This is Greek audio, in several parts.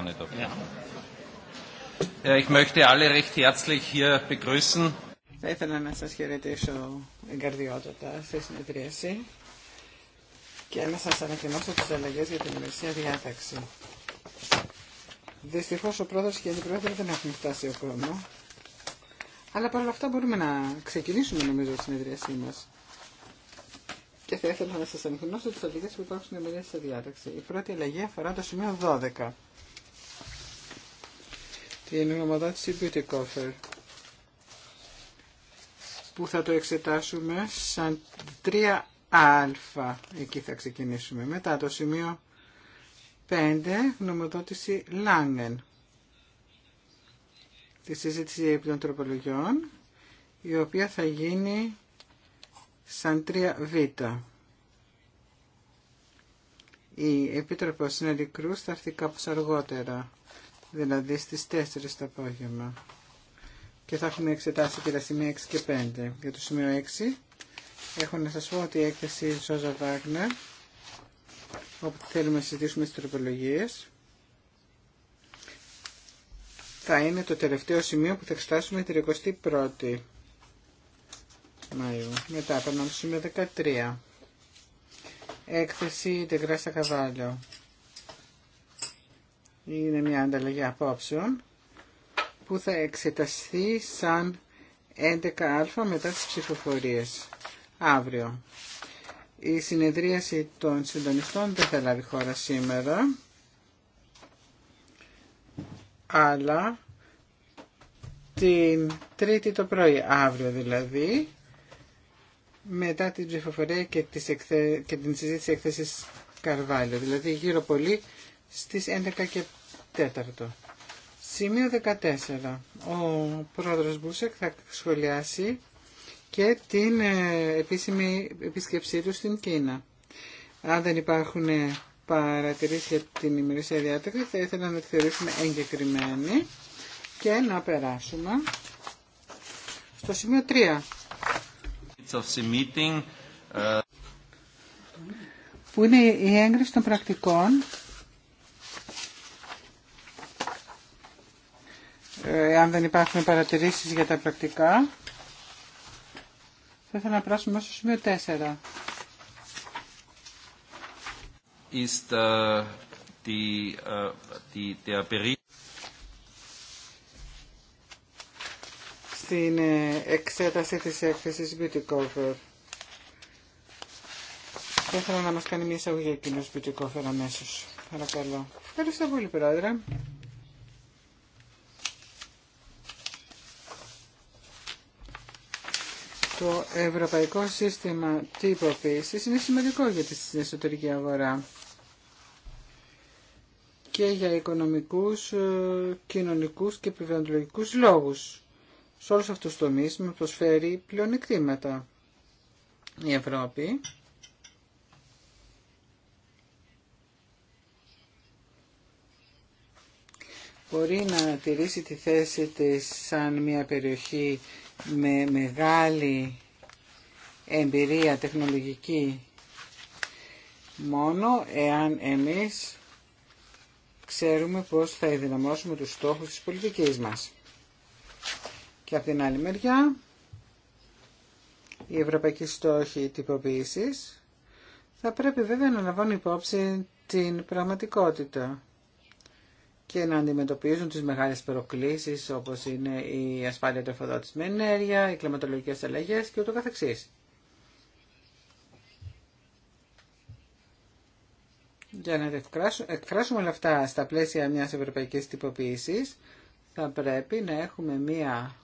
Äh, θα ήθελα να σας χαιρετήσω εγκαρδιότατα στη συνεδρίαση και να σας ανακοινώσω τις αλλαγές για την ημερησία διάταξη. Δυστυχώς ο πρόεδρος και η αντιπρόεδρο δεν έχουν φτάσει ο χρόνο. αλλά παρόλα αυτά μπορούμε να ξεκινήσουμε νομίζω τη συνεδρίασή μας. Και θα ήθελα να σας ανακοινώσω τις αλλαγές που υπάρχουν στην ημερήσια διάταξη. Η πρώτη αλλαγή αφορά το σημείο 12 την νομοδότηση Beauty Coffer που θα το εξετάσουμε σαν 3α. Εκεί θα ξεκινήσουμε. Μετά το σημείο 5, γνωμοδότηση Langen. Τη συζήτηση επί των τροπολογιών, η οποία θα γίνει σαν 3β. Η Επίτροπος Νέλη Κρούς θα έρθει κάπως αργότερα δηλαδή στις 4 το απόγευμα. Και θα έχουμε εξετάσει και τα σημεία 6 και 5. Για το σημείο 6 έχω να σας πω ότι η έκθεση Σόζα Βάγνερ, όπου θέλουμε να συζητήσουμε τι τροπολογίες, θα είναι το τελευταίο σημείο που θα εξετάσουμε την 21η Μαΐου. Μετά από στο σημείο 13. Έκθεση Τεγκράστα Καβάλιο είναι μια ανταλλαγή απόψεων που θα εξεταστεί σαν 11α μετά τις ψηφοφορίες αύριο. Η συνεδρίαση των συντονιστών δεν θα λάβει χώρα σήμερα, αλλά την τρίτη το πρωί, αύριο δηλαδή, μετά την ψηφοφορία και, τις και την συζήτηση εκθέσης Καρβάλιο, δηλαδή γύρω πολύ στις 11 και τέταρτο. Σημείο 14. Ο πρόεδρος Μπούσεκ θα σχολιάσει και την ε, επίσημη επίσκεψή του στην Κίνα. Αν δεν υπάρχουν ε, παρατηρήσει για την ημερήσια διάταξη, θα ήθελα να τη θεωρήσουμε εγκεκριμένη και να περάσουμε στο σημείο 3. Ε, Που είναι η έγκριση των πρακτικών Ε, αν δεν υπάρχουν παρατηρήσεις για τα πρακτικά, θα ήθελα να πράσουμε στο σημείο 4. Ist, die, uh, die, der Bericht... Στην ε, εξέταση της έκθεσης Beauty Cover Θα ήθελα να μας κάνει μια εισαγωγή εκείνος Beauty Cover αμέσως. Παρακαλώ. Ευχαριστώ πολύ, Πρόεδρε. Το ευρωπαϊκό σύστημα τυποποίησης είναι σημαντικό για την εσωτερική αγορά και για οικονομικούς, ε, κοινωνικούς και περιβαλλοντικούς λόγους. Σε όλους αυτούς τους τομείς με προσφέρει πλεονεκτήματα η Ευρώπη. μπορεί να τηρήσει τη θέση της σαν μια περιοχή με μεγάλη εμπειρία τεχνολογική μόνο εάν εμείς ξέρουμε πώς θα ενδυναμώσουμε τους στόχους της πολιτικής μας. Και από την άλλη μεριά, η ευρωπαϊκή στόχοι τυποποίησης θα πρέπει βέβαια να λαμβάνουν υπόψη την πραγματικότητα και να αντιμετωπίζουν τις μεγάλες προκλήσεις όπως είναι η ασφάλεια του εφοδότης με ενέργεια, οι κλιματολογικές αλλαγές και ούτω καθεξής. Για να εκφράσουμε όλα αυτά στα πλαίσια μιας ευρωπαϊκής τυποποίησης θα πρέπει να έχουμε μια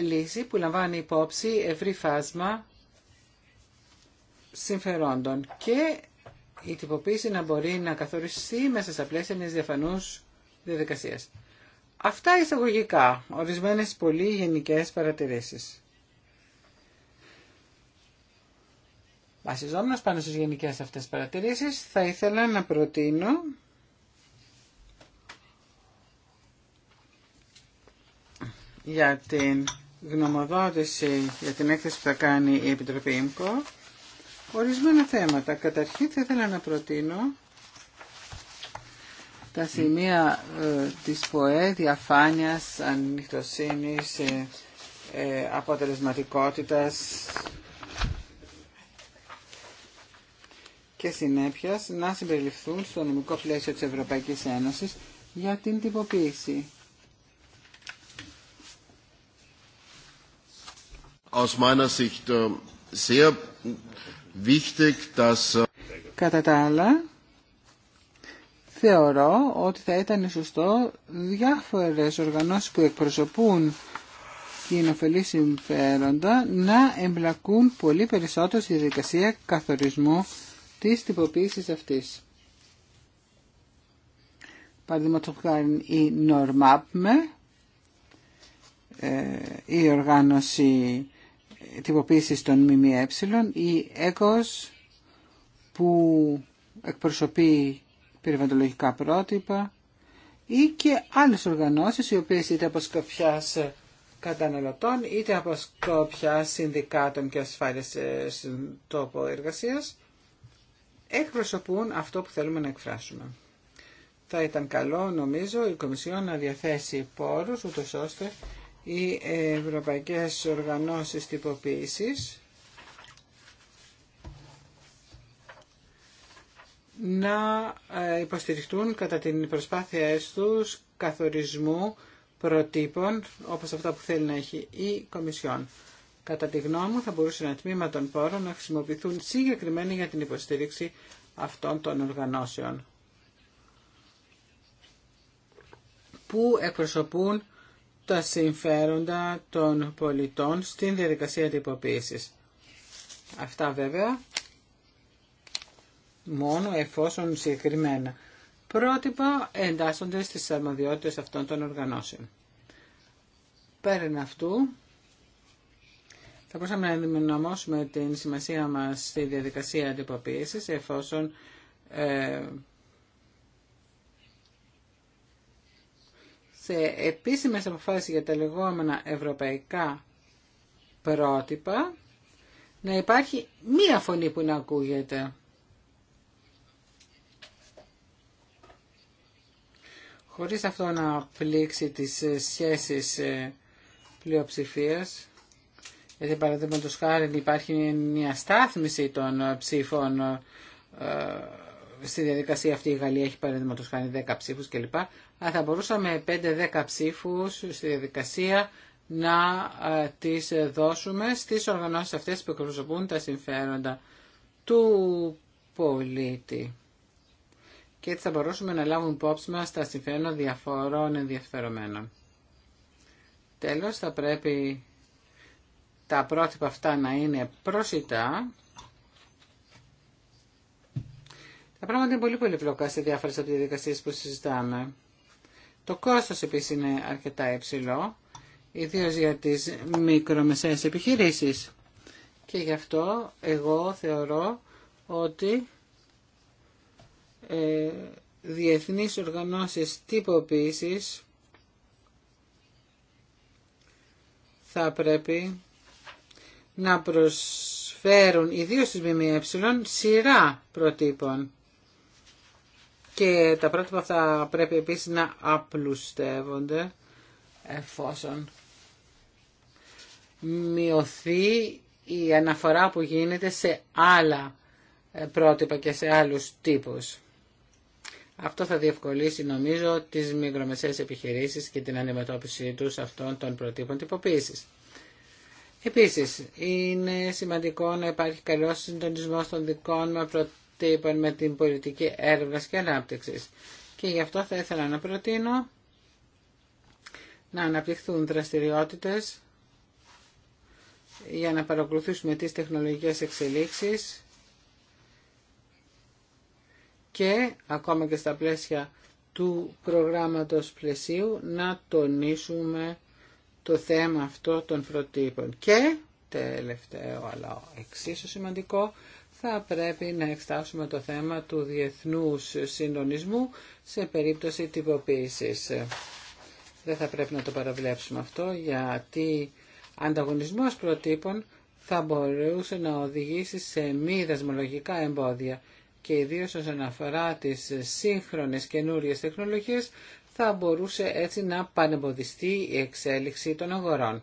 λύση που λαμβάνει υπόψη ευρύ φάσμα συμφερόντων και η τυποποίηση να μπορεί να καθοριστεί μέσα στα πλαίσια μιας διαφανούς διαδικασίας. Αυτά εισαγωγικά, ορισμένες πολύ γενικές παρατηρήσεις. Βασιζόμενος πάνω στις γενικές αυτές παρατηρήσεις, θα ήθελα να προτείνω για την γνωμοδότηση για την έκθεση που θα κάνει η Επιτροπή ΙΜΚΟ Ορισμένα θέματα. Καταρχήν θα ήθελα να προτείνω τα σημεία ε, της ΠΟΕ, διαφάνειας, ανοιχτοσύνης, ε, ε, αποτελεσματικότητας και συνέπειας να συμπεριληφθούν στο νομικό πλαίσιο της Ευρωπαϊκής Ένωσης για την τυποποίηση. Aus meiner Sicht äh, sehr wichtig, dass... Äh, Κατά τα άλλα, θεωρώ ότι θα ήταν σωστό διάφορες οργανώσεις που εκπροσωπούν κοινοφελή συμφέροντα να εμπλακούν πολύ περισσότερο στη διαδικασία καθορισμού της τυποποίησης αυτής. Παραδείγματο κάνει η NORMAPME, ε, η οργάνωση τυποποίησης των ΜΜΕ, η ΕΚΟΣ που εκπροσωπεί περιβαλλοντολογικά πρότυπα ή και άλλες οργανώσεις οι οποίες είτε από σκοπιάς καταναλωτών είτε από σκοπιά συνδικάτων και ασφάλειας ε, στον τόπο εργασίας εκπροσωπούν αυτό που θέλουμε να εκφράσουμε. Θα ήταν καλό νομίζω η και αλλες οργανωσεις οι οποιες ειτε απο σκοπιας καταναλωτων ειτε απο σκοπια συνδικατων και ασφάλεια στον τοπο εργασιας εκπροσωπουν αυτο που θελουμε να διαθέσει πόρους ούτως ώστε οι ευρωπαϊκές οργανώσεις τυποποίησης να υποστηριχτούν κατά την προσπάθειά τους καθορισμού προτύπων όπως αυτά που θέλει να έχει η Κομισιόν. Κατά τη γνώμη μου θα μπορούσε ένα τμήμα των πόρων να χρησιμοποιηθούν συγκεκριμένα για την υποστήριξη αυτών των οργανώσεων που εκπροσωπούν τα συμφέροντα των πολιτών στην διαδικασία τυποποίησης. Αυτά βέβαια μόνο εφόσον συγκεκριμένα πρότυπα εντάσσονται στις αρμοδιότητες αυτών των οργανώσεων. Πέραν αυτού, θα μπορούσαμε να ενδυναμώσουμε την σημασία μας στη διαδικασία αντιποποίησης εφόσον ε, σε επίσημες αποφάσεις για τα λεγόμενα ευρωπαϊκά πρότυπα να υπάρχει μία φωνή που να ακούγεται. Χωρίς αυτό να πλήξει τις σχέσεις ε, πλειοψηφίας, γιατί παραδείγματος χάρη υπάρχει μια στάθμιση των ψήφων ε, στη διαδικασία αυτή η Γαλλία έχει παραδείγματο χάνει 10 ψήφου κλπ. Αλλά θα μπορούσαμε 5-10 ψήφου στη διαδικασία να τις δώσουμε στις οργανώσεις αυτές που εκπροσωπούν τα συμφέροντα του πολίτη. Και έτσι θα μπορούσαμε να λάβουν υπόψη μας τα συμφέροντα διαφορών ενδιαφερομένων. Τέλος, θα πρέπει τα πρότυπα αυτά να είναι προσιτά Τα πράγματα είναι πολύ πολύπλοκά σε διάφορε από τι διαδικασίε που συζητάμε. Το κόστο επίση είναι αρκετά υψηλό, ιδίω για τι μικρομεσαίε επιχειρήσει. Και γι' αυτό εγώ θεωρώ ότι ε, διεθνείς οργανώσεις τυποποίησης θα πρέπει να προσφέρουν ιδίως στις ΜΜΕ σειρά προτύπων και τα πρότυπα αυτά πρέπει επίσης να απλουστεύονται εφόσον μειωθεί η αναφορά που γίνεται σε άλλα ε, πρότυπα και σε άλλους τύπους. Αυτό θα διευκολύσει νομίζω τις μικρομεσαίες επιχειρήσεις και την αντιμετώπιση τους αυτών των προτύπων τυποποίησης. Επίσης, είναι σημαντικό να υπάρχει καλός συντονισμός των δικών μας προτύπων τύπων με την πολιτική έρευνας και ανάπτυξης. Και γι' αυτό θα ήθελα να προτείνω να αναπτυχθούν δραστηριότητες για να παρακολουθήσουμε τις τεχνολογικές εξελίξεις και ακόμα και στα πλαίσια του προγράμματος πλαισίου να τονίσουμε το θέμα αυτό των προτύπων. Και τελευταίο αλλά εξίσου σημαντικό θα πρέπει να εξτάσουμε το θέμα του διεθνούς συντονισμού σε περίπτωση τυποποίησης. Δεν θα πρέπει να το παραβλέψουμε αυτό γιατί ανταγωνισμός προτύπων θα μπορούσε να οδηγήσει σε μη δεσμολογικά εμπόδια και ιδίως όσον αφορά τις σύγχρονες καινούριε τεχνολογίες θα μπορούσε έτσι να πανεμποδιστεί η εξέλιξη των αγορών.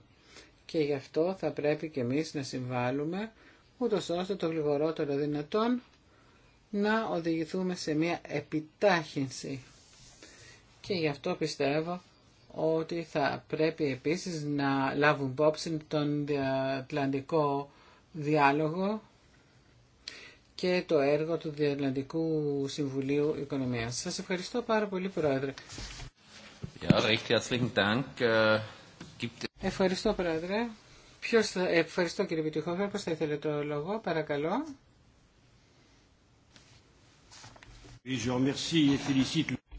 Και γι' αυτό θα πρέπει και εμείς να συμβάλλουμε ούτως ώστε το γλυγορότερο δυνατόν να οδηγηθούμε σε μια επιτάχυνση. Και γι' αυτό πιστεύω ότι θα πρέπει επίσης να λάβουν υπόψη τον Διατλαντικό διάλογο και το έργο του Διατλαντικού Συμβουλίου Οικονομίας. Σας ευχαριστώ πάρα πολύ, Πρόεδρε. Äh, ευχαριστώ, Πρόεδρε. Ποιος ε, Ευχαριστώ κύριε Βητυχόφερ. πώς θα ήθελε το λόγο, παρακαλώ.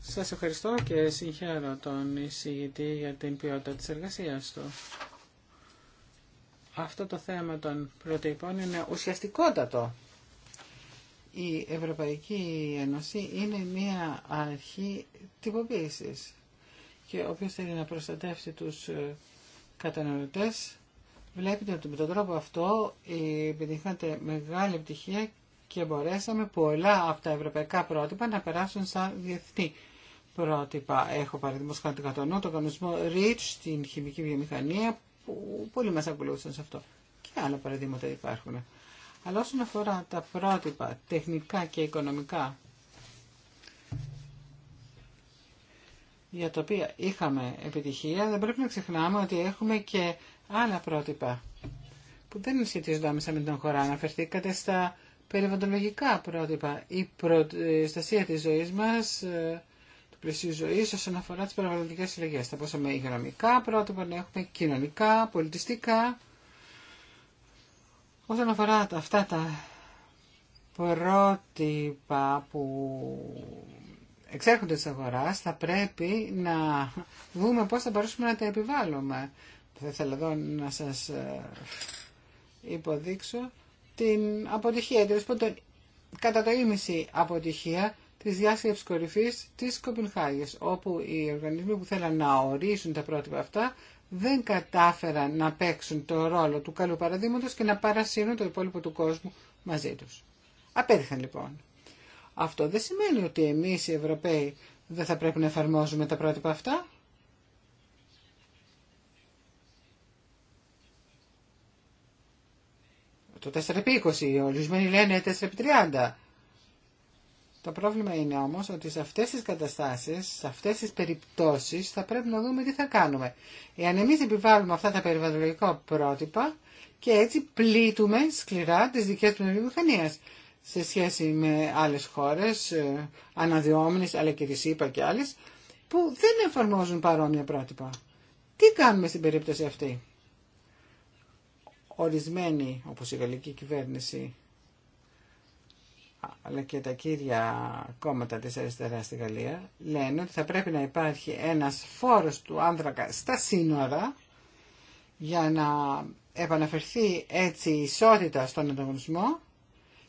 Σας ευχαριστώ και συγχαίρω τον εισηγητή για την ποιότητα της εργασίας του. Αυτό το θέμα των πρωτοτυπών είναι ουσιαστικότατο. Η Ευρωπαϊκή Ένωση είναι μία αρχή τυποποίησης και όποιος θέλει να προστατεύσει τους ε, καταναλωτές Βλέπετε ότι με τον τρόπο αυτό επιτυχάνεται μεγάλη επιτυχία και μπορέσαμε πολλά από τα ευρωπαϊκά πρότυπα να περάσουν σαν διεθνή πρότυπα. Έχω παραδείγμα χάρη το τον κανονισμό REACH στην χημική βιομηχανία που πολλοί μας ακολούθησαν σε αυτό. Και άλλα παραδείγματα υπάρχουν. Αλλά όσον αφορά τα πρότυπα τεχνικά και οικονομικά για τα οποία είχαμε επιτυχία, δεν πρέπει να ξεχνάμε ότι έχουμε και άλλα πρότυπα που δεν σχετίζονται άμεσα με την χώρα. Αναφερθήκατε στα περιβαλλοντολογικά πρότυπα. Η προστασία της ζωής μας, ε, του πλαισίου ζωής όσον αφορά τις περιβαλλοντικές Τα Θα με υγειονομικά πρότυπα να έχουμε κοινωνικά, πολιτιστικά. Όσον αφορά αυτά τα πρότυπα που εξέρχονται της αγοράς, θα πρέπει να δούμε πώς θα μπορούσαμε να τα επιβάλλουμε. Θα ήθελα εδώ να σας ε, υποδείξω την αποτυχία, τέλο κατά το ίμιση αποτυχία της διάσκεψης κορυφής της Κοπενχάγης, όπου οι οργανισμοί που θέλαν να ορίσουν τα πρότυπα αυτά δεν κατάφεραν να παίξουν το ρόλο του καλού παραδείγματος και να παρασύρουν το υπόλοιπο του κόσμου μαζί τους. Απέτυχαν λοιπόν. Αυτό δεν σημαίνει ότι εμείς οι Ευρωπαίοι δεν θα πρέπει να εφαρμόζουμε τα πρότυπα αυτά. το 4x20, ορισμένοι λένε 4x30. Το πρόβλημα είναι όμως ότι σε αυτές τις καταστάσεις, σε αυτές τις περιπτώσεις θα πρέπει να δούμε τι θα κάνουμε. Εάν εμείς επιβάλλουμε αυτά τα περιβαλλοντικά πρότυπα και έτσι πλήττουμε σκληρά τις δικές του βιομηχανίες σε σχέση με άλλες χώρες, ε, αναδυόμενες αλλά και τη ΣΥΠΑ και άλλες, που δεν εφαρμόζουν παρόμοια πρότυπα. Τι κάνουμε στην περίπτωση αυτή. Ορισμένοι, όπως η γαλλική κυβέρνηση, αλλά και τα κύρια κόμματα της αριστεράς στη Γαλλία, λένε ότι θα πρέπει να υπάρχει ένας φόρος του άνθρακα στα σύνορα για να επαναφερθεί έτσι η ισότητα στον ανταγωνισμό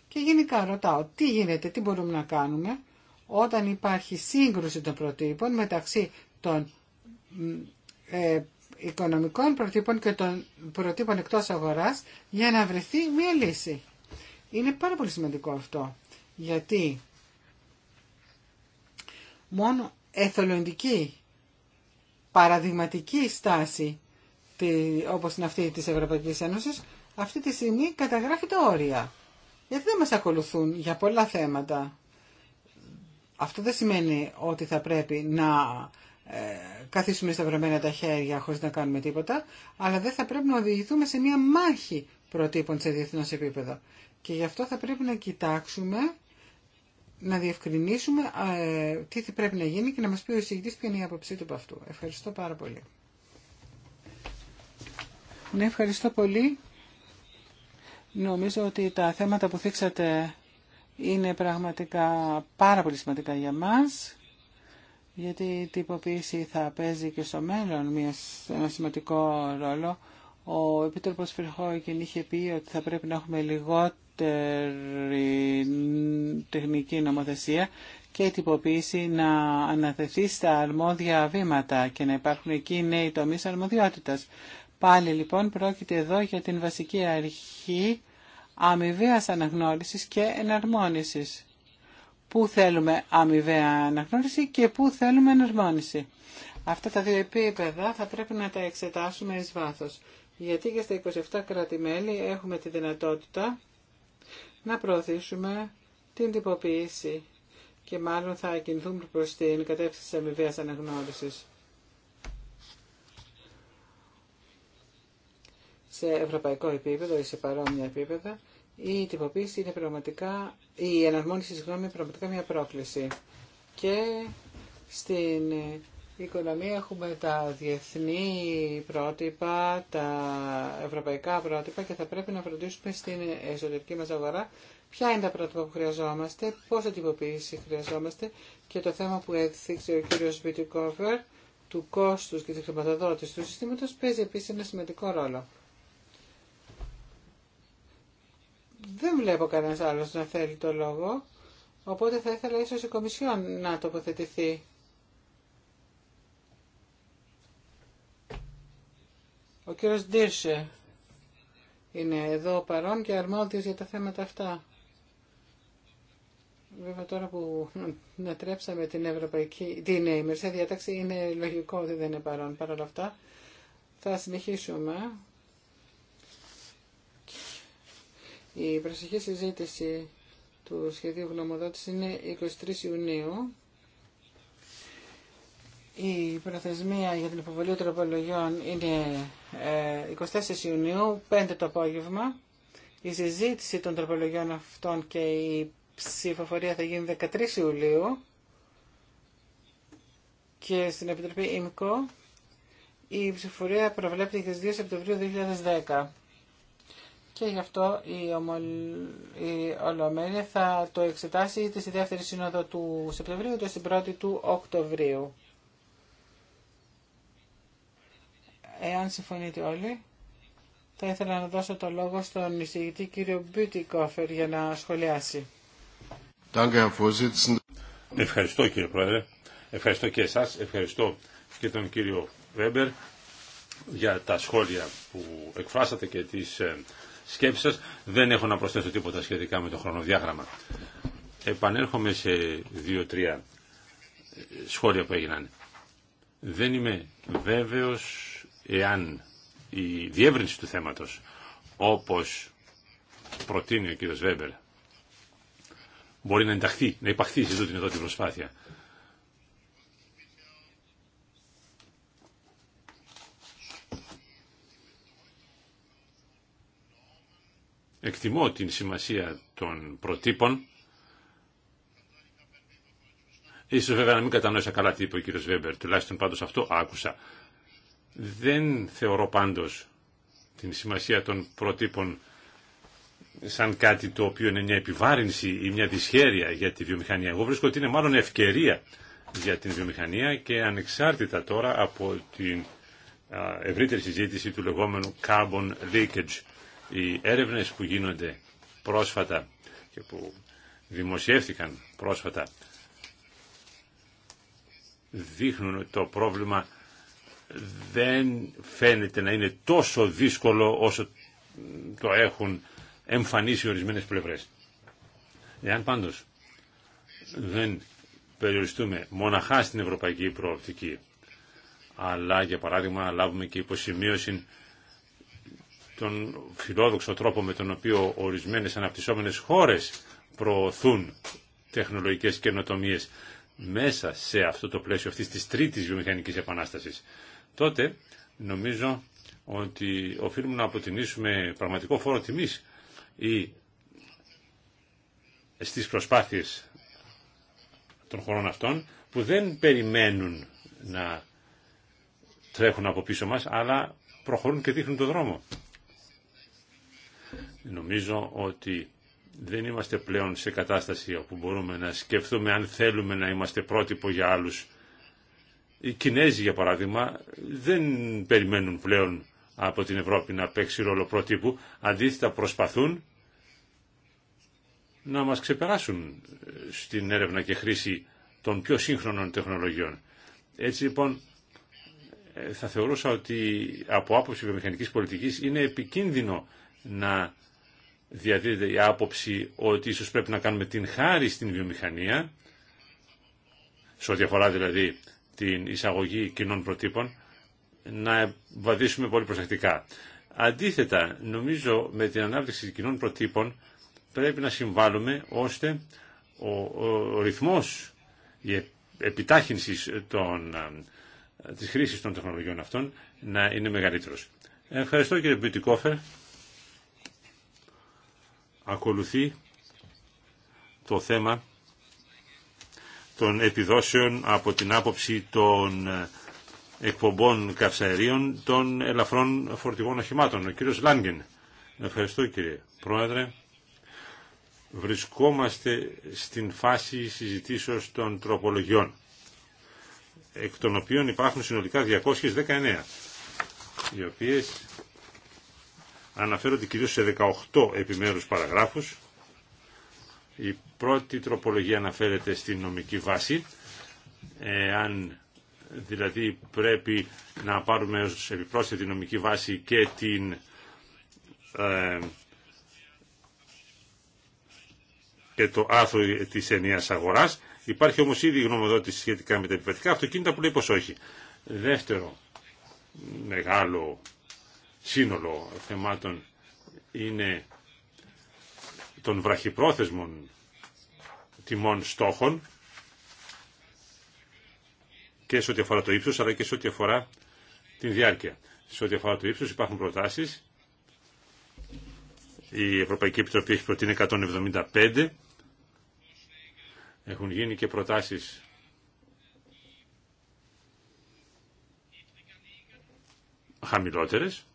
και γενικά ρωτάω τι γίνεται, τι μπορούμε να κάνουμε όταν υπάρχει σύγκρουση των προτύπων μεταξύ των ε, οικονομικών προτύπων και των προτύπων εκτός αγοράς για να βρεθεί μία λύση. Είναι πάρα πολύ σημαντικό αυτό, γιατί μόνο εθελοντική, παραδειγματική στάση, όπως είναι αυτή της Ευρωπαϊκής Ένωσης, αυτή τη στιγμή καταγράφει τα όρια. Γιατί δεν μας ακολουθούν για πολλά θέματα. Αυτό δεν σημαίνει ότι θα πρέπει να ε, καθίσουμε σταυρωμένα τα χέρια χωρίς να κάνουμε τίποτα, αλλά δεν θα πρέπει να οδηγηθούμε σε μια μάχη προτύπων σε διεθνώς επίπεδο. Και γι' αυτό θα πρέπει να κοιτάξουμε, να διευκρινίσουμε ε, τι πρέπει να γίνει και να μας πει ο εισηγητής ποια είναι η άποψή του από αυτού. Ευχαριστώ πάρα πολύ. Ναι, ευχαριστώ πολύ. Νομίζω ότι τα θέματα που θίξατε είναι πραγματικά πάρα πολύ σημαντικά για μας γιατί η τυποποίηση θα παίζει και στο μέλλον μια, ένα σημαντικό ρόλο. Ο Επίτροπος Φερχόγγεν είχε πει ότι θα πρέπει να έχουμε λιγότερη τεχνική νομοθεσία και η τυποποίηση να αναθεθεί στα αρμόδια βήματα και να υπάρχουν εκεί νέοι τομείς αρμοδιότητας. Πάλι λοιπόν πρόκειται εδώ για την βασική αρχή αμοιβαίας αναγνώρισης και εναρμόνησης πού θέλουμε αμοιβαία αναγνώριση και πού θέλουμε εναρμόνιση. Αυτά τα δύο επίπεδα θα πρέπει να τα εξετάσουμε εις βάθος, γιατί και στα 27 κράτη-μέλη έχουμε τη δυνατότητα να προωθήσουμε την τυποποίηση και μάλλον θα κινηθούμε προς την κατεύθυνση της αναγνώριση. αναγνώρισης. Σε ευρωπαϊκό επίπεδο ή σε παρόμοια επίπεδα, η τυποποίηση είναι πραγματικά, η εναρμόνιση συγγνώμη είναι πραγματικά μια πρόκληση. Και στην οικονομία έχουμε τα διεθνή πρότυπα, τα ευρωπαϊκά πρότυπα και θα πρέπει να φροντίσουμε στην εσωτερική μας αγορά ποια είναι τα πρότυπα που χρειαζόμαστε, πόσα τυποποίηση χρειαζόμαστε και το θέμα που έδειξε ο κύριος Βιτικόφερ του κόστους και της χρηματοδότησης του συστήματος παίζει επίσης ένα σημαντικό ρόλο. Δεν βλέπω κανένας άλλος να θέλει το λόγο, οπότε θα ήθελα ίσως η Κομισιόν να τοποθετηθεί. Ο κύριος Ντύρσε είναι εδώ παρόν και αρμόδιος για τα θέματα αυτά. Βέβαια τώρα που να τρέψαμε την Ευρωπαϊκή, την ημερησία διάταξη είναι λογικό ότι δεν είναι παρόν. Παρ' όλα αυτά θα συνεχίσουμε Η προσεχή συζήτηση του σχεδίου γνωμοδότηση είναι 23 Ιουνίου. Η προθεσμία για την υποβολή τροπολογιών είναι 24 ε, Ιουνίου, 5 το απόγευμα. Η συζήτηση των τροπολογιών αυτών και η ψηφοφορία θα γίνει 13 Ιουλίου και στην Επιτροπή ΙΜΚΟ η ψηφοφορία προβλέπεται για 2 Σεπτεμβρίου 2010 και γι' αυτό η, ομολ... η Ολομέλεια θα το εξετάσει είτε στη δεύτερη σύνοδο του Σεπτεμβρίου είτε στην πρώτη του Οκτωβρίου. Εάν συμφωνείτε όλοι, θα ήθελα να δώσω το λόγο στον εισηγητή κύριο Μπιουτικόφερ για να σχολιάσει. Ευχαριστώ κύριε Πρόεδρε, ευχαριστώ και εσάς, ευχαριστώ και τον κύριο Βέμπερ για τα σχόλια που εκφράσατε και τις ε, σκέψη σα, Δεν έχω να προσθέσω τίποτα σχετικά με το χρονοδιάγραμμα. Επανέρχομαι σε δύο-τρία ε, σχόλια που έγιναν. Δεν είμαι βέβαιος εάν η διεύρυνση του θέματος, όπως προτείνει ο κ. Βέμπερ, μπορεί να ενταχθεί, να υπαχθεί σε τούτη εδώ την προσπάθεια. Εκτιμώ την σημασία των προτύπων. Ίσως βέβαια να μην κατανόησα καλά τι είπε ο κύριος Βέμπερ, τουλάχιστον πάντως αυτό άκουσα. Δεν θεωρώ πάντως την σημασία των προτύπων σαν κάτι το οποίο είναι μια επιβάρυνση ή μια δυσχέρεια για τη βιομηχανία. Εγώ βρίσκω ότι είναι μάλλον ευκαιρία για την βιομηχανία και ανεξάρτητα τώρα από την ευρύτερη συζήτηση του λεγόμενου carbon leakage οι έρευνες που γίνονται πρόσφατα και που δημοσιεύτηκαν πρόσφατα δείχνουν ότι το πρόβλημα δεν φαίνεται να είναι τόσο δύσκολο όσο το έχουν εμφανίσει ορισμένες πλευρές. Εάν πάντως δεν περιοριστούμε μοναχά στην ευρωπαϊκή προοπτική, αλλά για παράδειγμα λάβουμε και υποσημείωση τον φιλόδοξο τρόπο με τον οποίο ορισμένες αναπτυσσόμενες χώρες προωθούν τεχνολογικές καινοτομίες μέσα σε αυτό το πλαίσιο αυτής της τρίτης βιομηχανικής επανάστασης, τότε νομίζω ότι οφείλουμε να αποτιμήσουμε πραγματικό φόρο τιμής ή στις προσπάθειες των χωρών αυτών που δεν περιμένουν να τρέχουν από πίσω μας αλλά προχωρούν και δείχνουν τον δρόμο. Νομίζω ότι δεν είμαστε πλέον σε κατάσταση όπου μπορούμε να σκεφτούμε αν θέλουμε να είμαστε πρότυπο για άλλους. Οι Κινέζοι, για παράδειγμα, δεν περιμένουν πλέον από την Ευρώπη να παίξει ρόλο πρότυπου. Αντίθετα προσπαθούν να μας ξεπεράσουν ε, στην έρευνα και χρήση των πιο σύγχρονων τεχνολογιών. Έτσι λοιπόν ε, θα θεωρούσα ότι από άποψη βιομηχανικής πολιτικής είναι επικίνδυνο να διαδίδεται η άποψη ότι ίσως πρέπει να κάνουμε την χάρη στην βιομηχανία, σε ό,τι αφορά δηλαδή την εισαγωγή κοινών προτύπων, να βαδίσουμε πολύ προσεκτικά. Αντίθετα, νομίζω με την ανάπτυξη κοινών προτύπων πρέπει να συμβάλλουμε ώστε ο, ο, ρυθμός, η επιτάχυνση των, ε, της χρήσης των τεχνολογιών αυτών να είναι μεγαλύτερος. Ευχαριστώ κύριε Μπιουτικόφερ. Ακολουθεί το θέμα των επιδόσεων από την άποψη των εκπομπών καυσαερίων των ελαφρών φορτηγών οχημάτων. Ο κύριος Λάγκεν. Ευχαριστώ κύριε Πρόεδρε. Βρισκόμαστε στην φάση συζητήσεως των τροπολογιών, εκ των οποίων υπάρχουν συνολικά 219, οι οποίες αναφέρονται κυρίως σε 18 επιμέρους παραγράφους. Η πρώτη τροπολογία αναφέρεται στην νομική βάση. Αν δηλαδή πρέπει να πάρουμε ως επιπρόσθετη νομική βάση και την ε, και το άθρο της ενιαίας αγοράς. Υπάρχει όμως ήδη γνωμοδότηση σχετικά με τα επιπαιδευτικά αυτοκίνητα που λέει πως όχι. Δεύτερο μεγάλο σύνολο θεμάτων είναι των βραχυπρόθεσμων τιμών στόχων και σε ό,τι αφορά το ύψος αλλά και σε ό,τι αφορά την διάρκεια. Σε ό,τι αφορά το ύψος υπάρχουν προτάσεις. Η Ευρωπαϊκή Επιτροπή έχει προτείνει 175. Έχουν γίνει και προτάσεις χαμηλότερες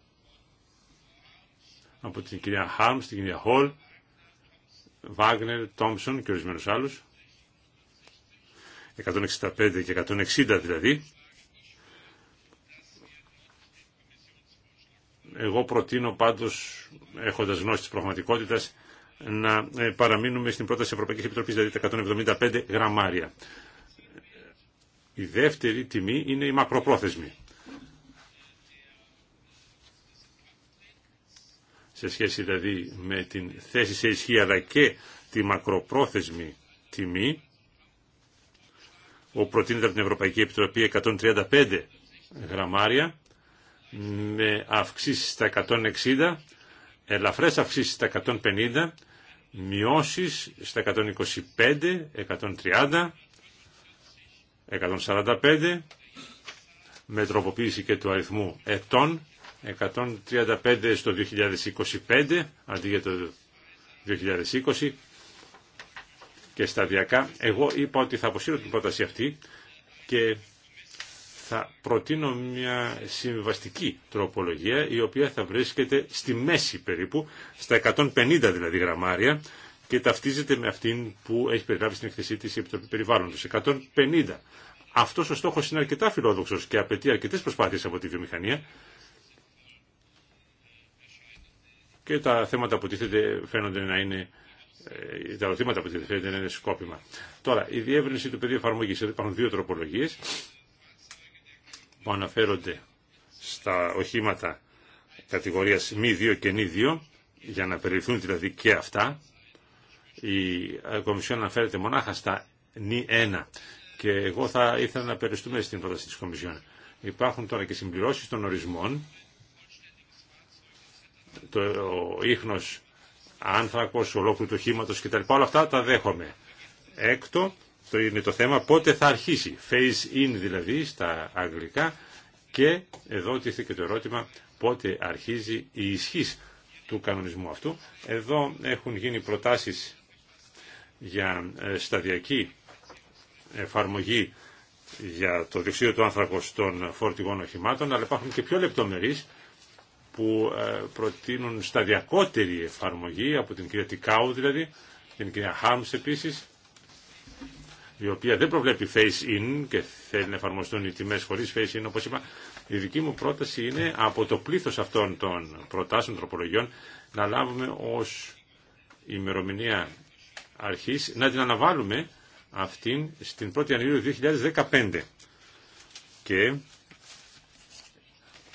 από την κυρία Χαρμς, την κυρία Χολ, Βάγνερ, Τόμψον και ορισμένους άλλους, 165 και 160 δηλαδή, εγώ προτείνω πάντως, έχοντας γνώση της πραγματικότητας, να ε, παραμείνουμε στην πρόταση Ευρωπαϊκής Επιτροπής, δηλαδή τα 175 γραμμάρια. Η δεύτερη τιμή είναι η μακροπρόθεσμη. σε σχέση δηλαδή με την θέση σε ισχύ αλλά και τη μακροπρόθεσμη τιμή. Ο προτείνεται από την Ευρωπαϊκή Επιτροπή 135 γραμμάρια με αυξήσεις στα 160, ελαφρές αυξήσεις στα 150, μειώσεις στα 125, 130, 145, με τροποποίηση και του αριθμού ετών 135 στο 2025 αντί για το 2020 και σταδιακά. Εγώ είπα ότι θα αποσύρω την πρόταση αυτή και θα προτείνω μια συμβαστική τροπολογία η οποία θα βρίσκεται στη μέση περίπου, στα 150 δηλαδή γραμμάρια και ταυτίζεται με αυτήν που έχει περιγράψει στην εκθεσή της η Επιτροπή Περιβάλλοντος. 150. Αυτός ο στόχος είναι αρκετά φιλόδοξος και απαιτεί αρκετές προσπάθειες από τη βιομηχανία και τα θέματα που τίθεται φαίνονται να είναι ε, τα ερωτήματα που τίθεται να είναι σκόπιμα. Τώρα, η διεύρυνση του πεδίου εφαρμογή. Εδώ υπάρχουν δύο τροπολογίε που αναφέρονται στα οχήματα κατηγορία μη 2 και νη 2, για να περιληφθούν δηλαδή και αυτά. Η ε, Κομισιόν αναφέρεται μονάχα στα νη 1 και εγώ θα ήθελα να περιστούμε στην πρόταση τη Κομισιόν. Υπάρχουν τώρα και συμπληρώσει των ορισμών το ίχνος άνθρακος ολόκληρου του χήματος κτλ. Όλα αυτά τα δέχομαι. Έκτο, το είναι το θέμα πότε θα αρχίσει. Phase in δηλαδή στα αγγλικά και εδώ τίθεται το ερώτημα πότε αρχίζει η ισχύς του κανονισμού αυτού. Εδώ έχουν γίνει προτάσεις για ε, σταδιακή εφαρμογή για το διοξείδιο του άνθρακος των φορτηγών οχημάτων, αλλά υπάρχουν και πιο λεπτομερείς που ε, προτείνουν σταδιακότερη εφαρμογή από την κυρία Τικάου δηλαδή, την κυρία Χάμς επίσης, η οποία δεν προβλέπει face-in και θέλει να εφαρμοστούν οι τιμές χωρίς face-in όπως είπα, η δική μου πρόταση είναι από το πλήθος αυτών των προτάσεων τροπολογιών να λάβουμε ως ημερομηνία αρχής να την αναβάλουμε αυτήν στην 1η Ιανουαρίου 2015. Και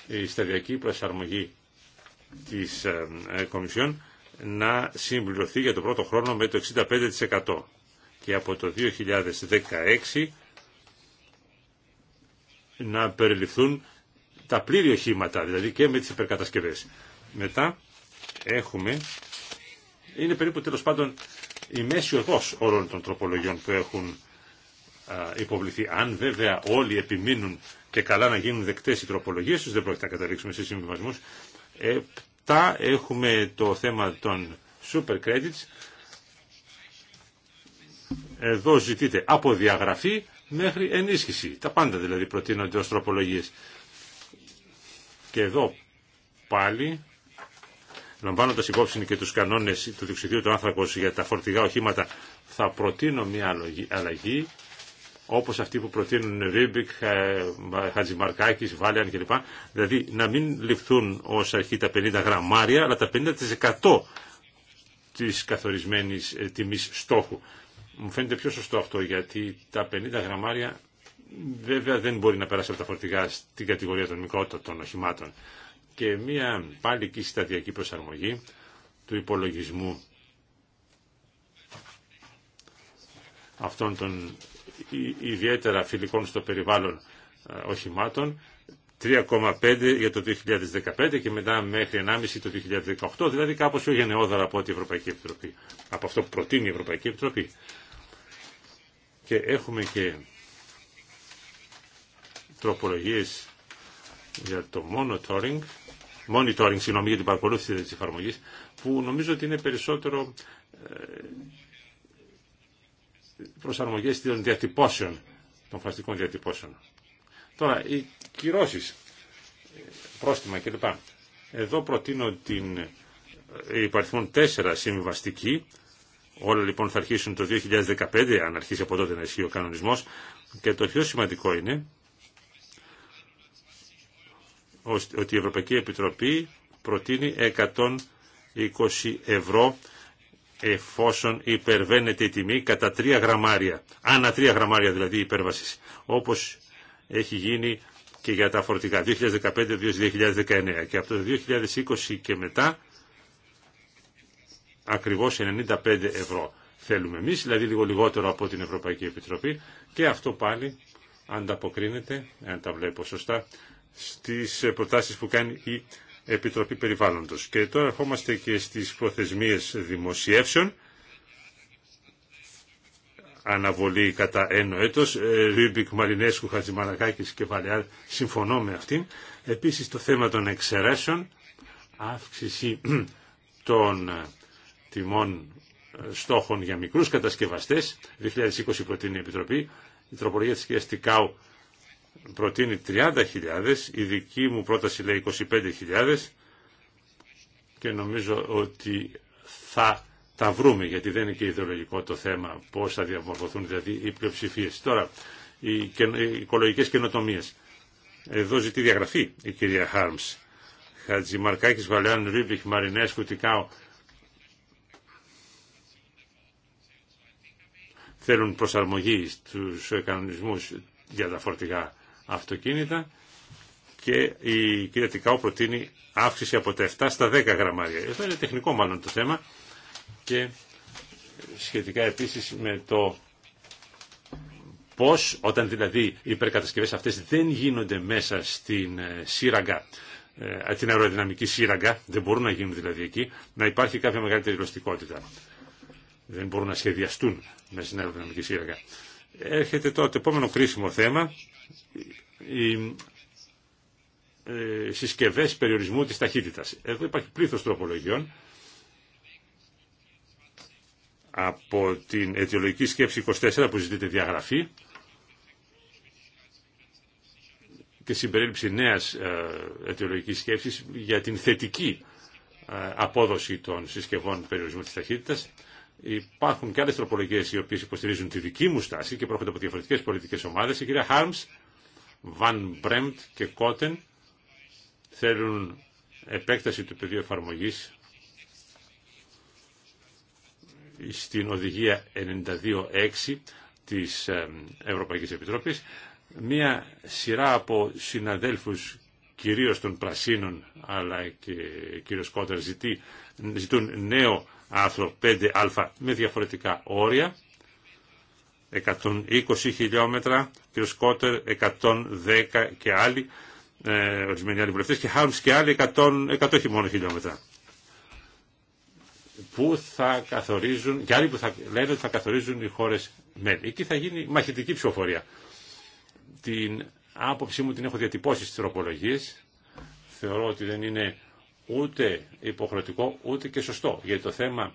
η σταδιακή προσαρμογή της ε, ε, Κομισιόν να συμπληρωθεί για τον πρώτο χρόνο με το 65% και από το 2016 να περιληφθούν τα πλήρη οχήματα, δηλαδή και με τις υπερκατασκευές. Μετά έχουμε, είναι περίπου τέλος πάντων η μέση οδός όλων των τροπολογιών που έχουν υποβληθεί. Αν βέβαια όλοι επιμείνουν και καλά να γίνουν δεκτές οι τροπολογίες τους, δεν πρόκειται να καταλήξουμε σε συμβιβασμούς. Επτά έχουμε το θέμα των super credits. Εδώ ζητείται από διαγραφή μέχρι ενίσχυση. Τα πάντα δηλαδή προτείνονται ως τροπολογίες. Και εδώ πάλι λαμβάνοντα υπόψη και του κανόνε του διοξιδίου του άνθρακο για τα φορτηγά οχήματα, θα προτείνω μια αλλαγή όπως αυτοί που προτείνουν Ρίμπικ, ε, Χατζημαρκάκης, Βάλιαν κλπ. Δηλαδή να μην ληφθούν ως αρχή τα 50 γραμμάρια, αλλά τα 50% της καθορισμένης ε, τιμής στόχου. Μου φαίνεται πιο σωστό αυτό, γιατί τα 50 γραμμάρια βέβαια δεν μπορεί να περάσει από τα φορτηγά στην κατηγορία των μικρότερων οχημάτων. Και μία πάλι εκεί σταδιακή προσαρμογή του υπολογισμού αυτών των ιδιαίτερα φιλικών στο περιβάλλον οχημάτων, 3,5 για το 2015 και μετά μέχρι 1,5 το 2018, δηλαδή κάπως πιο γενναιόδωρα από την Ευρωπαϊκή Επιτροπή, από αυτό που προτείνει η Ευρωπαϊκή Επιτροπή. Και έχουμε και τροπολογίες για το monitoring, monitoring συγγνώμη για την παρακολούθηση της εφαρμογής, που νομίζω ότι είναι περισσότερο ε, προσαρμογές των διατυπώσεων, των φαστικών διατυπώσεων. Τώρα, οι κυρώσεις, πρόστιμα κλπ. Εδώ προτείνω την ε, υπαριθμόν 4 συμβιβαστική, όλα λοιπόν θα αρχίσουν το 2015, αν αρχίσει από τότε να ισχύει ο κανονισμός, και το πιο σημαντικό είναι ότι η Ευρωπαϊκή Επιτροπή προτείνει 120 ευρώ εφόσον υπερβαίνεται η τιμή κατά 3 γραμμάρια, ανά τρία γραμμάρια δηλαδή υπέρβαση, όπως έχει γίνει και για τα φορτικά 2015-2019 και από το 2020 και μετά ακριβώς 95 ευρώ θέλουμε εμείς, δηλαδή λίγο λιγότερο από την Ευρωπαϊκή Επιτροπή και αυτό πάλι ανταποκρίνεται, αν τα βλέπω σωστά, στις προτάσεις που κάνει η Επιτροπή Περιβάλλοντος. Και τώρα ερχόμαστε και στις προθεσμίες δημοσιεύσεων. Αναβολή κατά ένα έτος. Ε, Ρίμπικ Μαρινέσκου, Χατζημαρακάκης και Βαλιάρ. Συμφωνώ με αυτήν. Επίσης το θέμα των εξαιρέσεων. Αύξηση των τιμών ε, στόχων για μικρούς κατασκευαστές. 2020 προτείνει η Επιτροπή. Η τροπολογία της κυρίας Τικάου προτείνει 30.000, η δική μου πρόταση λέει 25.000 και νομίζω ότι θα τα βρούμε γιατί δεν είναι και ιδεολογικό το θέμα πώς θα διαμορφωθούν δηλαδή οι πλειοψηφίες. Τώρα, οι οικολογικές καινοτομίες. Εδώ ζητεί διαγραφή η κυρία Χάρμς. Χατζημαρκάκης, Βαλαιάν, Ρίβιχ, Μαρινέσκου, Τικάου. Θέλουν προσαρμογή στους κανονισμούς για τα φορτηγά αυτοκίνητα και η κυρία Τικάου προτείνει αύξηση από τα 7 στα 10 γραμμάρια. Εδώ είναι τεχνικό μάλλον το θέμα και σχετικά επίσης με το πώς όταν δηλαδή οι υπερκατασκευές αυτές δεν γίνονται μέσα στην ε, σύραγγα, ε, την αεροδυναμική σύραγγα, δεν μπορούν να γίνουν δηλαδή εκεί, να υπάρχει κάποια μεγαλύτερη ρωστικότητα. Δεν μπορούν να σχεδιαστούν μέσα στην αεροδυναμική σύραγγα. Έρχεται τώρα το επόμενο κρίσιμο θέμα, οι ε, συσκευές περιορισμού της ταχύτητας. Εδώ υπάρχει πλήθος τροπολογιών. Από την αιτιολογική σκέψη 24 που ζητείται διαγραφή και συμπερίληψη νέας ε, αιτιολογικής σκέψης για την θετική ε, απόδοση των συσκευών περιορισμού της ταχύτητας Υπάρχουν και άλλε τροπολογίε οι οποίε υποστηρίζουν τη δική μου στάση και προέρχονται από διαφορετικέ πολιτικέ ομάδε. Η κυρία Χάρμ, Βαν Μπρέμπτ και Κότεν θέλουν επέκταση του πεδίου εφαρμογή στην οδηγία 92-6 της ε, Ευρωπαϊκής Επιτροπής. Μία σειρά από συναδέλφους κυρίως των Πρασίνων αλλά και κύριος Κότερ ζητούν νέο άρθρο 5α με διαφορετικά όρια. 120 χιλιόμετρα, κ. Σκότερ 110 και άλλοι, ε, ορισμένοι άλλοι βουλευτές, και Χάρμς και άλλοι 100, 100 χιλιόμετρα χιλιόμετρα. Που θα καθορίζουν, και άλλοι που θα λένε ότι θα καθορίζουν οι χώρες μέλη. Εκεί θα γίνει μαχητική ψηφοφορία. Την άποψή μου την έχω διατυπώσει στις τροπολογίες. Θεωρώ ότι δεν είναι ούτε υποχρεωτικό ούτε και σωστό. Γιατί το θέμα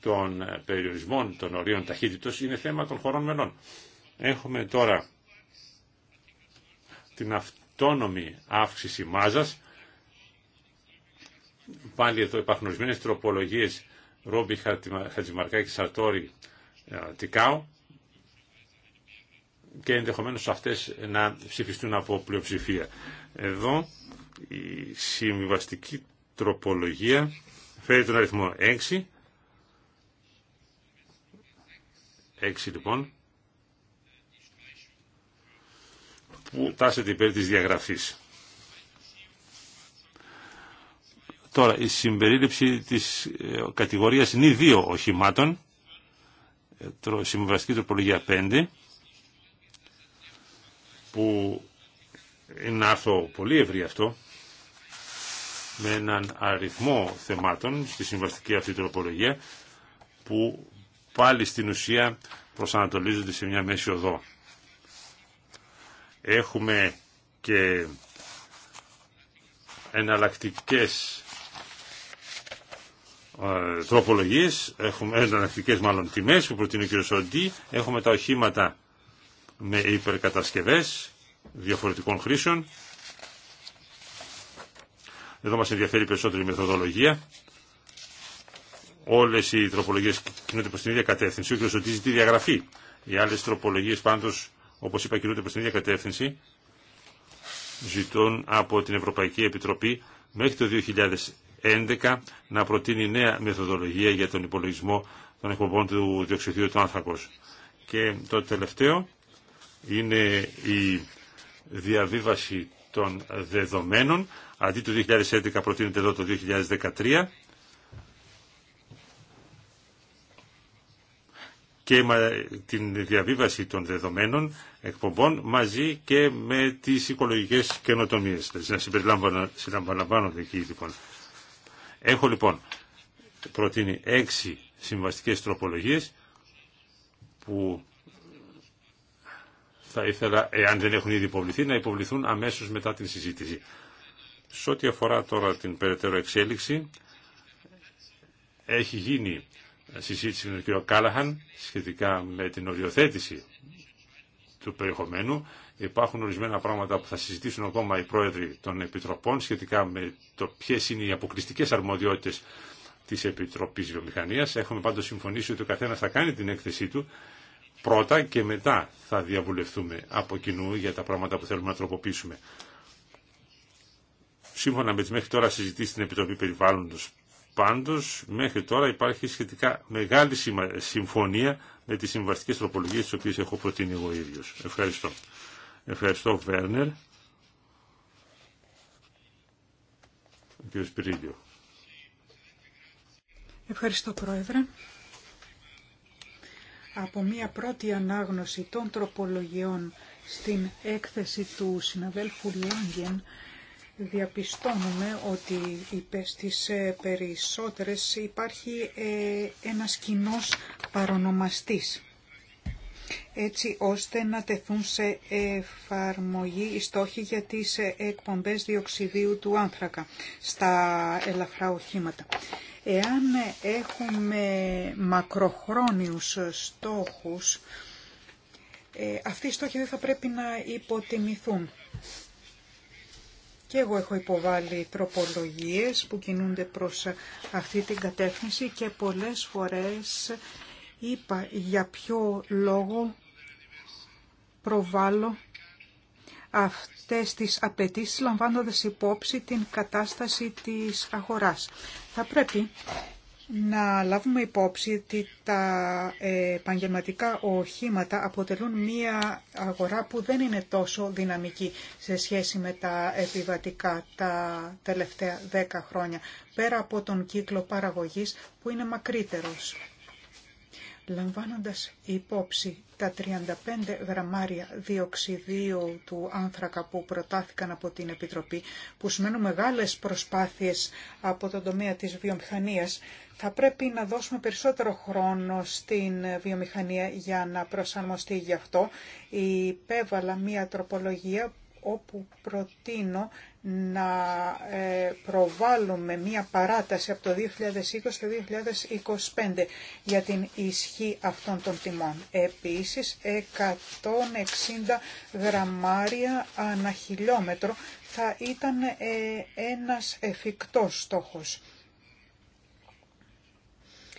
των ε, περιορισμών των ορίων ταχύτητος είναι θέμα των χωρών μελών. Έχουμε τώρα την αυτόνομη αύξηση μάζας. Πάλι εδώ υπάρχουν ορισμένε τροπολογίες Ρόμπι Χατζημαρκάκη Σαρτόρι, ε, Τικάου και ενδεχομένως αυτές να ψηφιστούν από πλειοψηφία. Εδώ η συμβιβαστική τροπολογία φέρει τον αριθμό 6. 6 λοιπόν. Που τάσεται υπέρ της διαγραφής. Τώρα, η συμπερίληψη της ε, κατηγορίας είναι δύο οχημάτων. Ε, Συμβαστική τροπολογία 5 που είναι άρθρο πολύ ευρύ αυτό με έναν αριθμό θεμάτων στη συμβαστική αυτή τροπολογία που πάλι στην ουσία προσανατολίζονται σε μια μέση οδό. Έχουμε και εναλλακτικές ε, τροπολογίες, έχουμε ε, εναλλακτικές μάλλον τιμές που προτείνει ο κ. Σοντή, έχουμε τα οχήματα με υπερκατασκευές διαφορετικών χρήσεων εδώ μας ενδιαφέρει περισσότερη η μεθοδολογία. Όλες οι τροπολογίες κινούνται προς την ίδια κατεύθυνση. Ο κ. Σωτής ζητεί διαγραφή. Οι άλλες τροπολογίες πάντως, όπως είπα, κινούνται προς την ίδια κατεύθυνση. Ζητούν από την Ευρωπαϊκή Επιτροπή μέχρι το 2011 να προτείνει νέα μεθοδολογία για τον υπολογισμό των εκπομπών του διοξιδίου του άνθρακος. Και το τελευταίο είναι η διαβίβαση των δεδομένων. Αντί το 2011 προτείνεται εδώ το 2013. και την διαβίβαση των δεδομένων εκπομπών μαζί και με τις οικολογικές καινοτομίες. Δηλαδή να συμπεριλαμβάνονται εκεί λοιπόν. Έχω λοιπόν προτείνει έξι συμβαστικές τροπολογίες που θα ήθελα, εάν δεν έχουν ήδη υποβληθεί, να υποβληθούν αμέσως μετά την συζήτηση. Σε ό,τι αφορά τώρα την περαιτέρω εξέλιξη, έχει γίνει συζήτηση με τον κ. Κάλαχαν σχετικά με την οριοθέτηση του περιεχομένου. Υπάρχουν ορισμένα πράγματα που θα συζητήσουν ακόμα οι πρόεδροι των επιτροπών σχετικά με το ποιε είναι οι αποκλειστικέ αρμοδιότητε τη Επιτροπή Βιομηχανία. Έχουμε πάντω συμφωνήσει ότι ο καθένα θα κάνει την έκθεσή του πρώτα και μετά θα διαβουλευτούμε από κοινού για τα πράγματα που θέλουμε να τροποποιήσουμε. Σύμφωνα με τις μέχρι τώρα συζητήσεις στην Επιτροπή Περιβάλλοντος πάντως, μέχρι τώρα υπάρχει σχετικά μεγάλη συμφωνία με τις συμβαστικές τροπολογίες τις οποίες έχω προτείνει εγώ ίδιος. Ευχαριστώ. Ευχαριστώ Βέρνερ. Ευχαριστώ Πρόεδρε από μία πρώτη ανάγνωση των τροπολογιών στην έκθεση του συναδέλφου Λάγγεν διαπιστώνουμε ότι υπέστησε περισσότερες υπάρχει ε, ένας κοινός παρονομαστής έτσι ώστε να τεθούν σε εφαρμογή οι στόχοι για τις εκπομπές διοξιδίου του άνθρακα στα ελαφρά οχήματα. Εάν έχουμε μακροχρόνιους στόχους, ε, αυτοί οι στόχοι δεν θα πρέπει να υποτιμηθούν. Και εγώ έχω υποβάλει τροπολογίες που κινούνται προς αυτή την κατεύθυνση και πολλές φορές είπα για ποιο λόγο προβάλλω αυτές τις απαιτήσει λαμβάνοντας υπόψη την κατάσταση της αγοράς. Θα πρέπει να λάβουμε υπόψη ότι τα επαγγελματικά οχήματα αποτελούν μία αγορά που δεν είναι τόσο δυναμική σε σχέση με τα επιβατικά τα τελευταία δέκα χρόνια, πέρα από τον κύκλο παραγωγής που είναι μακρύτερος λαμβάνοντας υπόψη τα 35 γραμμάρια διοξιδίου του άνθρακα που προτάθηκαν από την Επιτροπή, που σημαίνουν μεγάλες προσπάθειες από τον τομέα της βιομηχανίας, θα πρέπει να δώσουμε περισσότερο χρόνο στην βιομηχανία για να προσαρμοστεί γι' αυτό. Υπέβαλα μία τροπολογία όπου προτείνω να ε, προβάλλουμε μία παράταση από το 2020 στο 2025 για την ισχύ αυτών των τιμών. Επίσης, 160 γραμμάρια ανά χιλιόμετρο θα ήταν ε, ένας εφικτός στόχος.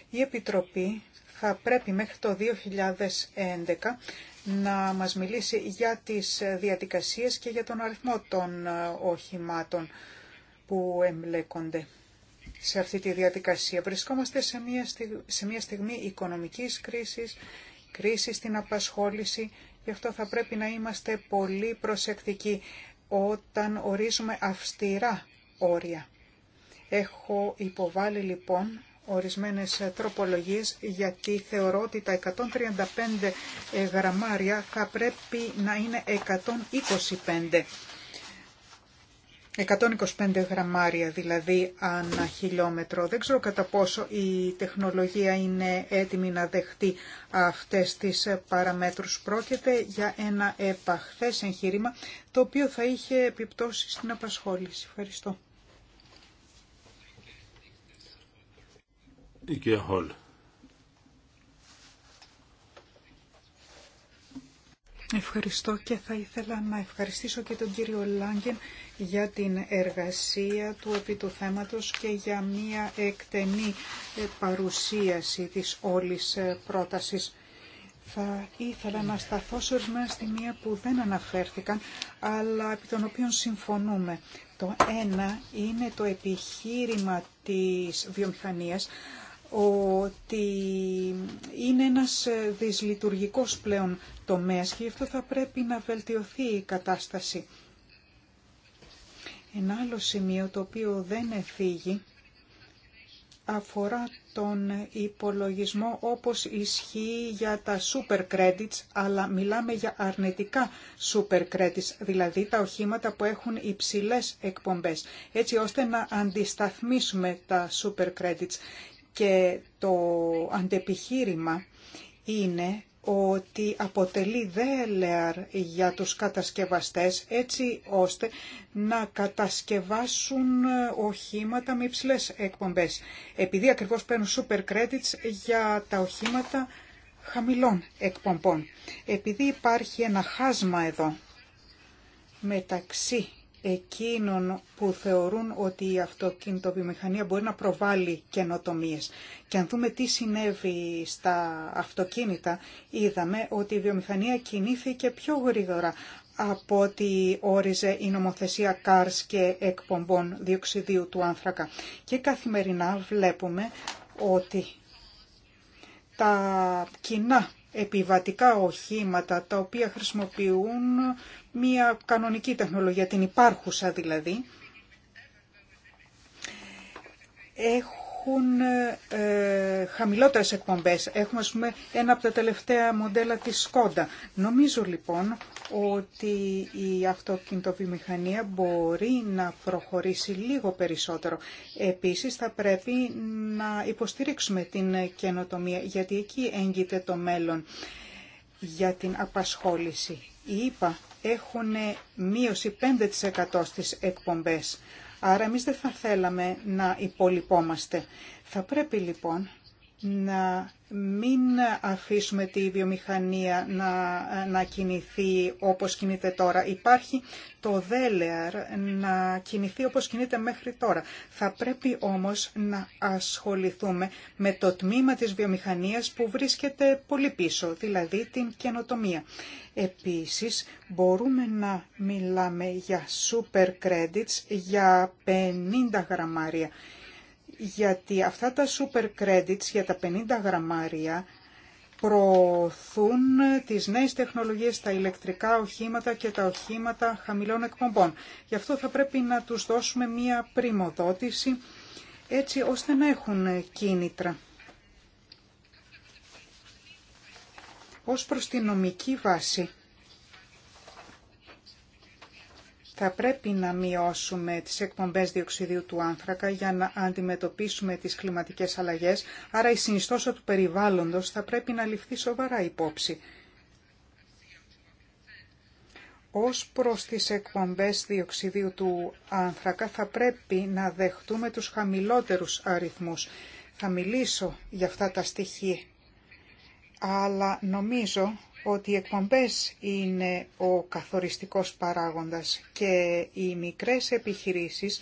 Η Επιτροπή θα πρέπει μέχρι το 2011 να μας μιλήσει για τις διαδικασίες και για τον αριθμό των ε, οχημάτων που εμπλέκονται σε αυτή τη διαδικασία. Βρισκόμαστε σε μια, σε μια στιγμή οικονομικής κρίσης, κρίση στην απασχόληση, γι' αυτό θα πρέπει να είμαστε πολύ προσεκτικοί όταν ορίζουμε αυστηρά όρια. Έχω υποβάλει λοιπόν ορισμένες τροπολογίες γιατί θεωρώ ότι τα 135 γραμμάρια θα πρέπει να είναι 125. 125 γραμμάρια δηλαδή ανά χιλιόμετρο. Δεν ξέρω κατά πόσο η τεχνολογία είναι έτοιμη να δεχτεί αυτές τις παραμέτρους. Πρόκειται για ένα επαχθές εγχείρημα το οποίο θα είχε επιπτώσει στην απασχόληση. Ευχαριστώ. Ευχαριστώ και θα ήθελα να ευχαριστήσω και τον κύριο Λάγκεν για την εργασία του επί του θέματος και για μια εκτενή ε, παρουσίαση της όλης ε, πρότασης. Θα ήθελα να σταθώ σε ορισμένα που δεν αναφέρθηκαν, αλλά επί των οποίων συμφωνούμε. Το ένα είναι το επιχείρημα της βιομηχανίας, ότι είναι ένας δυσλειτουργικός πλέον τομέας και αυτό θα πρέπει να βελτιωθεί η κατάσταση. Ένα άλλο σημείο το οποίο δεν εφήγει αφορά τον υπολογισμό όπως ισχύει για τα super credits, αλλά μιλάμε για αρνητικά super credits, δηλαδή τα οχήματα που έχουν υψηλές εκπομπές, έτσι ώστε να αντισταθμίσουμε τα super credits και το αντεπιχείρημα είναι ότι αποτελεί δέλεαρ για τους κατασκευαστές έτσι ώστε να κατασκευάσουν οχήματα με υψηλέ εκπομπές. Επειδή ακριβώς παίρνουν super credits για τα οχήματα χαμηλών εκπομπών. Επειδή υπάρχει ένα χάσμα εδώ μεταξύ εκείνων που θεωρούν ότι η αυτοκινητοβιομηχανία μπορεί να προβάλλει καινοτομίε. Και αν δούμε τι συνέβη στα αυτοκίνητα, είδαμε ότι η βιομηχανία κινήθηκε πιο γρήγορα από ό,τι όριζε η νομοθεσία CARS και εκπομπών διοξιδίου του άνθρακα. Και καθημερινά βλέπουμε ότι τα κοινά επιβατικά οχήματα τα οποία χρησιμοποιούν μια κανονική τεχνολογία, την υπάρχουσα δηλαδή, έχουν ε, χαμηλότερες εκπομπές. Έχουμε, ας πούμε, ένα από τα τελευταία μοντέλα της Skoda. Νομίζω, λοιπόν, ότι η αυτοκινητοβιομηχανία μπορεί να προχωρήσει λίγο περισσότερο. Επίσης, θα πρέπει να υποστηρίξουμε την καινοτομία, γιατί εκεί έγκυται το μέλλον για την απασχόληση. Είπα έχουν μείωση 5% στις εκπομπές. Άρα εμείς δεν θα θέλαμε να υπολοιπόμαστε. Θα πρέπει λοιπόν να μην αφήσουμε τη βιομηχανία να, να κινηθεί όπως κινείται τώρα. Υπάρχει το δέλεαρ να κινηθεί όπως κινείται μέχρι τώρα. Θα πρέπει όμως να ασχοληθούμε με το τμήμα της βιομηχανίας που βρίσκεται πολύ πίσω, δηλαδή την καινοτομία. Επίσης, μπορούμε να μιλάμε για super credits για 50 γραμμάρια γιατί αυτά τα super credits για τα 50 γραμμάρια προωθούν τις νέες τεχνολογίες, τα ηλεκτρικά οχήματα και τα οχήματα χαμηλών εκπομπών. Γι' αυτό θα πρέπει να τους δώσουμε μία πρημοδότηση έτσι ώστε να έχουν κίνητρα. Ως προς τη νομική βάση, θα πρέπει να μειώσουμε τις εκπομπές διοξιδίου του άνθρακα για να αντιμετωπίσουμε τις κλιματικές αλλαγές, άρα η συνιστόσα του περιβάλλοντος θα πρέπει να ληφθεί σοβαρά υπόψη. Ως προς τις εκπομπές διοξιδίου του άνθρακα θα πρέπει να δεχτούμε τους χαμηλότερους αριθμούς. Θα μιλήσω για αυτά τα στοιχεία, αλλά νομίζω ότι οι εκπομπές είναι ο καθοριστικός παράγοντας και οι μικρές επιχειρήσεις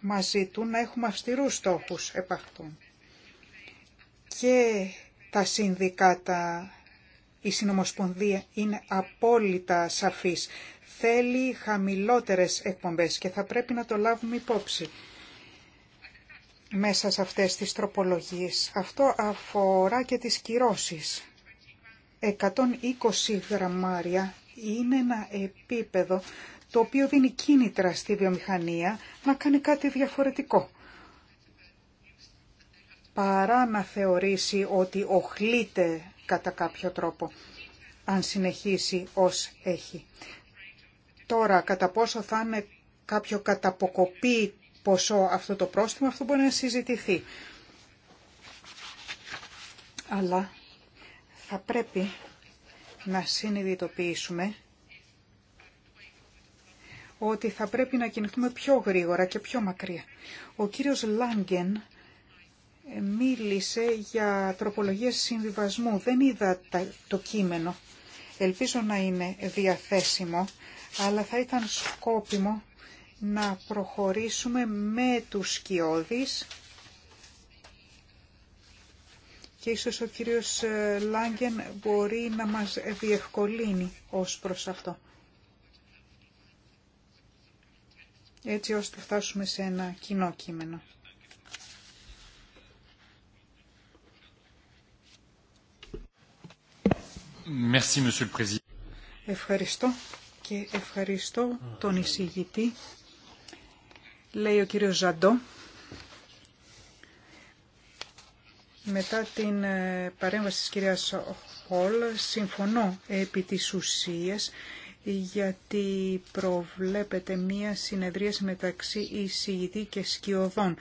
μας ζητούν να έχουμε αυστηρούς στόχους επ' Και τα συνδικάτα, η συνομοσπονδία είναι απόλυτα σαφής. Θέλει χαμηλότερες εκπομπές και θα πρέπει να το λάβουμε υπόψη μέσα σε αυτές τις τροπολογίες. Αυτό αφορά και τις κυρώσεις 120 γραμμάρια είναι ένα επίπεδο το οποίο δίνει κίνητρα στη βιομηχανία να κάνει κάτι διαφορετικό. Παρά να θεωρήσει ότι οχλείται κατά κάποιο τρόπο, αν συνεχίσει ως έχει. Τώρα, κατά πόσο θα είναι κάποιο καταποκοπή ποσό αυτό το πρόστιμο, αυτό μπορεί να συζητηθεί. Αλλά θα πρέπει να συνειδητοποιήσουμε ότι θα πρέπει να κινηθούμε πιο γρήγορα και πιο μακριά. Ο κύριος Λάγκεν ε, μίλησε για τροπολογίες συμβιβασμού. Δεν είδα το κείμενο. Ελπίζω να είναι διαθέσιμο, αλλά θα ήταν σκόπιμο να προχωρήσουμε με τους σκιώδεις και ίσως ο κύριος ε, Λάγκεν μπορεί να μας διευκολύνει ως προς αυτό. Έτσι ώστε φτάσουμε σε ένα κοινό κείμενο. Ευχαριστώ και ευχαριστώ τον εισηγητή, λέει ο κύριος Ζαντό. Μετά την ε, παρέμβαση της κυρίας Χολ, συμφωνώ επί της ουσίας γιατί προβλέπεται μία συνεδρία μεταξύ εισηγητή και σκιωδών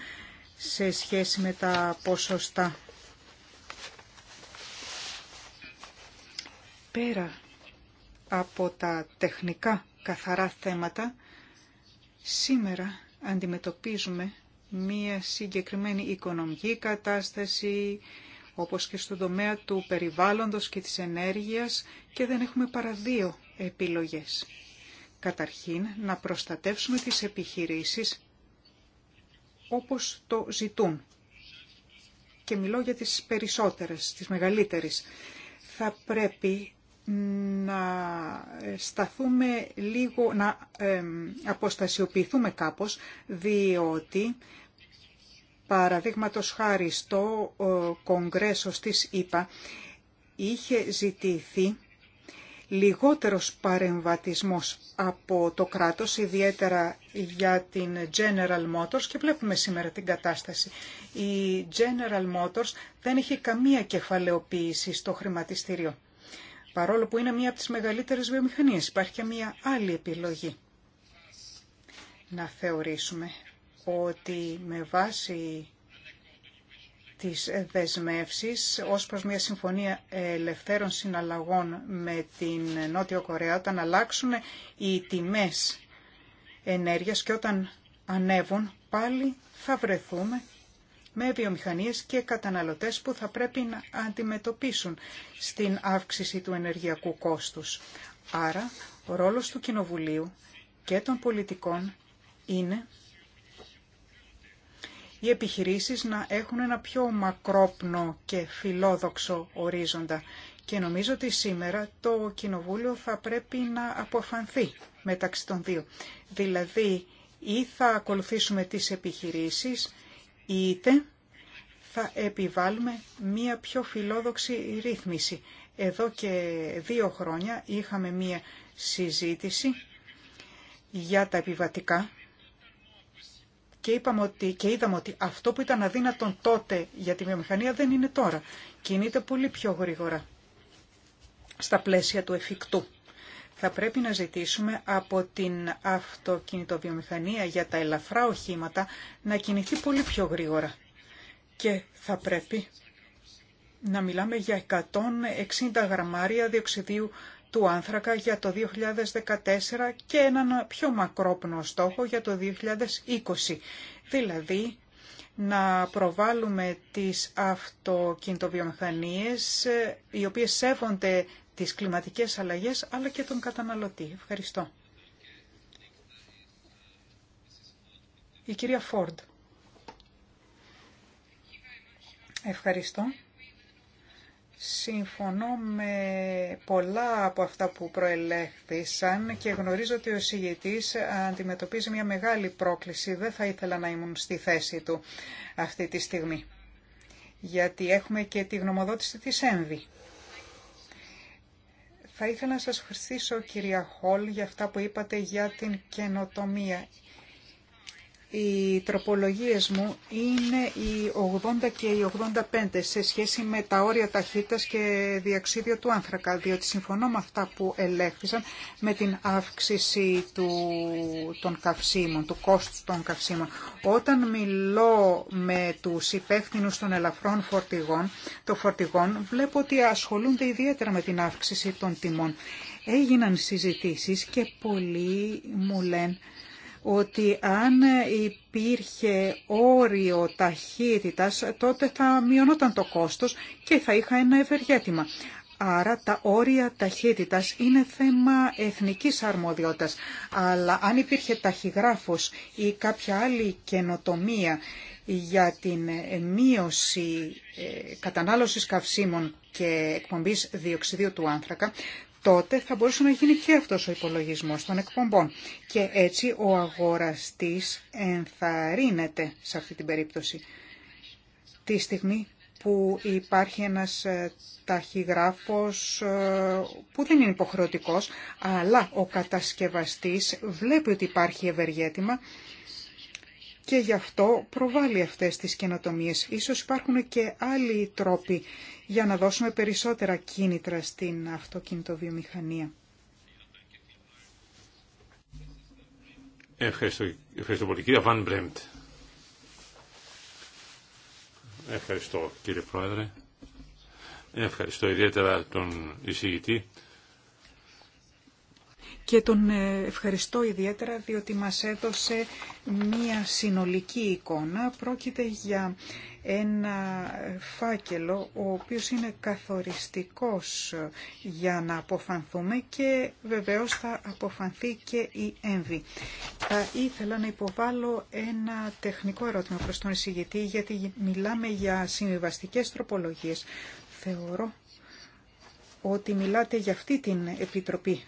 σε σχέση με τα ποσοστά. Πέρα από τα τεχνικά καθαρά θέματα, σήμερα αντιμετωπίζουμε μία συγκεκριμένη οικονομική κατάσταση, όπως και στον τομέα του περιβάλλοντος και της ενέργειας και δεν έχουμε παρά δύο επιλογές. Καταρχήν, να προστατεύσουμε τις επιχειρήσεις όπως το ζητούν. Και μιλώ για τις περισσότερες, τις μεγαλύτερες. Θα πρέπει να σταθούμε λίγο, να αποστασιοποιηθούμε κάπως, διότι Παραδείγματος χάρη στο Κογκρέσο της ΗΠΑ είχε ζητηθεί λιγότερος παρεμβατισμός από το κράτος, ιδιαίτερα για την General Motors και βλέπουμε σήμερα την κατάσταση. Η General Motors δεν έχει καμία κεφαλαιοποίηση στο χρηματιστήριο. Παρόλο που είναι μία από τις μεγαλύτερες βιομηχανίες, υπάρχει και μία άλλη επιλογή. Να θεωρήσουμε ότι με βάση τις δεσμεύσεις ως προς μια συμφωνία ελευθέρων συναλλαγών με την Νότιο Κορέα όταν αλλάξουν οι τιμές ενέργειας και όταν ανέβουν πάλι θα βρεθούμε με βιομηχανίες και καταναλωτές που θα πρέπει να αντιμετωπίσουν στην αύξηση του ενεργειακού κόστους. Άρα ο ρόλος του Κοινοβουλίου και των πολιτικών είναι οι επιχειρήσεις να έχουν ένα πιο μακρόπνο και φιλόδοξο ορίζοντα. Και νομίζω ότι σήμερα το Κοινοβούλιο θα πρέπει να αποφανθεί μεταξύ των δύο. Δηλαδή, ή θα ακολουθήσουμε τις επιχειρήσεις, είτε θα επιβάλλουμε μία πιο φιλόδοξη ρύθμιση. Εδώ και δύο χρόνια είχαμε μία συζήτηση για τα επιβατικά και, είπαμε ότι, και είδαμε ότι αυτό που ήταν αδύνατον τότε για τη βιομηχανία δεν είναι τώρα. Κινείται πολύ πιο γρήγορα στα πλαίσια του εφικτού. Θα πρέπει να ζητήσουμε από την αυτοκινητοβιομηχανία για τα ελαφρά οχήματα να κινηθεί πολύ πιο γρήγορα. Και θα πρέπει να μιλάμε για 160 γραμμάρια διοξιδίου του άνθρακα για το 2014 και έναν πιο μακρόπνο στόχο για το 2020. Δηλαδή να προβάλλουμε τις αυτοκινητοβιομηχανίες ε, οι οποίες σέβονται τις κλιματικές αλλαγές αλλά και τον καταναλωτή. Ευχαριστώ. Η κυρία Φόρντ. Ευχαριστώ. Συμφωνώ με πολλά από αυτά που προελέχθησαν και γνωρίζω ότι ο συγητής αντιμετωπίζει μια μεγάλη πρόκληση. Δεν θα ήθελα να ήμουν στη θέση του αυτή τη στιγμή. Γιατί έχουμε και τη γνωμοδότηση της Ένδυ. Θα ήθελα να σας ευχαριστήσω κυρία Χολ για αυτά που είπατε για την καινοτομία. Οι τροπολογίες μου είναι οι 80 και οι 85 σε σχέση με τα όρια ταχύτητας και διαξίδιο του άνθρακα, διότι συμφωνώ με αυτά που ελέγχθησαν με την αύξηση του, των καυσίμων, του κόστου των καυσίμων. Όταν μιλώ με τους υπεύθυνους των ελαφρών φορτηγών, των φορτηγών, βλέπω ότι ασχολούνται ιδιαίτερα με την αύξηση των τιμών. Έγιναν συζητήσεις και πολλοί μου λένε ότι αν υπήρχε όριο ταχύτητας, τότε θα μειωνόταν το κόστος και θα είχα ένα ευεργέτημα. Άρα τα όρια ταχύτητας είναι θέμα εθνικής αρμοδιότητας. Αλλά αν υπήρχε ταχυγράφος ή κάποια άλλη καινοτομία για την μείωση ε, κατανάλωσης καυσίμων και εκπομπής διοξιδίου του άνθρακα, τότε θα μπορούσε να γίνει και αυτός ο υπολογισμός των εκπομπών. Και έτσι ο αγοραστής ενθαρρύνεται σε αυτή την περίπτωση. Τη στιγμή που υπάρχει ένας ε, ταχυγράφος ε, που δεν είναι υποχρεωτικός, αλλά ο κατασκευαστής βλέπει ότι υπάρχει ευεργέτημα και γι' αυτό προβάλλει αυτές τις καινοτομίες. Ίσως υπάρχουν και άλλοι τρόποι για να δώσουμε περισσότερα κίνητρα στην αυτοκινητοβιομηχανία. Ευχαριστώ, ευχαριστώ πολύ. κύριε Βαν Μπρέμπτ. Ευχαριστώ κύριε Πρόεδρε. Ευχαριστώ ιδιαίτερα τον εισηγητή και τον ε, ευχαριστώ ιδιαίτερα διότι μας έδωσε μία συνολική εικόνα. Πρόκειται για ένα φάκελο ο οποίος είναι καθοριστικός για να αποφανθούμε και βεβαίως θα αποφανθεί και η ΕΜΒΗ. Θα ήθελα να υποβάλω ένα τεχνικό ερώτημα προς τον εισηγητή γιατί μιλάμε για συμβιβαστικές τροπολογίες. Θεωρώ ότι μιλάτε για αυτή την Επιτροπή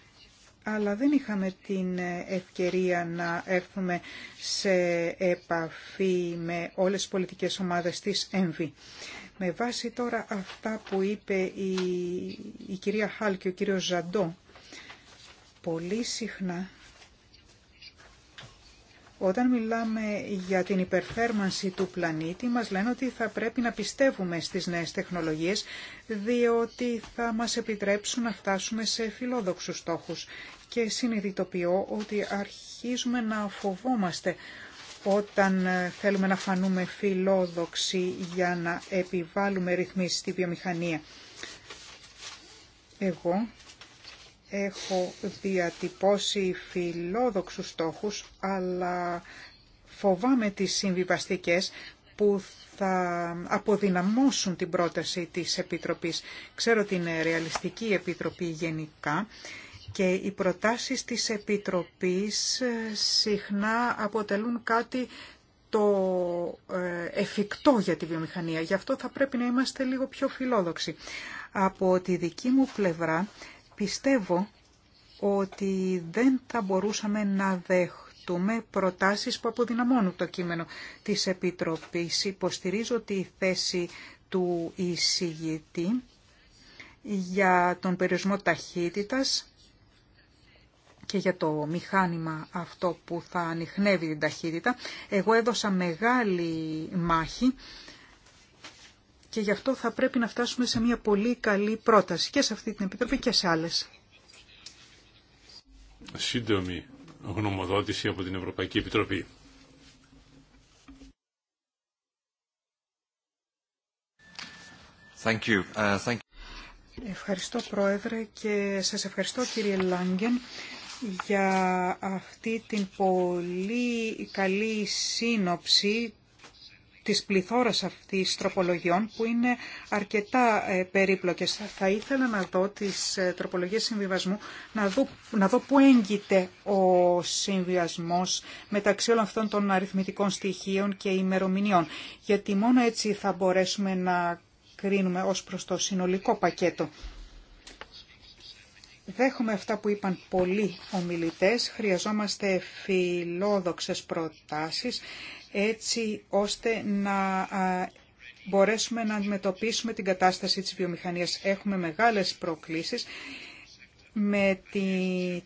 αλλά δεν είχαμε την ε, ευκαιρία να έρθουμε σε επαφή με όλες τις πολιτικές ομάδες της ΕΜΒΗ. Με βάση τώρα αυτά που είπε η, κυρία Χάλ και ο κύριος Ζαντό, πολύ συχνά όταν μιλάμε για την υπερθέρμανση του πλανήτη, μας λένε ότι θα πρέπει να πιστεύουμε στις νέες τεχνολογίες, διότι θα μας επιτρέψουν να φτάσουμε σε φιλόδοξους στόχους και συνειδητοποιώ ότι αρχίζουμε να φοβόμαστε όταν ε, θέλουμε να φανούμε φιλόδοξοι για να επιβάλλουμε ρυθμίσεις στη βιομηχανία. Εγώ έχω διατυπώσει φιλόδοξους στόχους, αλλά φοβάμαι τις συμβιβαστικές που θα αποδυναμώσουν την πρόταση της Επιτροπής. Ξέρω ότι είναι ρεαλιστική η Επιτροπή γενικά και οι προτάσεις της Επιτροπής ε, συχνά αποτελούν κάτι το ε, εφικτό για τη βιομηχανία. Γι' αυτό θα πρέπει να είμαστε λίγο πιο φιλόδοξοι. Από τη δική μου πλευρά πιστεύω ότι δεν θα μπορούσαμε να δεχτούμε προτάσεις που αποδυναμώνουν το κείμενο της Επιτροπής. Υποστηρίζω τη θέση του εισηγητή για τον περιορισμό ταχύτητας και για το μηχάνημα αυτό που θα ανοιχνεύει την ταχύτητα. Εγώ έδωσα μεγάλη μάχη και γι' αυτό θα πρέπει να φτάσουμε σε μια πολύ καλή πρόταση και σε αυτή την Επιτροπή και σε άλλες. Σύντομη γνωμοδότηση από την Ευρωπαϊκή Επιτροπή. Thank you. Uh, thank you. Ευχαριστώ Πρόεδρε και σας ευχαριστώ κύριε Λάγκεν για αυτή την πολύ καλή σύνοψη της πληθώρας αυτής τροπολογιών που είναι αρκετά ε, περίπλοκες. Θα ήθελα να δω τις ε, τροπολογίες συμβιβασμού, να δω, να δω πού έγκυται ο συμβιασμός μεταξύ όλων αυτών των αριθμητικών στοιχείων και ημερομηνιών. Γιατί μόνο έτσι θα μπορέσουμε να κρίνουμε ως προς το συνολικό πακέτο. Δέχομαι αυτά που είπαν πολλοί ομιλητές, χρειαζόμαστε φιλόδοξες προτάσεις έτσι ώστε να μπορέσουμε να αντιμετωπίσουμε την κατάσταση της βιομηχανίας. Έχουμε μεγάλες προκλήσεις με τη,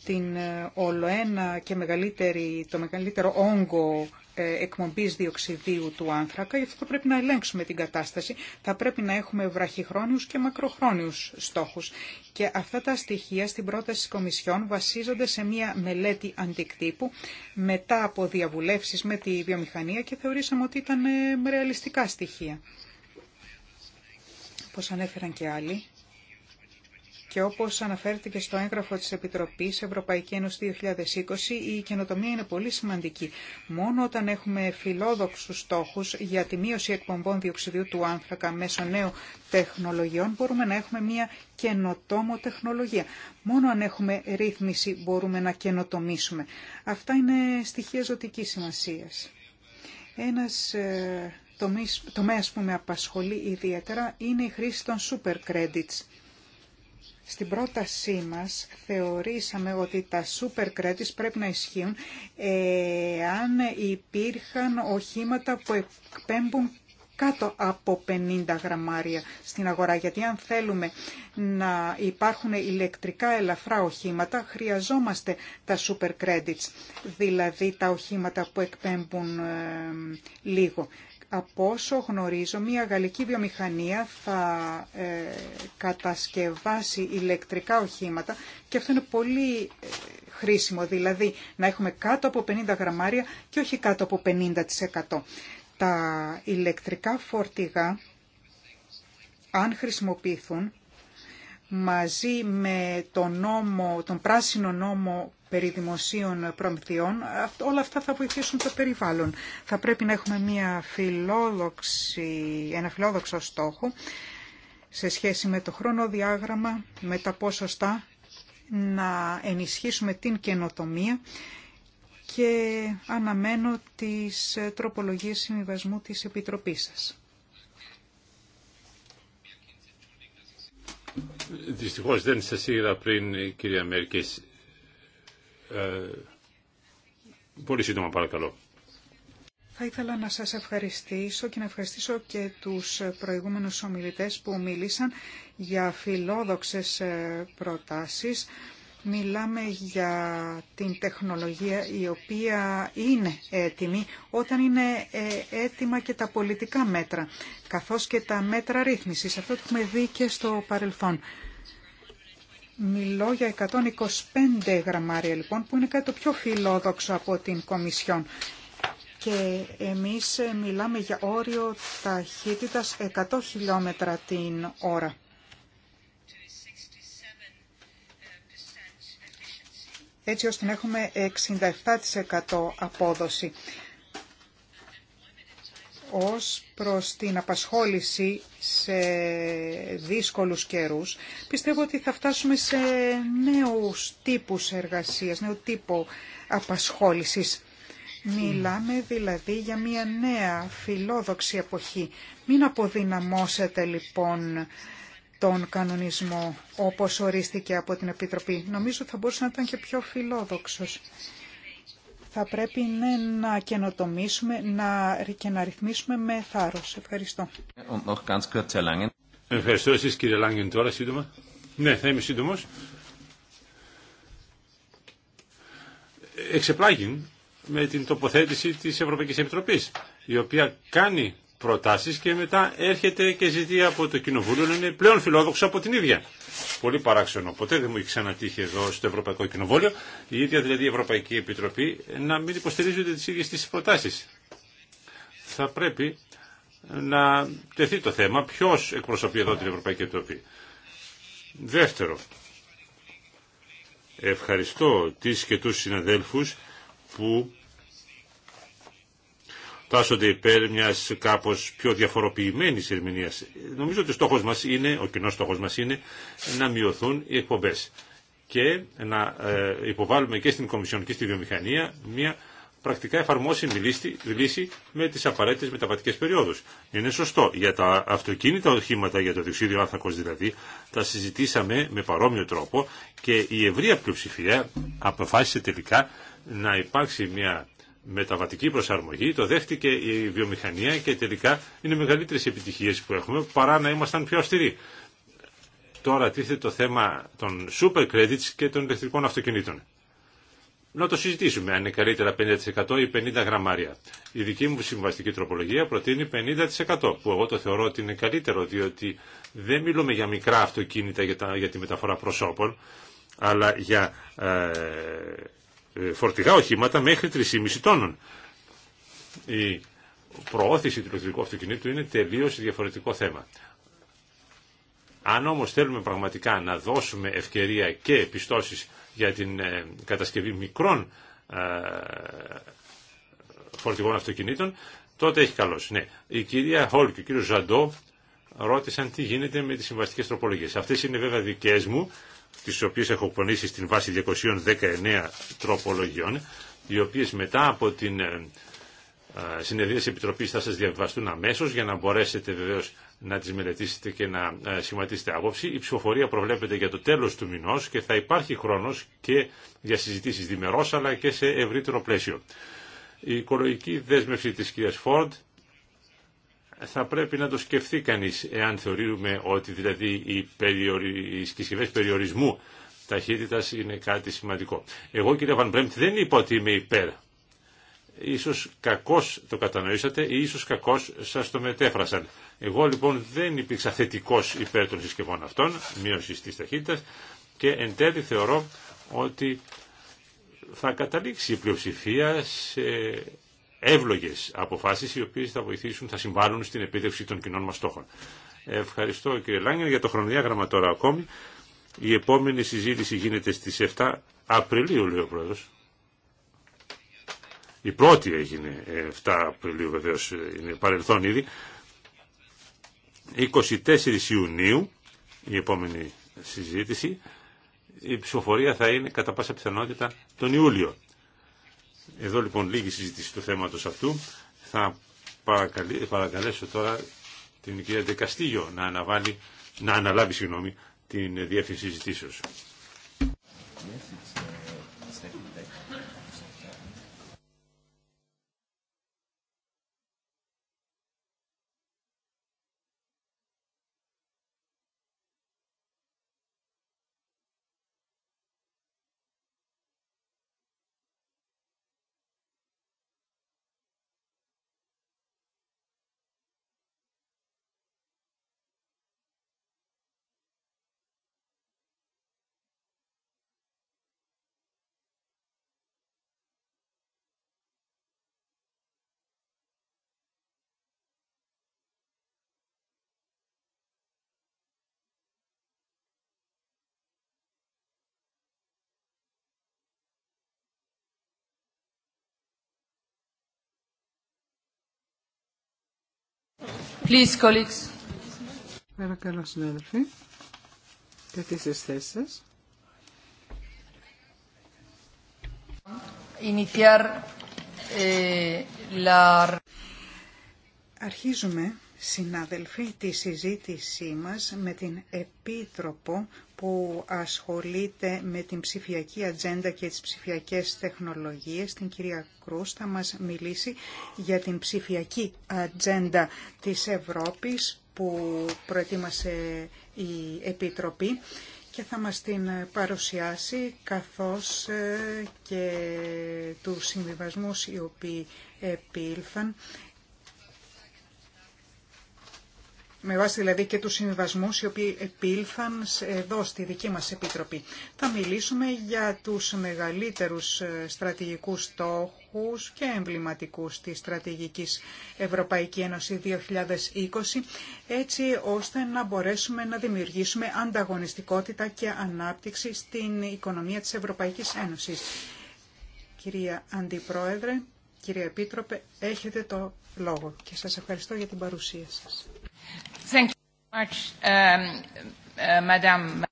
την ολοένα ε, και μεγαλύτερη, το μεγαλύτερο όγκο ε, εκπομπής διοξιδίου του άνθρακα, γι' αυτό πρέπει να ελέγξουμε την κατάσταση. Θα πρέπει να έχουμε βραχυχρόνιους και μακροχρόνιους στόχους. Και αυτά τα στοιχεία στην πρόταση της Κομισιόν βασίζονται σε μια μελέτη αντικτύπου μετά από διαβουλεύσεις με τη βιομηχανία και θεωρήσαμε ότι ήταν ε, ρεαλιστικά στοιχεία. Όπως ανέφεραν και άλλοι, και όπω αναφέρεται και στο έγγραφο τη Επιτροπής Ευρωπαϊκή Ένωση 2020, η καινοτομία είναι πολύ σημαντική. Μόνο όταν έχουμε φιλόδοξου στόχου για τη μείωση εκπομπών διοξιδίου του άνθρακα μέσω νέων τεχνολογιών μπορούμε να έχουμε μια καινοτόμο τεχνολογία. Μόνο αν έχουμε ρύθμιση μπορούμε να καινοτομήσουμε. Αυτά είναι στοιχεία ζωτικής σημασίας. Ένας ε, τομέα που με απασχολεί ιδιαίτερα είναι η χρήση των super credits στην πρότασή μας θεωρήσαμε ότι τα super credits πρέπει να ισχύουν ε, αν υπήρχαν οχήματα που εκπέμπουν κάτω από 50 γραμμάρια στην αγορά. Γιατί αν θέλουμε να υπάρχουν ηλεκτρικά ελαφρά οχήματα, χρειαζόμαστε τα super credits, δηλαδή τα οχήματα που εκπέμπουν ε, λίγο. Από όσο γνωρίζω, μια γαλλική βιομηχανία θα ε, κατασκευάσει ηλεκτρικά οχήματα και αυτό είναι πολύ ε, χρήσιμο, δηλαδή να έχουμε κάτω από 50 γραμμάρια και όχι κάτω από 50%. Τα ηλεκτρικά φορτηγά, αν χρησιμοποιηθούν, μαζί με τον, νόμο, τον πράσινο νόμο περί δημοσίων προμηθειών, όλα αυτά θα βοηθήσουν το περιβάλλον. Θα πρέπει να έχουμε μια φιλόδοξη, ένα φιλόδοξο στόχο σε σχέση με το χρονοδιάγραμμα, με τα ποσοστά, να ενισχύσουμε την καινοτομία και αναμένω τις τροπολογίες συμβιβασμού της Επιτροπής σας. Δυστυχώς δεν σας είδα πριν, κυρία Μέρκης, ε, πολύ σύντομα παρακαλώ. Θα ήθελα να σας ευχαριστήσω και να ευχαριστήσω και τους προηγούμενους ομιλητές που μίλησαν για φιλόδοξες ε, προτάσεις. Μιλάμε για την τεχνολογία η οποία είναι έτοιμη όταν είναι ε, έτοιμα και τα πολιτικά μέτρα καθώς και τα μέτρα ρύθμισης. Αυτό το έχουμε δει και στο παρελθόν. Μιλώ για 125 γραμμάρια λοιπόν, που είναι κάτι το πιο φιλόδοξο από την Κομισιόν. Και εμείς ε, μιλάμε για όριο ταχύτητας 100 χιλιόμετρα την ώρα. έτσι ώστε να έχουμε 67% απόδοση ως προς την απασχόληση σε δύσκολους καιρούς, πιστεύω ότι θα φτάσουμε σε νέους τύπους εργασίας, νέο τύπο απασχόλησης. Μιλάμε δηλαδή για μια νέα φιλόδοξη εποχή. Μην αποδυναμώσετε λοιπόν τον κανονισμό όπως ορίστηκε από την Επιτροπή. Νομίζω θα μπορούσε να ήταν και πιο φιλόδοξος θα πρέπει ναι, να καινοτομήσουμε να, και να ρυθμίσουμε με θάρρο. Ευχαριστώ. Ευχαριστώ εσείς κύριε Λάγκεν τώρα σύντομα. Ναι, θα είμαι σύντομο. Εξεπλάγει με την τοποθέτηση της Ευρωπαϊκής Επιτροπής, η οποία κάνει προτάσεις και μετά έρχεται και ζητεί από το Κοινοβούλιο να είναι πλέον φιλόδοξο από την ίδια. Πολύ παράξενο. Ποτέ δεν μου έχει ξανατύχει εδώ στο Ευρωπαϊκό Κοινοβούλιο η ίδια δηλαδή η Ευρωπαϊκή Επιτροπή να μην υποστηρίζονται τις ίδιες τις προτάσεις. Θα πρέπει να τεθεί το θέμα ποιο εκπροσωπεί εδώ την Ευρωπαϊκή Επιτροπή. Δεύτερο, ευχαριστώ τις και τους συναδέλφους που τάσσονται υπέρ μιας κάπως πιο διαφοροποιημένη ερμηνείας. Νομίζω ότι ο στόχος μας είναι, ο κοινός στόχος μας είναι να μειωθούν οι εκπομπές και να ε, υποβάλουμε και στην Κομισιόν και στη βιομηχανία μια πρακτικά εφαρμόσιμη λύση, λύση με τις απαραίτητες μεταβατικέ περιόδους. Είναι σωστό. Για τα αυτοκίνητα οχήματα, για το διοξίδιο άνθρακος δηλαδή, τα συζητήσαμε με παρόμοιο τρόπο και η ευρεία πλειοψηφία αποφάσισε τελικά να υπάρξει μια μεταβατική προσαρμογή, το δέχτηκε η βιομηχανία και τελικά είναι μεγαλύτερες επιτυχίες που έχουμε παρά να ήμασταν πιο αυστηροί. Τώρα τίθεται το θέμα των super credits και των ηλεκτρικών αυτοκινήτων. Να το συζητήσουμε αν είναι καλύτερα 50% ή 50 γραμμάρια. Η δική μου συμβαστική τροπολογία προτείνει 50% που εγώ το θεωρώ ότι είναι καλύτερο διότι δεν μιλούμε για μικρά αυτοκίνητα για, τη μεταφορά προσώπων αλλά για ε, ε, φορτηγά οχήματα μέχρι 3,5 τόνων. Η προώθηση του ηλεκτρικού αυτοκινήτου είναι τελείως διαφορετικό θέμα. Αν όμως θέλουμε πραγματικά να δώσουμε ευκαιρία και επιστώσεις για την ε, κατασκευή μικρών ε, φορτηγών αυτοκινήτων, τότε έχει καλώς. Ναι. Η κυρία Χόλ και ο κύριος Ζαντό ρώτησαν τι γίνεται με τις συμβαστικές τροπολογίες. Αυτές είναι βέβαια δικές μου τις οποίες έχω πονήσει στην βάση 219 τροπολογιών, οι οποίες μετά από την ε, ε, συνεδρία της Επιτροπής θα σας διαβιβαστούν αμέσως για να μπορέσετε βεβαίως να τις μελετήσετε και να ε, σχηματίσετε άποψη. Η ψηφοφορία προβλέπεται για το τέλος του μηνός και θα υπάρχει χρόνος και για συζητήσεις διμερώς αλλά και σε ευρύτερο πλαίσιο. Η οικολογική δέσμευση της κύρια Φόρντ θα πρέπει να το σκεφτεί κανείς εάν θεωρούμε ότι δηλαδή οι, περιορι... οι συσκευές περιορισμού ταχύτητας είναι κάτι σημαντικό. Εγώ κύριε Βαν δεν είπα ότι είμαι υπέρ. Ίσως κακώς το κατανοήσατε ή ίσως κακώς σας το μετέφρασαν. Εγώ λοιπόν δεν υπήρξα θετικός υπέρ των συσκευών αυτών, μείωση της ταχύτητας και εν τέλει θεωρώ ότι θα καταλήξει η πλειοψηφία σε εύλογες αποφάσεις οι οποίες θα βοηθήσουν, θα συμβάλλουν στην επίτευξη των κοινών μας στόχων. Ευχαριστώ κύριε Λάγκεν για το χρονοδιάγραμμα τώρα ακόμη. Η επόμενη συζήτηση γίνεται στις 7 Απριλίου, λέει ο Πρόεδρο. Η πρώτη έγινε 7 Απριλίου βεβαίως, είναι παρελθόν ήδη. 24 Ιουνίου η επόμενη συζήτηση. Η ψηφοφορία θα είναι κατά πάσα πιθανότητα τον Ιούλιο. Εδώ λοιπόν λίγη συζήτηση του θέματος αυτού. Θα παρακαλέσω τώρα την κυρία Ντεκαστήγιο να, αναβάλει, να αναλάβει συγγνώμη, την διεύθυνση συζητήσεως. Please, colleagues. Παρακαλώ, συνάδελφοι. Καθίστε στις θέσεις σας. Iniciar, eh, la... Αρχίζουμε συναδελφοί τη συζήτησή μας με την Επίτροπο που ασχολείται με την ψηφιακή ατζέντα και τις ψηφιακές τεχνολογίες. Την κυρία Κρούς θα μας μιλήσει για την ψηφιακή ατζέντα της Ευρώπης που προετοίμασε η Επίτροπη και θα μας την παρουσιάσει καθώς ε, και του συμβιβασμούς οι οποίοι επήλθαν με βάση δηλαδή και τους συμβασμού οι οποίοι επήλθαν εδώ στη δική μας Επιτροπή. Θα μιλήσουμε για τους μεγαλύτερους ε, στρατηγικούς στόχους και εμβληματικούς της Στρατηγικής Ευρωπαϊκή Ένωση 2020, έτσι ώστε να μπορέσουμε να δημιουργήσουμε ανταγωνιστικότητα και ανάπτυξη στην οικονομία της Ευρωπαϊκής Ένωσης. Κυρία Αντιπρόεδρε, κύριε Επίτροπε, έχετε το λόγο και σας ευχαριστώ για την παρουσία σας. Um, uh,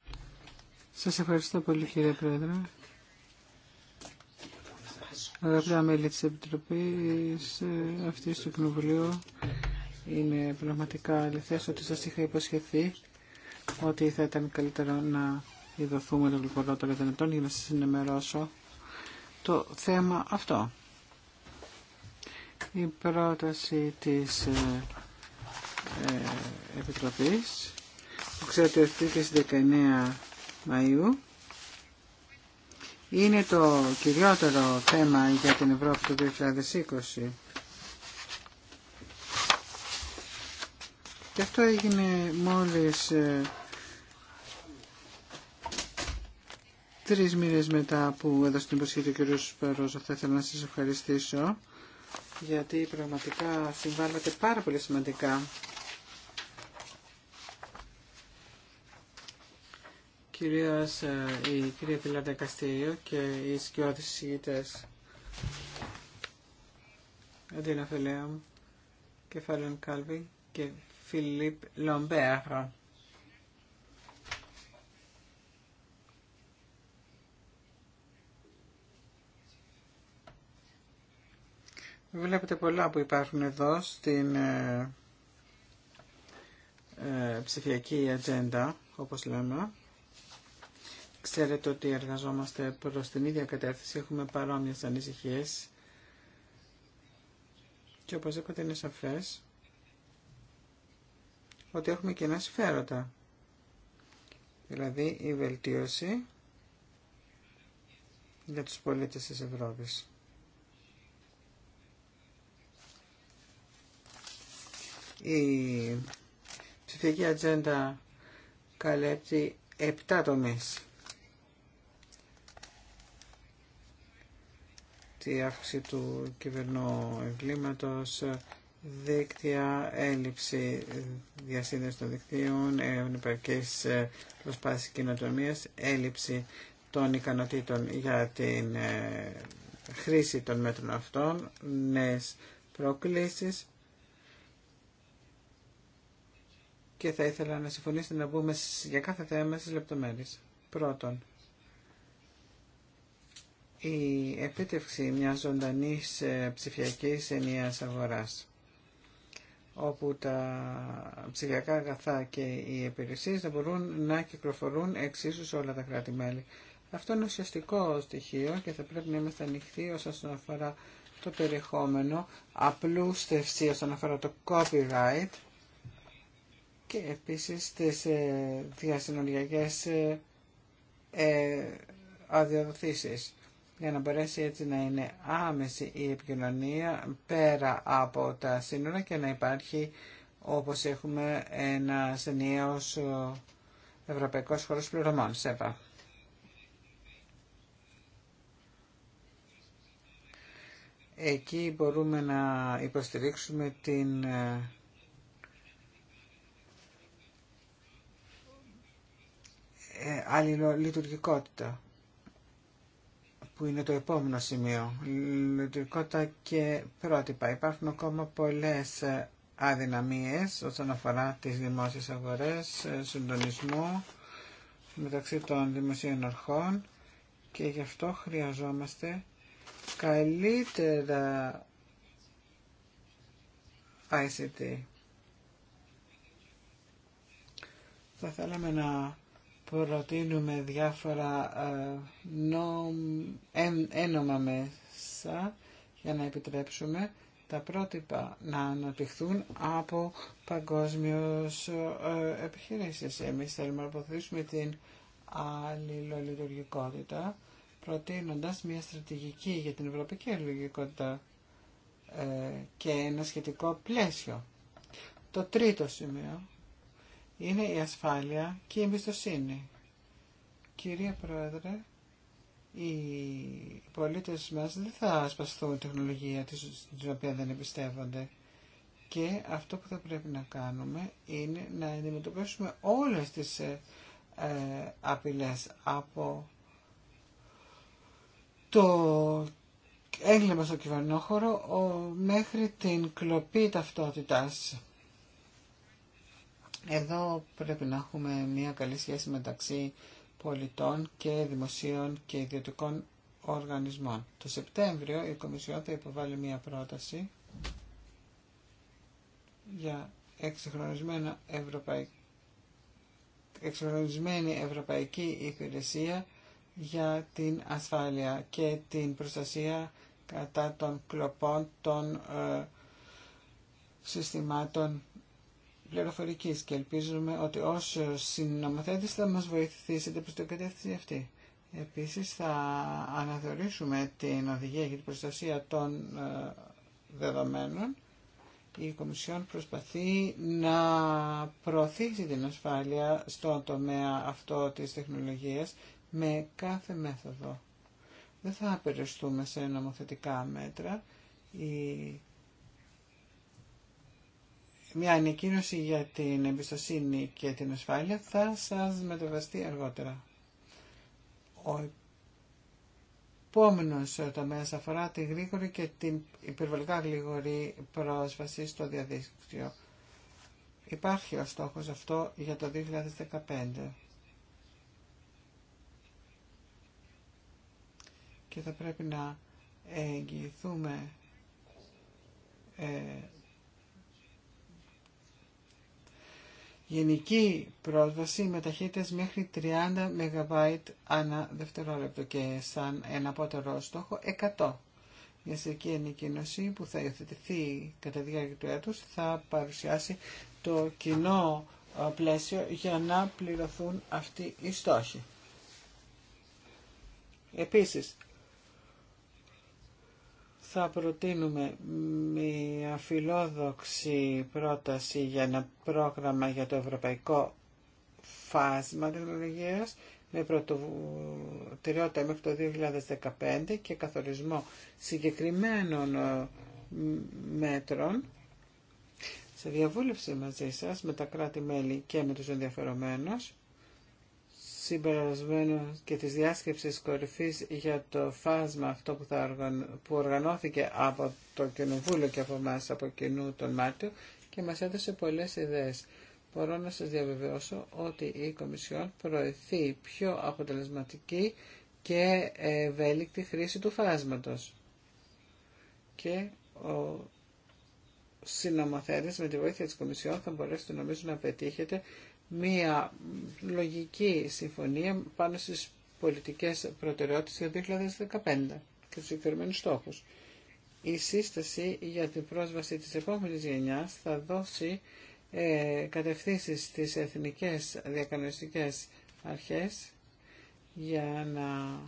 σας ευχαριστώ πολύ κύριε Πρόεδρε. Αγαπητά μέλη της Επιτροπής ε, αυτής του Κοινοβουλίου, είναι πραγματικά αληθές ότι σας είχα υποσχεθεί ότι θα ήταν καλύτερο να ειδωθούμε το γλυκορότερο δυνατόν για να σας ενημερώσω το θέμα αυτό. Η πρόταση της ε, ε, Επιτροπής που ξέρετε ευθύθηκε στις 19 Μαΐου είναι το κυριότερο θέμα για την Ευρώπη του 2020. Και αυτό έγινε μόλις ε, τρεις μήνες μετά που έδωσε την υποσχέτη ο κ. Παρόζο. Θα ήθελα να σας ευχαριστήσω γιατί πραγματικά συμβάλλατε πάρα πολύ σημαντικά κυρίως ε, η κυρία Πιλάντα Καστήριο και οι σκιώδεις συγγητές. Αντίνα Φελέαμ, Κεφάλαιον Κάλβι και Φιλίπ Λομπέαχα. Βλέπετε πολλά που υπάρχουν εδώ στην ε, ε, ψηφιακή ατζέντα, όπως λέμε. Ξέρετε ότι εργαζόμαστε προς την ίδια κατεύθυνση, έχουμε παρόμοιες ανησυχίες και οπωσδήποτε είναι σαφές ότι έχουμε κοινά συμφέροντα. Δηλαδή η βελτίωση για τους πολίτες της Ευρώπης. Η ψηφιακή ατζέντα καλέπτει 7 τομείς η αύξηση του κυβερνού εγκλήματος, δίκτυα, έλλειψη διασύνδεση των δικτύων, ευνεπαρκής προσπάθειας κοινοτομίας, έλλειψη των ικανοτήτων για την ε, χρήση των μέτρων αυτών, νέες προκλήσεις και θα ήθελα να συμφωνήσετε να μπούμε για κάθε θέμα στις λεπτομέρειες. Πρώτον, η επίτευξη μιας ζωντανής ε, ψηφιακής ενιαίας αγοράς όπου τα ψηφιακά αγαθά και οι υπηρεσίε θα μπορούν να κυκλοφορούν εξίσου σε όλα τα κράτη-μέλη. Αυτό είναι ουσιαστικό στοιχείο και θα πρέπει να είμαστε ανοιχτοί όσον αφορά το περιεχόμενο, απλούστευση όσον αφορά το copyright και επίσης τις ε, διασυνοριακές ε, αδειοδοτήσεις για να μπορέσει έτσι να είναι άμεση η επικοινωνία πέρα από τα σύνορα και να υπάρχει όπως έχουμε ένα ενιαίος ε, ευρωπαϊκός χώρος πληρωμών. ΣΕΒΑ. Εκεί μπορούμε να υποστηρίξουμε την ε, ε, αλληλολειτουργικότητα που είναι το επόμενο σημείο. Λειτουργικότητα και πρότυπα. Υπάρχουν ακόμα πολλές αδυναμίες όσον αφορά τις δημόσιες αγορές, συντονισμό μεταξύ των δημοσίων αρχών και γι' αυτό χρειαζόμαστε καλύτερα ICT. Θα θέλαμε να προτείνουμε διάφορα ε, ένομα μέσα για να επιτρέψουμε τα πρότυπα να αναπτυχθούν από παγκόσμιου ε, επιχειρήσεις. Εμείς θέλουμε να προωθήσουμε την αλληλολειτουργικότητα προτείνοντας μια στρατηγική για την ευρωπαϊκή αλληλογικότητα ε, και ένα σχετικό πλαίσιο. Το τρίτο σημείο είναι η ασφάλεια και η εμπιστοσύνη. Κυρία Πρόεδρε, οι πολίτες μας δεν θα ασπαστούν τεχνολογία την οποία δεν εμπιστεύονται. Και αυτό που θα πρέπει να κάνουμε είναι να αντιμετωπίσουμε όλες τις ε, ε απειλές από το έγκλημα στο κυβερνόχωρο ο, μέχρι την κλοπή ταυτότητας. Εδώ πρέπει να έχουμε μια καλή σχέση μεταξύ πολιτών και δημοσίων και ιδιωτικών οργανισμών. Το Σεπτέμβριο η Κομισιόν θα υποβάλει μια πρόταση για εξυγχρονισμένα ευρωπαϊκή υπηρεσία για την ασφάλεια και την προστασία κατά των κλοπών των ε, συστημάτων πληροφορική και ελπίζουμε ότι όσο συνομοθέτης θα μας βοηθήσετε προς την κατεύθυνση αυτή. Επίσης θα αναθεωρήσουμε την οδηγία για την προστασία των ε, δεδομένων. Η Κομισιόν προσπαθεί να προωθήσει την ασφάλεια στον τομέα αυτό της τεχνολογίας με κάθε μέθοδο. Δεν θα περιοριστούμε σε νομοθετικά μέτρα μια ανακοίνωση για την εμπιστοσύνη και την ασφάλεια θα σας μεταβαστεί αργότερα. Ο επόμενος τομέας αφορά τη γρήγορη και την υπερβολικά γρήγορη πρόσβαση στο διαδίκτυο. Υπάρχει ο στόχος αυτό για το 2015. Και θα πρέπει να εγγυηθούμε ε, γενική πρόσβαση με ταχύτητες μέχρι 30 MB ανά δευτερόλεπτο και σαν ένα απότερο στόχο 100. Η αστική ανακοίνωση που θα υιοθετηθεί κατά διάρκεια του έτους θα παρουσιάσει το κοινό πλαίσιο για να πληρωθούν αυτοί οι στόχοι. Επίσης, θα προτείνουμε μια φιλόδοξη πρόταση για ένα πρόγραμμα για το ευρωπαϊκό φάσμα τεχνολογίας με πρωτοτεραιότητα μέχρι το 2015 και καθορισμό συγκεκριμένων ε, μέτρων σε διαβούλευση μαζί σας με τα κράτη-μέλη και με τους ενδιαφερομένους συμπερασμένου και της διάσκεψης κορυφής για το φάσμα αυτό που, θα οργανώθηκε από το Κοινοβούλιο και από εμά από κοινού τον Μάρτιο και μας έδωσε πολλές ιδέες. Μπορώ να σας διαβεβαιώσω ότι η Κομισιόν προωθεί πιο αποτελεσματική και ευέλικτη χρήση του φάσματος. Και ο συνομοθέτης με τη βοήθεια της Κομισιόν θα μπορέσετε νομίζω να πετύχετε μία λογική συμφωνία πάνω στις πολιτικές προτεραιότητες για 2015 και τους συγκεκριμένους στόχους. Η σύσταση για την πρόσβαση της επόμενης γενιάς θα δώσει ε, κατευθύνσεις στις εθνικές διακανονιστικές αρχές για να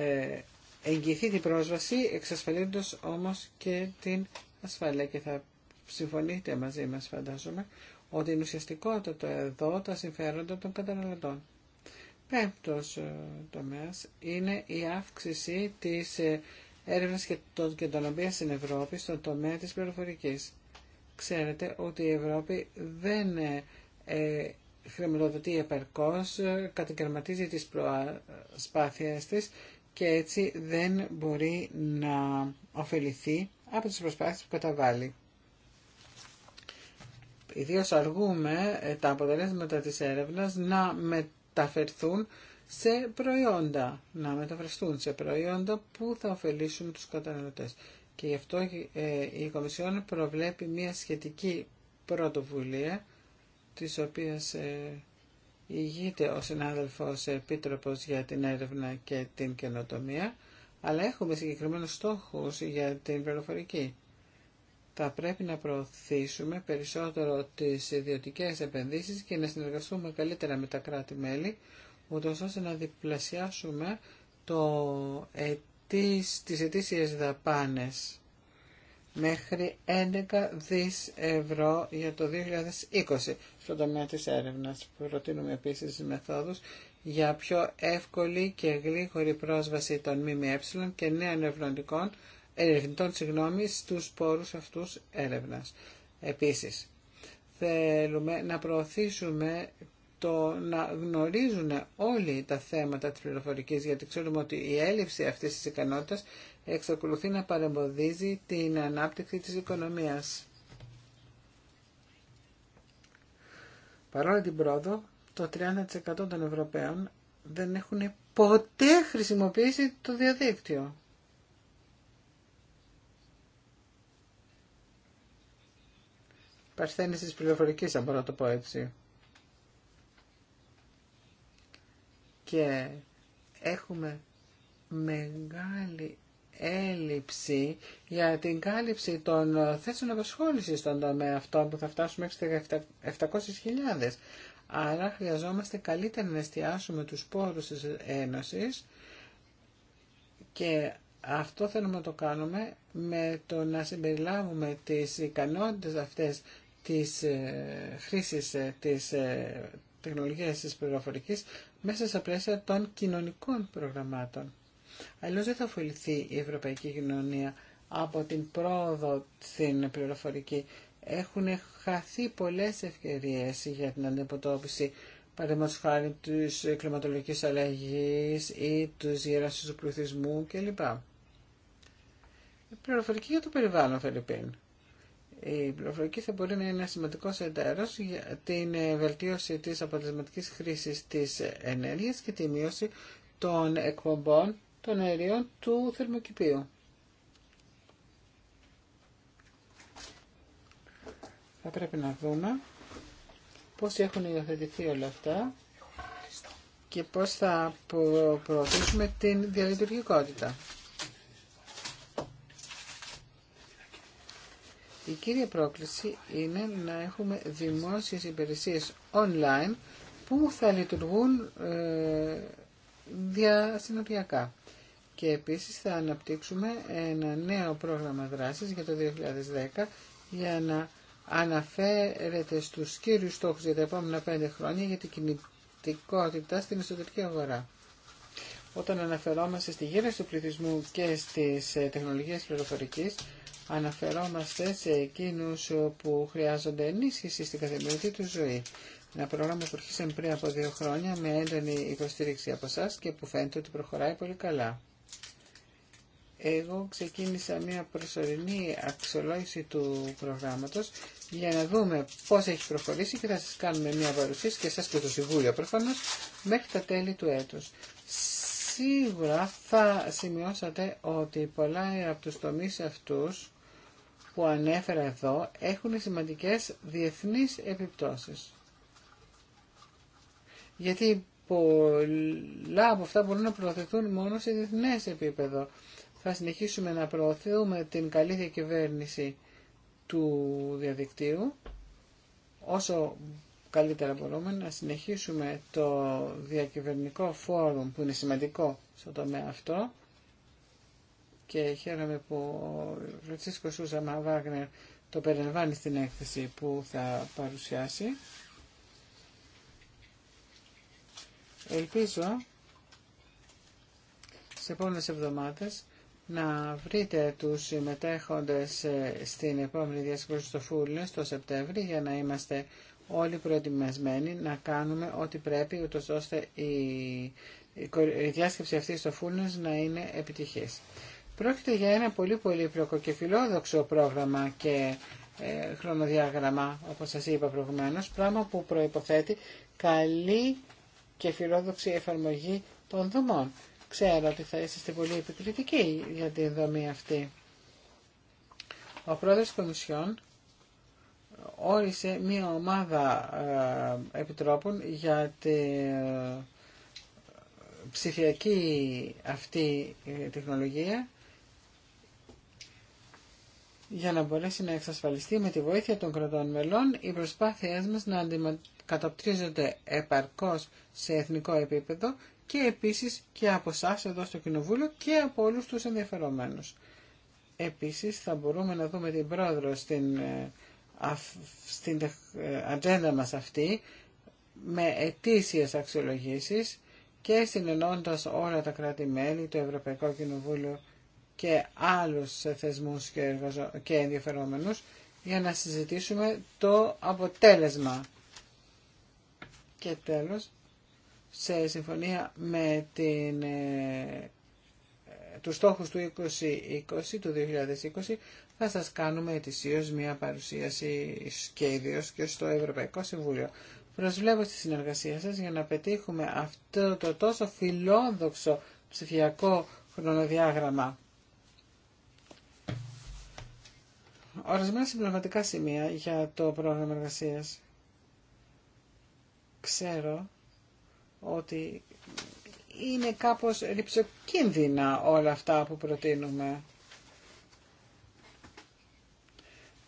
ε, εγγυηθεί την πρόσβαση, εξασφαλίζοντας όμως και την ασφάλεια και θα συμφωνείτε μαζί μας φαντάζομαι ότι είναι ουσιαστικότατο εδώ τα συμφέροντα των καταναλωτών. Πέμπτος ε, τομέας είναι η αύξηση της ε, έρευνας και των στην Ευρώπη στον τομέα της πληροφορικής. Ξέρετε ότι η Ευρώπη δεν ε, ε χρηματοδοτεί επαρκώς, κατακαιρματίζει τις προσπάθειές της και έτσι δεν μπορεί να ωφεληθεί από τις προσπάθειες που καταβάλει. Ιδίως αργούμε ε, τα αποτελέσματα της έρευνας να μεταφερθούν σε προϊόντα, να μεταφραστούν σε προϊόντα που θα ωφελήσουν τους καταναλωτές. Και γι' αυτό ε, η Κομισιόν προβλέπει μια σχετική πρωτοβουλία, της οποίας ε, ηγείται ο συνάδελφος Επίτροπος για την έρευνα και την καινοτομία, αλλά έχουμε συγκεκριμένους στόχους για την πληροφορική θα πρέπει να προωθήσουμε περισσότερο τις ιδιωτικές επενδύσεις και να συνεργαστούμε καλύτερα με τα κράτη-μέλη, ούτω ώστε να διπλασιάσουμε το ετήσ, τις ετήσιες δαπάνες μέχρι 11 δις ευρώ για το 2020 στον τομέα της έρευνας. Προτείνουμε επίσης μεθόδους για πιο εύκολη και γλύχωρη πρόσβαση των ΜΜΕ και νέων ευρωντικών ερευνητών συγγνώμη, στους πόρους αυτούς έρευνας. Επίσης, θέλουμε να προωθήσουμε το να γνωρίζουν όλοι τα θέματα της πληροφορικής, γιατί ξέρουμε ότι η έλλειψη αυτής της ικανότητας εξακολουθεί να παρεμποδίζει την ανάπτυξη της οικονομίας. Παρόλα την πρόοδο, το 30% των Ευρωπαίων δεν έχουν ποτέ χρησιμοποιήσει το διαδίκτυο. παρθένες της πληροφορικής, αν μπορώ να το πω έτσι. Και έχουμε μεγάλη έλλειψη για την κάλυψη των θέσεων απασχόλησης στον τομέα αυτό που θα φτάσουμε μέχρι 700.000. Άρα χρειαζόμαστε καλύτερα να εστιάσουμε τους πόρους της Ένωσης και αυτό θέλουμε να το κάνουμε με το να συμπεριλάβουμε τις ικανότητες αυτές της ε, χρήσης ε, της ε, τεχνολογίας της πληροφορικής μέσα στα πλαίσια των κοινωνικών προγραμμάτων. Αλλιώς δεν θα ωφεληθεί η ευρωπαϊκή κοινωνία από την πρόοδο στην πληροφορική. Έχουν χαθεί πολλές ευκαιρίες για την αντιμετώπιση παραδείγματος χάρη της κλιματολογικής αλλαγής ή της γέρασης του πληθυσμού κλπ. Η πληροφορική για το περιβάλλον, Φελιππίν. Η πληροφορική θα μπορεί να είναι ένα σημαντικό εταίρο για την βελτίωση τη αποτελεσματική χρήση τη ενέργεια και τη μείωση των εκπομπών των αερίων του θερμοκηπίου. Θα πρέπει να δούμε πώς έχουν υιοθετηθεί όλα αυτά και πώς θα προωθήσουμε την διαλειτουργικότητα. Η κύρια πρόκληση είναι να έχουμε δημόσιες υπηρεσίες online που θα λειτουργούν ε, διασυνοριακά. Και επίσης θα αναπτύξουμε ένα νέο πρόγραμμα δράσης για το 2010 για να αναφέρεται στους κύριους στόχους για τα επόμενα πέντε χρόνια για την κινητικότητα στην εσωτερική αγορά. Όταν αναφερόμαστε στη γύρωση του πληθυσμού και στις ε, τεχνολογίες πληροφορικής, αναφερόμαστε σε εκείνους που χρειάζονται ενίσχυση στην καθημερινή του ζωή. Ένα πρόγραμμα που αρχίσαμε πριν από δύο χρόνια με έντονη υποστήριξη από εσά και που φαίνεται ότι προχωράει πολύ καλά. Εγώ ξεκίνησα μια προσωρινή αξιολόγηση του προγράμματος για να δούμε πώς έχει προχωρήσει και θα σας κάνουμε μια παρουσίαση και σας και το Συμβούλιο προφανώ μέχρι τα τέλη του έτους. Σίγουρα θα σημειώσατε ότι πολλά από τους τομείς αυτούς που ανέφερα εδώ έχουν σημαντικές διεθνείς επιπτώσεις. Γιατί πολλά από αυτά μπορούν να προωθηθούν μόνο σε διεθνές επίπεδο. Θα συνεχίσουμε να προωθούμε την καλή διακυβέρνηση του διαδικτύου όσο καλύτερα μπορούμε να συνεχίσουμε το διακυβερνικό φόρουμ που είναι σημαντικό στο τομέα αυτό και χαίρομαι που ο Φρανσίσκο Σούζα Βάγνερ το περιλαμβάνει στην έκθεση που θα παρουσιάσει. Ελπίζω σε επόμενες εβδομάδες να βρείτε τους συμμετέχοντες στην επόμενη διασκέψη στο Φούλνες το Σεπτέμβρη για να είμαστε όλοι προετοιμασμένοι να κάνουμε ό,τι πρέπει ούτως ώστε η, η διάσκεψη αυτή στο φούρνο να είναι επιτυχής. Πρόκειται για ένα πολύ πολύπλοκο και φιλόδοξο πρόγραμμα και ε, χρονοδιάγραμμα, όπως σας είπα προηγουμένως, πράγμα που προϋποθέτει καλή και φιλόδοξη εφαρμογή των δομών. Ξέρω ότι θα είστε πολύ επικριτικοί για την δομή αυτή. Ο πρόεδρος της Κομισιόν όρισε μία ομάδα ε, επιτρόπων για τη ε, ψηφιακή αυτή τεχνολογία για να μπορέσει να εξασφαλιστεί με τη βοήθεια των κρατών μελών οι προσπάθειές μας να καταπτύσσονται επαρκώς σε εθνικό επίπεδο και επίσης και από εσά εδώ στο Κοινοβούλιο και από όλους τους ενδιαφερόμενους. Επίσης θα μπορούμε να δούμε την πρόεδρο στην, ε, στην ε, ατζέντα μας αυτή με ετήσιες αξιολογήσεις και συνενώντας όλα τα κράτη-μέλη, το Ευρωπαϊκό Κοινοβούλιο και άλλους θεσμούς και, και ενδιαφερόμενους για να συζητήσουμε το αποτέλεσμα. Και τέλος, σε συμφωνία με την, ε, τους στόχους του 2020, του 2020, θα σας κάνουμε ετησίως μια παρουσίαση και ιδίως και στο Ευρωπαϊκό Συμβούλιο. Προσβλέπω στη συνεργασία σας για να πετύχουμε αυτό το τόσο φιλόδοξο ψηφιακό χρονοδιάγραμμα Ορισμένα συμπληρωματικά σημεία για το πρόγραμμα εργασία. Ξέρω ότι είναι κάπως ρηψοκίνδυνα όλα αυτά που προτείνουμε.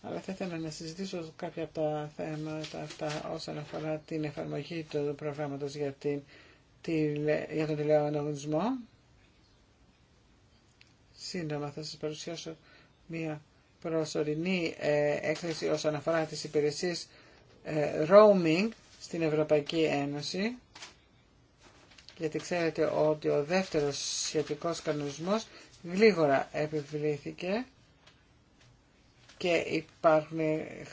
Αλλά θα ήθελα να συζητήσω κάποια από τα θέματα αυτά όσον αφορά την εφαρμογή του προγράμματος για, την, για τον τηλεοαναγωνισμό. Σύντομα θα σας παρουσιάσω μία προσωρινή ε, έκθεση όσον αφορά τις υπηρεσίες ε, roaming στην Ευρωπαϊκή Ένωση γιατί ξέρετε ότι ο δεύτερος σχετικός κανονισμός γλίγορα επιβλήθηκε και υπάρχουν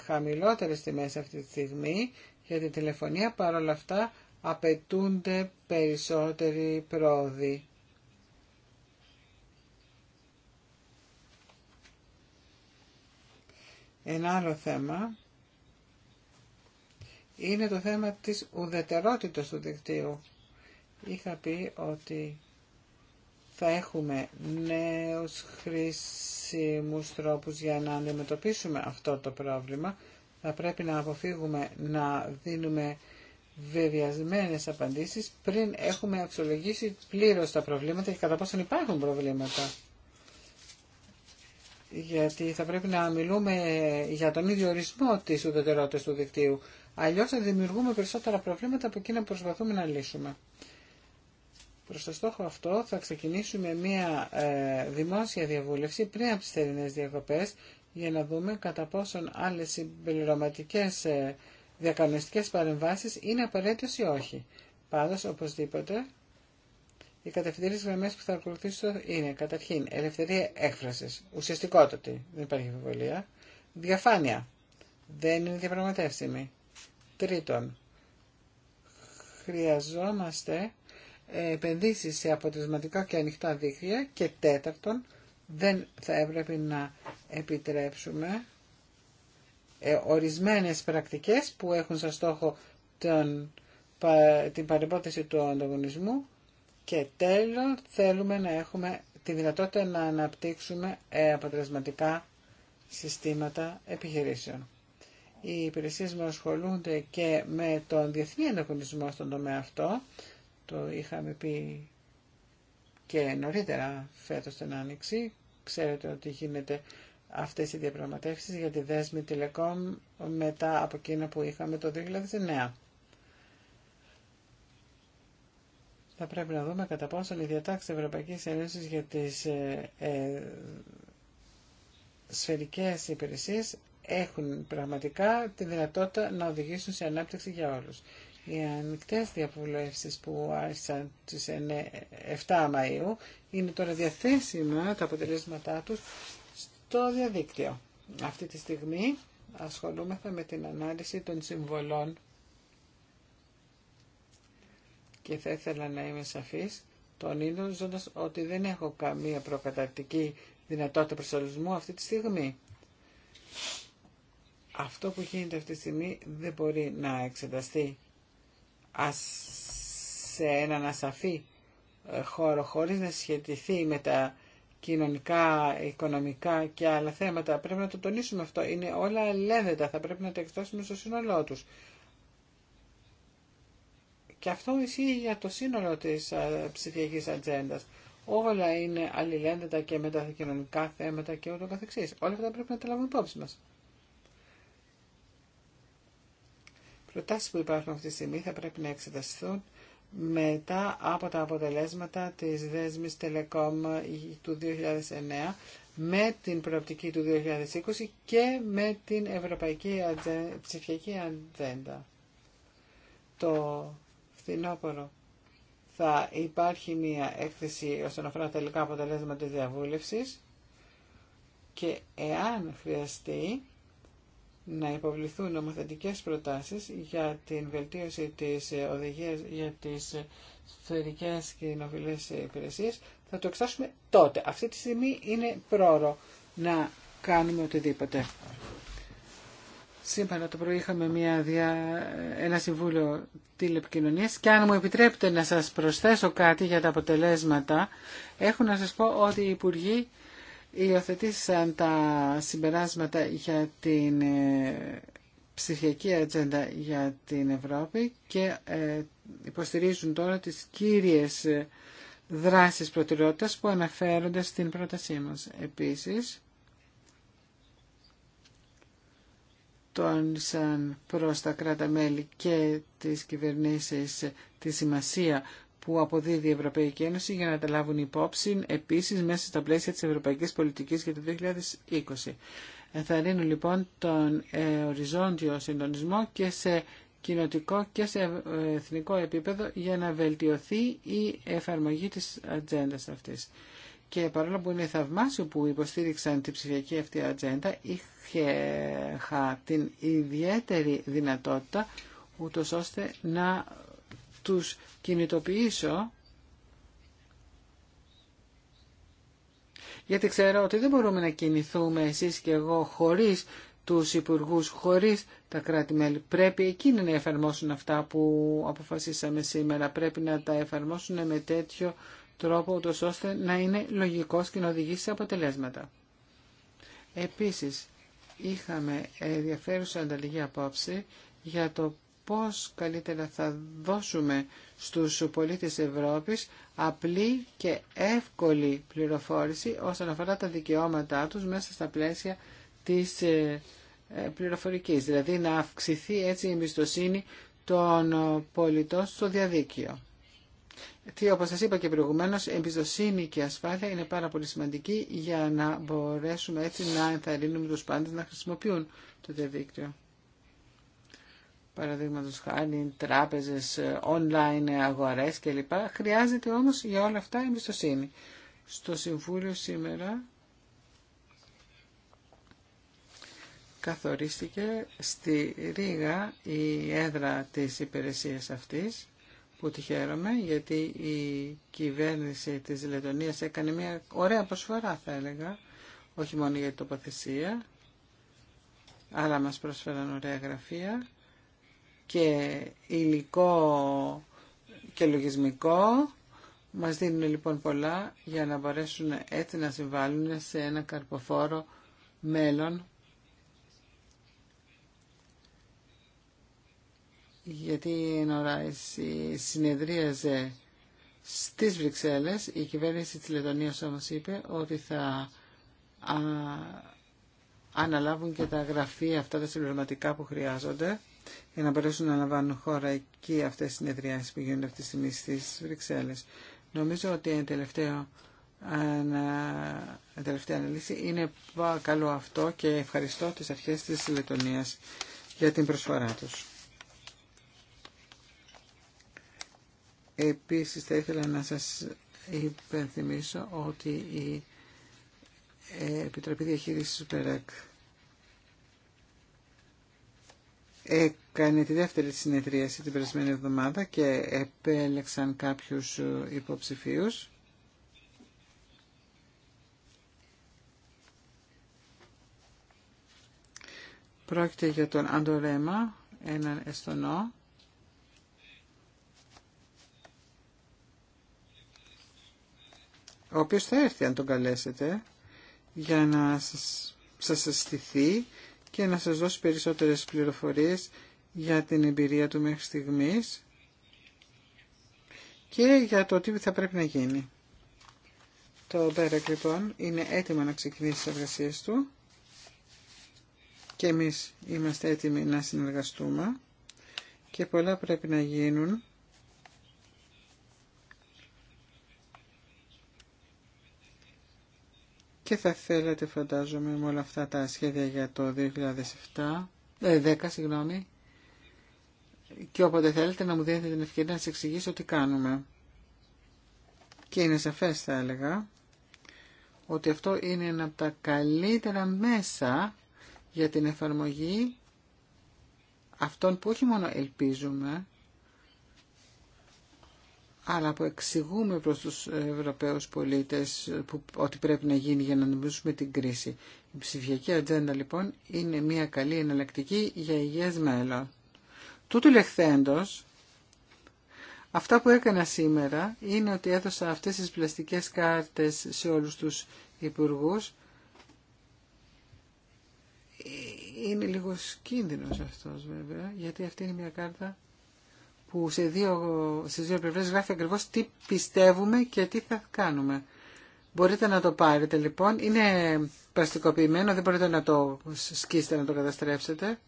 χαμηλότερες τιμές αυτή τη στιγμή για τη τηλεφωνία παρόλα αυτά απαιτούνται περισσότεροι πρόοδοι. Ένα άλλο θέμα είναι το θέμα της ουδετερότητας του δικτύου. Είχα πει ότι θα έχουμε νέους χρήσιμους τρόπους για να αντιμετωπίσουμε αυτό το πρόβλημα. Θα πρέπει να αποφύγουμε να δίνουμε βεβαιασμένες απαντήσεις πριν έχουμε αξιολογήσει πλήρως τα προβλήματα και κατά πόσον υπάρχουν προβλήματα γιατί θα πρέπει να μιλούμε για τον ίδιο ορισμό της ουδετερότητας του δικτύου. Αλλιώς θα δημιουργούμε περισσότερα προβλήματα από εκείνα που προσπαθούμε να λύσουμε. Προς το στόχο αυτό θα ξεκινήσουμε μια ε, δημόσια διαβούλευση πριν από τις θερινές διακοπές για να δούμε κατά πόσον άλλες συμπληρωματικές ε, διακανονιστικές παρεμβάσεις είναι απαραίτητες ή όχι. Πάντως, οπωσδήποτε, οι κατευθυντήριε γραμμέ που θα ακολουθήσω είναι καταρχήν ελευθερία έκφραση, ουσιαστικότατη, δεν υπάρχει αμφιβολία. Διαφάνεια, δεν είναι διαπραγματεύσιμη. Τρίτον, χρειαζόμαστε ε, επενδύσει σε αποτελεσματικά και ανοιχτά δίκτυα και τέταρτον, δεν θα έπρεπε να επιτρέψουμε ε, ορισμένες πρακτικές που έχουν σαν στόχο τον, την παρεμπόθεση του ανταγωνισμού και τέλος θέλουμε να έχουμε τη δυνατότητα να αναπτύξουμε ε, αποτελεσματικά συστήματα επιχειρήσεων. Οι υπηρεσίε μας ασχολούνται και με τον διεθνή ανταγωνισμό στον τομέα αυτό. Το είχαμε πει και νωρίτερα φέτος την Άνοιξη. Ξέρετε ότι γίνεται αυτές οι διαπραγματεύσεις για τη δέσμη Telecom μετά από εκείνα που είχαμε το 2009. θα πρέπει να δούμε κατά πόσο οι διατάξει της Ευρωπαϊκής για τις ε, ε, σφαιρικές υπηρεσίες έχουν πραγματικά τη δυνατότητα να οδηγήσουν σε ανάπτυξη για όλους. Οι ανοιχτέ διαβουλεύσει που άρχισαν στις 7 Μαου είναι τώρα διαθέσιμα τα αποτελέσματά τους στο διαδίκτυο. Αυτή τη στιγμή ασχολούμεθα με την ανάλυση των συμβολών και θα ήθελα να είμαι σαφής, τονίζοντας ότι δεν έχω καμία προκαταρκτική δυνατότητα προσαρμοσμού αυτή τη στιγμή. Αυτό που γίνεται αυτή τη στιγμή δεν μπορεί να εξεταστεί σε έναν ασαφή ε, χώρο χωρίς να σχετιθεί με τα κοινωνικά, οικονομικά και άλλα θέματα. Πρέπει να το τονίσουμε αυτό. Είναι όλα λέβετα. Θα πρέπει να τα εκτάσουμε στο σύνολό τους. Και αυτό ισχύει για το σύνολο της ε, ψηφιακής ατζέντα. Όλα είναι αλληλένδετα και με τα κοινωνικά θέματα και ούτω καθεξής. Όλα αυτά πρέπει να τα λάβουμε υπόψη μας. Προτάσεις που υπάρχουν αυτή τη στιγμή θα πρέπει να εξεταστούν μετά από τα αποτελέσματα της δέσμης Telecom του 2009 με την προοπτική του 2020 και με την Ευρωπαϊκή Ψηφιακή Ατζέντα. Το φθινόπωρο θα υπάρχει μία έκθεση όσον αφορά τελικά αποτελέσματα της διαβούλευσης και εάν χρειαστεί να υποβληθούν νομοθετικές προτάσεις για την βελτίωση της οδηγίας για τις σφαιρικές και νοφιλές υπηρεσίες, θα το εξάσουμε τότε. Αυτή τη στιγμή είναι πρόωρο να κάνουμε οτιδήποτε. Σήμερα το πρωί είχαμε μια δια... ένα συμβούλιο τηλεπικοινωνίας και αν μου επιτρέπετε να σας προσθέσω κάτι για τα αποτελέσματα, έχω να σας πω ότι οι Υπουργοί υιοθετήσαν τα συμπεράσματα για την ε, ψηφιακή ατζέντα για την Ευρώπη και ε, υποστηρίζουν τώρα τις κύριες ε, δράσεις προτεραιότητας που αναφέρονται στην πρότασή μας. Επίσης, σαν προς τα κράτα-μέλη και τις κυβερνήσεις τη σημασία που αποδίδει η Ευρωπαϊκή Ένωση για να τα λάβουν υπόψη επίσης μέσα στα πλαίσια της Ευρωπαϊκής Πολιτικής για το 2020. Θα ρίνουν λοιπόν τον ε, οριζόντιο συντονισμό και σε κοινοτικό και σε ε, εθνικό επίπεδο για να βελτιωθεί η εφαρμογή της ατζέντα αυτής και παρόλο που είναι θαυμάσιο που υποστήριξαν την ψηφιακή αυτή ατζέντα, είχα την ιδιαίτερη δυνατότητα ούτως ώστε να τους κινητοποιήσω γιατί ξέρω ότι δεν μπορούμε να κινηθούμε εσείς και εγώ χωρίς τους υπουργούς, χωρίς τα κράτη-μέλη. Πρέπει εκείνοι να εφαρμόσουν αυτά που αποφασίσαμε σήμερα. Πρέπει να τα εφαρμόσουν με τέτοιο τρόπο ούτως ώστε να είναι λογικός και να οδηγήσει σε αποτελέσματα. Επίσης, είχαμε ενδιαφέρουσα ανταλλαγή απόψη για το πώς καλύτερα θα δώσουμε στους πολίτες Ευρώπης απλή και εύκολη πληροφόρηση όσον αφορά τα δικαιώματά τους μέσα στα πλαίσια της ε, ε, πληροφορικής. Δηλαδή να αυξηθεί έτσι η εμπιστοσύνη των ε, πολιτών στο διαδίκτυο. Τι, όπως σας είπα και προηγουμένως, εμπιστοσύνη και ασφάλεια είναι πάρα πολύ σημαντική για να μπορέσουμε έτσι να ενθαρρύνουμε τους πάντες να χρησιμοποιούν το διαδίκτυο. Παραδείγματο χάρη, τράπεζε, online αγορές κλπ. Χρειάζεται όμως για όλα αυτά εμπιστοσύνη. Στο Συμβούλιο σήμερα καθορίστηκε στη Ρήγα η έδρα της υπηρεσίας αυτής που τη χαίρομαι γιατί η κυβέρνηση της Λετωνίας έκανε μια ωραία προσφορά θα έλεγα όχι μόνο για την τοποθεσία αλλά μας προσφέραν ωραία γραφεία και υλικό και λογισμικό μας δίνουν λοιπόν πολλά για να μπορέσουν έτσι να συμβάλλουν σε ένα καρποφόρο μέλλον γιατί η ώρα συνεδρίαζε στις Βρυξέλλες. Η κυβέρνηση της Λετωνίας όμως είπε ότι θα αναλάβουν και τα γραφεία αυτά τα συμπληρωματικά που χρειάζονται για να μπορέσουν να λαμβάνουν χώρα εκεί αυτές οι συνεδριάσεις που γίνονται αυτή τη στιγμή στις Βρυξέλλες. Νομίζω ότι η τελευταία αναλύση είναι καλό αυτό και ευχαριστώ τις αρχές της Λετωνίας για την προσφορά τους. Επίσης θα ήθελα να σας υπενθυμίσω ότι η ε, Επιτροπή Διαχείρισης του ΠΕΡΑΚ έκανε τη δεύτερη συνεδρίαση την περασμένη εβδομάδα και επέλεξαν κάποιους υποψηφίους. Πρόκειται για τον Αντορέμα, έναν εστονό, ο οποίος θα έρθει αν τον καλέσετε για να σας, σας και να σας δώσει περισσότερες πληροφορίες για την εμπειρία του μέχρι στιγμής και για το τι θα πρέπει να γίνει. Το Μπέρεκ λοιπόν είναι έτοιμο να ξεκινήσει τις εργασίες του και εμείς είμαστε έτοιμοι να συνεργαστούμε και πολλά πρέπει να γίνουν και θα θέλετε φαντάζομαι με όλα αυτά τα σχέδια για το 2007, ε, 10 συγγνώμη, και όποτε θέλετε να μου δίνετε την ευκαιρία να σας εξηγήσω τι κάνουμε. Και είναι σαφές θα έλεγα ότι αυτό είναι ένα από τα καλύτερα μέσα για την εφαρμογή αυτών που όχι μόνο ελπίζουμε, αλλά που εξηγούμε προς τους Ευρωπαίους πολίτες που, ότι πρέπει να γίνει για να νομίζουμε την κρίση. Η ψηφιακή ατζέντα λοιπόν είναι μια καλή εναλλακτική για υγιές μέλλον. Τούτου λεχθέντος, αυτά που έκανα σήμερα είναι ότι έδωσα αυτές τις πλαστικές κάρτες σε όλους τους υπουργούς. Ε, είναι λίγο κίνδυνος αυτός βέβαια, γιατί αυτή είναι μια κάρτα που σε δύο, σε δύο γράφει ακριβώς τι πιστεύουμε και τι θα κάνουμε. Μπορείτε να το πάρετε λοιπόν, είναι πραστικοποιημένο, δεν μπορείτε να το σκίσετε, να το καταστρέψετε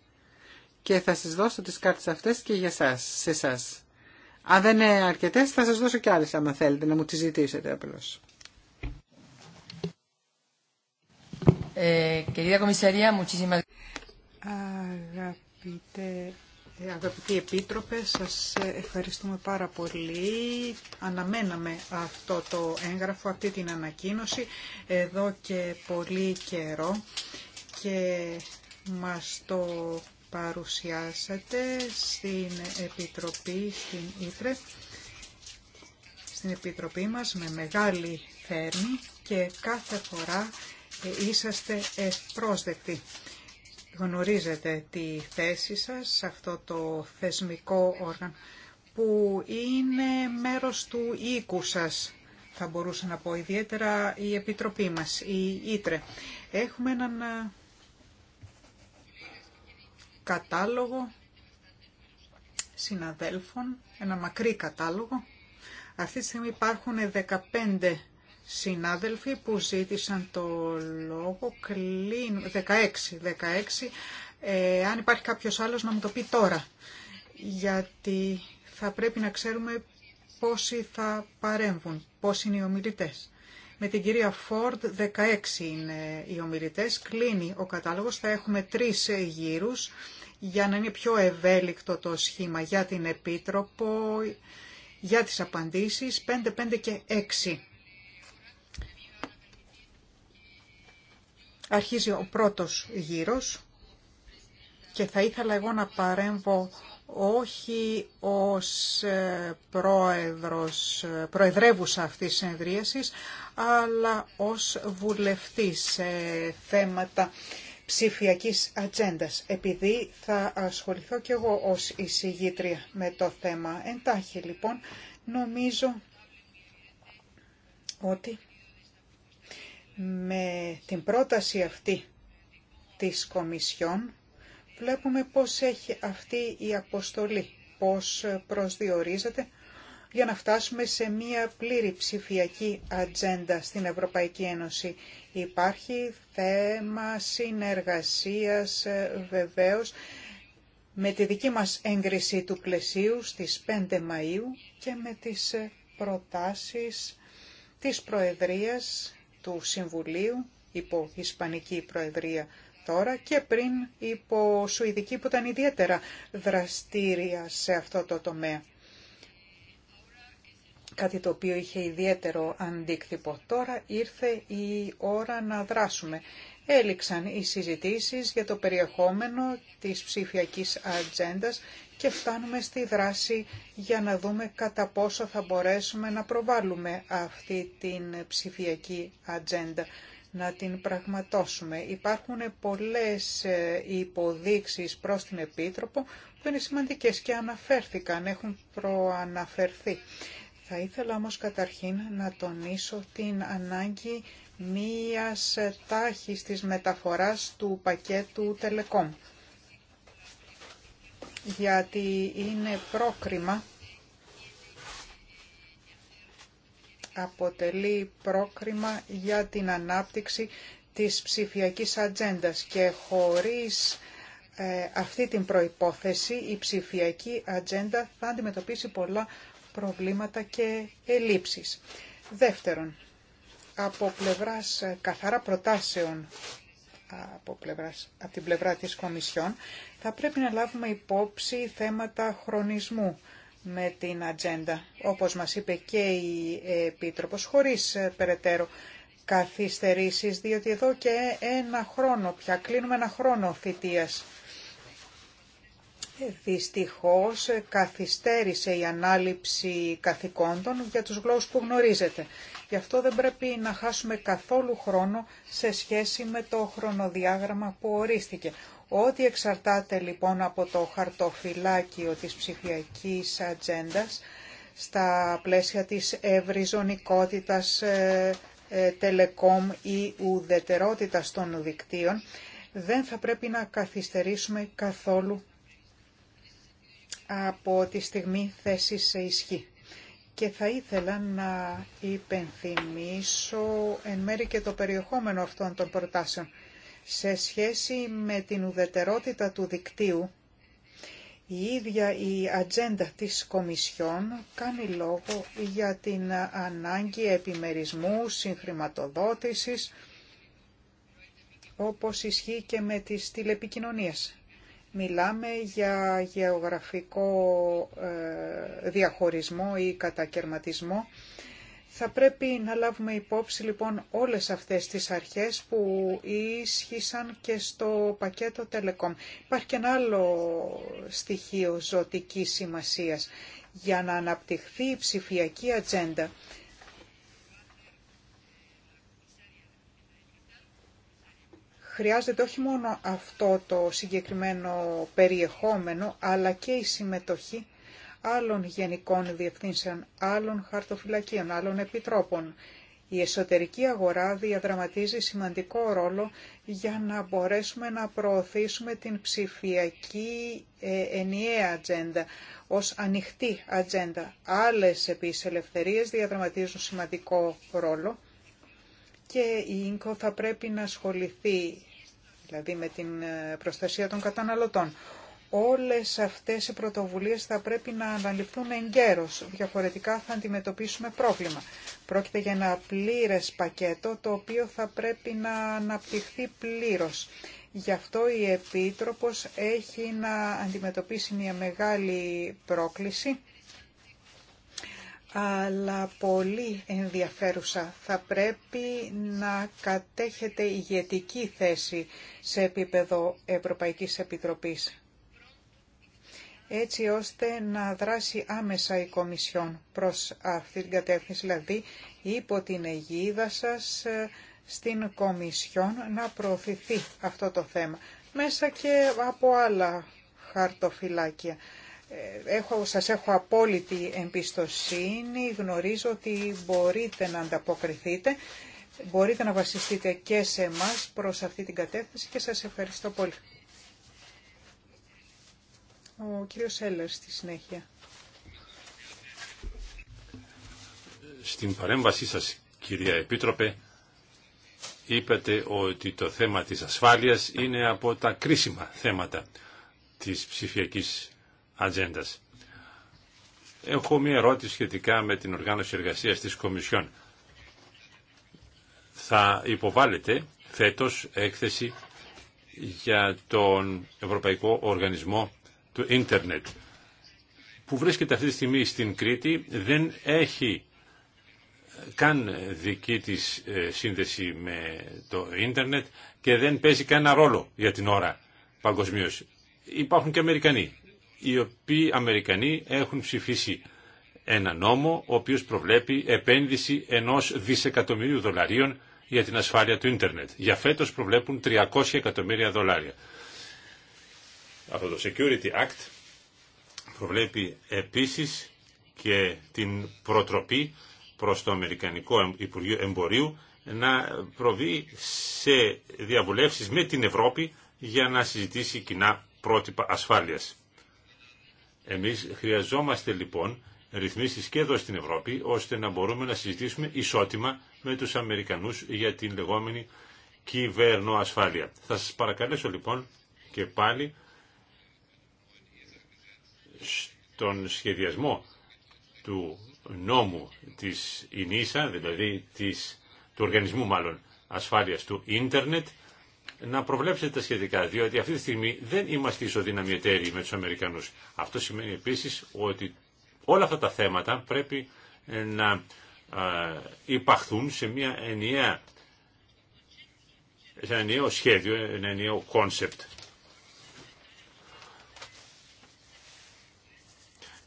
και θα σας δώσω τις κάρτες αυτές και για σας, σε εσά. Αν δεν είναι αρκετές θα σας δώσω και άλλες άμα θέλετε να μου τις ζητήσετε απλώς. Ε, κυρία Αγαπητέ Αγαπητοί Επίτροπε, σας ευχαριστούμε πάρα πολύ. Αναμέναμε αυτό το έγγραφο, αυτή την ανακοίνωση εδώ και πολύ καιρό και μας το παρουσιάσατε στην Επιτροπή, στην Ήτρε, στην Επιτροπή μας με μεγάλη θέρμη και κάθε φορά ε, είσαστε ευπρόσδεκτοι γνωρίζετε τη θέση σας σε αυτό το θεσμικό όργανο που είναι μέρος του οίκου σας, θα μπορούσα να πω, ιδιαίτερα η Επιτροπή μας, η Ήτρε. Έχουμε έναν ε, κατάλογο συναδέλφων, ένα μακρύ κατάλογο. Αυτή τη στιγμή υπάρχουν 15 συνάδελφοι που ζήτησαν το λόγο κλείνουν. 16, 16. Ε, αν υπάρχει κάποιος άλλος να μου το πει τώρα. Γιατί θα πρέπει να ξέρουμε πόσοι θα παρέμβουν, πόσοι είναι οι ομιλητές. Με την κυρία Φόρντ 16 είναι οι ομιλητές. Κλείνει ο κατάλογος. Θα έχουμε τρεις γύρους για να είναι πιο ευέλικτο το σχήμα για την Επίτροπο, για τις απαντήσεις 5, 5 και 6 Αρχίζει ο πρώτος γύρος και θα ήθελα εγώ να παρέμβω όχι ως ε, πρόεδρος, ε, προεδρεύουσα αυτής της συνεδρίασης, αλλά ως βουλευτή σε θέματα ψηφιακής ατζέντα, επειδή θα ασχοληθώ και εγώ ως εισηγήτρια με το θέμα. Εντάχει λοιπόν, νομίζω ότι με την πρόταση αυτή της Κομισιόν βλέπουμε πώς έχει αυτή η αποστολή, πώς προσδιορίζεται για να φτάσουμε σε μία πλήρη ψηφιακή ατζέντα στην Ευρωπαϊκή Ένωση. Υπάρχει θέμα συνεργασίας βεβαίως με τη δική μας έγκριση του πλαισίου στις 5 Μαΐου και με τις προτάσεις της Προεδρίας του Συμβουλίου υπό Ισπανική Προεδρία τώρα και πριν υπό Σουηδική που ήταν ιδιαίτερα δραστήρια σε αυτό το τομέα. Κάτι το οποίο είχε ιδιαίτερο αντίκτυπο. Τώρα ήρθε η ώρα να δράσουμε έληξαν οι συζητήσεις για το περιεχόμενο της ψηφιακής ατζέντα και φτάνουμε στη δράση για να δούμε κατά πόσο θα μπορέσουμε να προβάλλουμε αυτή την ψηφιακή ατζέντα, να την πραγματώσουμε. Υπάρχουν πολλές ε, υποδείξεις προς την Επίτροπο που είναι σημαντικές και αναφέρθηκαν, έχουν προαναφερθεί. Θα ήθελα όμως καταρχήν να τονίσω την ανάγκη μίας τάχης της μεταφοράς του πακέτου Telecom. Γιατί είναι πρόκριμα, αποτελεί πρόκριμα για την ανάπτυξη της ψηφιακής ατζέντα και χωρίς ε, αυτή την προϋπόθεση η ψηφιακή ατζέντα θα αντιμετωπίσει πολλά προβλήματα και ελλείψεις. Δεύτερον, από πλευράς ε, καθαρά προτάσεων από, πλευράς, από την πλευρά της Κομισιόν, θα πρέπει να λάβουμε υπόψη θέματα χρονισμού με την ατζέντα. Όπως μας είπε και η Επίτροπος, χωρίς ε, περαιτέρω καθυστερήσεις, διότι εδώ και ένα χρόνο πια, κλείνουμε ένα χρόνο θητείας Δυστυχώς καθυστέρησε η ανάληψη καθηκόντων για τους γλώσσους που γνωρίζετε. Γι' αυτό δεν πρέπει να χάσουμε καθόλου χρόνο σε σχέση με το χρονοδιάγραμμα που ορίστηκε. Ό,τι εξαρτάται λοιπόν από το χαρτοφυλάκιο της ψηφιακής ατζέντα στα πλαίσια της ευρυζωνικότητας ε, τελεκόμ ή ουδετερότητας των δικτύων, δεν θα πρέπει να καθυστερήσουμε καθόλου από τη στιγμή θέση σε ισχύ. Και θα ήθελα να υπενθυμίσω εν μέρει και το περιεχόμενο αυτών των προτάσεων. Σε σχέση με την ουδετερότητα του δικτύου, η ίδια η ατζέντα της Κομισιόν κάνει λόγο για την ανάγκη επιμερισμού, συγχρηματοδότησης, όπως ισχύει και με τις τηλεπικοινωνίες. Μιλάμε για γεωγραφικό ε, διαχωρισμό ή κατακαιρματισμό. Θα πρέπει να λάβουμε υπόψη λοιπόν όλες αυτές τις αρχές που ίσχυσαν και στο πακέτο Telecom. Υπάρχει και ένα άλλο στοιχείο ζωτικής σημασίας για να αναπτυχθεί η ψηφιακή ατζέντα χρειάζεται όχι μόνο αυτό το συγκεκριμένο περιεχόμενο, αλλά και η συμμετοχή άλλων γενικών διευθύνσεων, άλλων χαρτοφυλακίων, άλλων επιτρόπων. Η εσωτερική αγορά διαδραματίζει σημαντικό ρόλο για να μπορέσουμε να προωθήσουμε την ψηφιακή ε, ενιαία ατζέντα ως ανοιχτή ατζέντα. Άλλες επίσης ελευθερίες διαδραματίζουν σημαντικό ρόλο και η ΙΝΚΟ θα πρέπει να ασχοληθεί δηλαδή με την ε, προστασία των καταναλωτών. Όλες αυτές οι πρωτοβουλίες θα πρέπει να αναλυφθούν εγκαίρως, διαφορετικά θα αντιμετωπίσουμε πρόβλημα. Πρόκειται για ένα πλήρες πακέτο το οποίο θα πρέπει να αναπτυχθεί πλήρως. Γι' αυτό η Επίτροπος έχει να αντιμετωπίσει μια μεγάλη πρόκληση αλλά πολύ ενδιαφέρουσα. Θα πρέπει να κατέχετε ηγετική θέση σε επίπεδο Ευρωπαϊκής Επιτροπής, έτσι ώστε να δράσει άμεσα η Κομισιόν προς αυτή την κατεύθυνση, δηλαδή υπό την αιγίδα σας στην Κομισιόν να προωθηθεί αυτό το θέμα, μέσα και από άλλα χαρτοφυλάκια έχω, σας έχω απόλυτη εμπιστοσύνη, γνωρίζω ότι μπορείτε να ανταποκριθείτε, μπορείτε να βασιστείτε και σε εμά προς αυτή την κατεύθυνση και σας ευχαριστώ πολύ. Ο κύριος Έλες στη συνέχεια. Στην παρέμβασή σας, κυρία Επίτροπε, είπατε ότι το θέμα της ασφάλειας είναι από τα κρίσιμα θέματα της ψηφιακής ατζέντα. Έχω μία ερώτηση σχετικά με την οργάνωση εργασίας της Κομισιόν. Θα υποβάλλεται φέτος έκθεση για τον Ευρωπαϊκό Οργανισμό του Ίντερνετ που βρίσκεται αυτή τη στιγμή στην Κρήτη δεν έχει καν δική της ε, σύνδεση με το ίντερνετ και δεν παίζει κανένα ρόλο για την ώρα παγκοσμίω. Υπάρχουν και Αμερικανοί οι οποίοι Αμερικανοί έχουν ψηφίσει ένα νόμο ο οποίος προβλέπει επένδυση ενός δισεκατομμυρίου δολαρίων για την ασφάλεια του ίντερνετ. Για φέτος προβλέπουν 300 εκατομμύρια δολάρια. Αυτό το Security Act προβλέπει επίσης και την προτροπή προς το Αμερικανικό Υπουργείο Εμπορίου να προβεί σε διαβουλεύσεις με την Ευρώπη για να συζητήσει κοινά πρότυπα ασφάλειας. Εμείς χρειαζόμαστε λοιπόν ρυθμίσεις και εδώ στην Ευρώπη, ώστε να μπορούμε να συζητήσουμε ισότιμα με τους Αμερικανούς για την λεγόμενη κυβερνοασφάλεια. Θα σας παρακαλέσω λοιπόν και πάλι στον σχεδιασμό του νόμου της ΙΝΙΣΑ, δηλαδή της, του οργανισμού μάλλον ασφάλειας του ίντερνετ, να προβλέψετε τα σχετικά, διότι αυτή τη στιγμή δεν είμαστε ισοδύναμοι με τους Αμερικανούς. Αυτό σημαίνει επίσης ότι όλα αυτά τα θέματα πρέπει ε, να υπαχθούν σε μια ενιαία σε ένα νέο σχέδιο, ένα ενιαίο κόνσεπτ.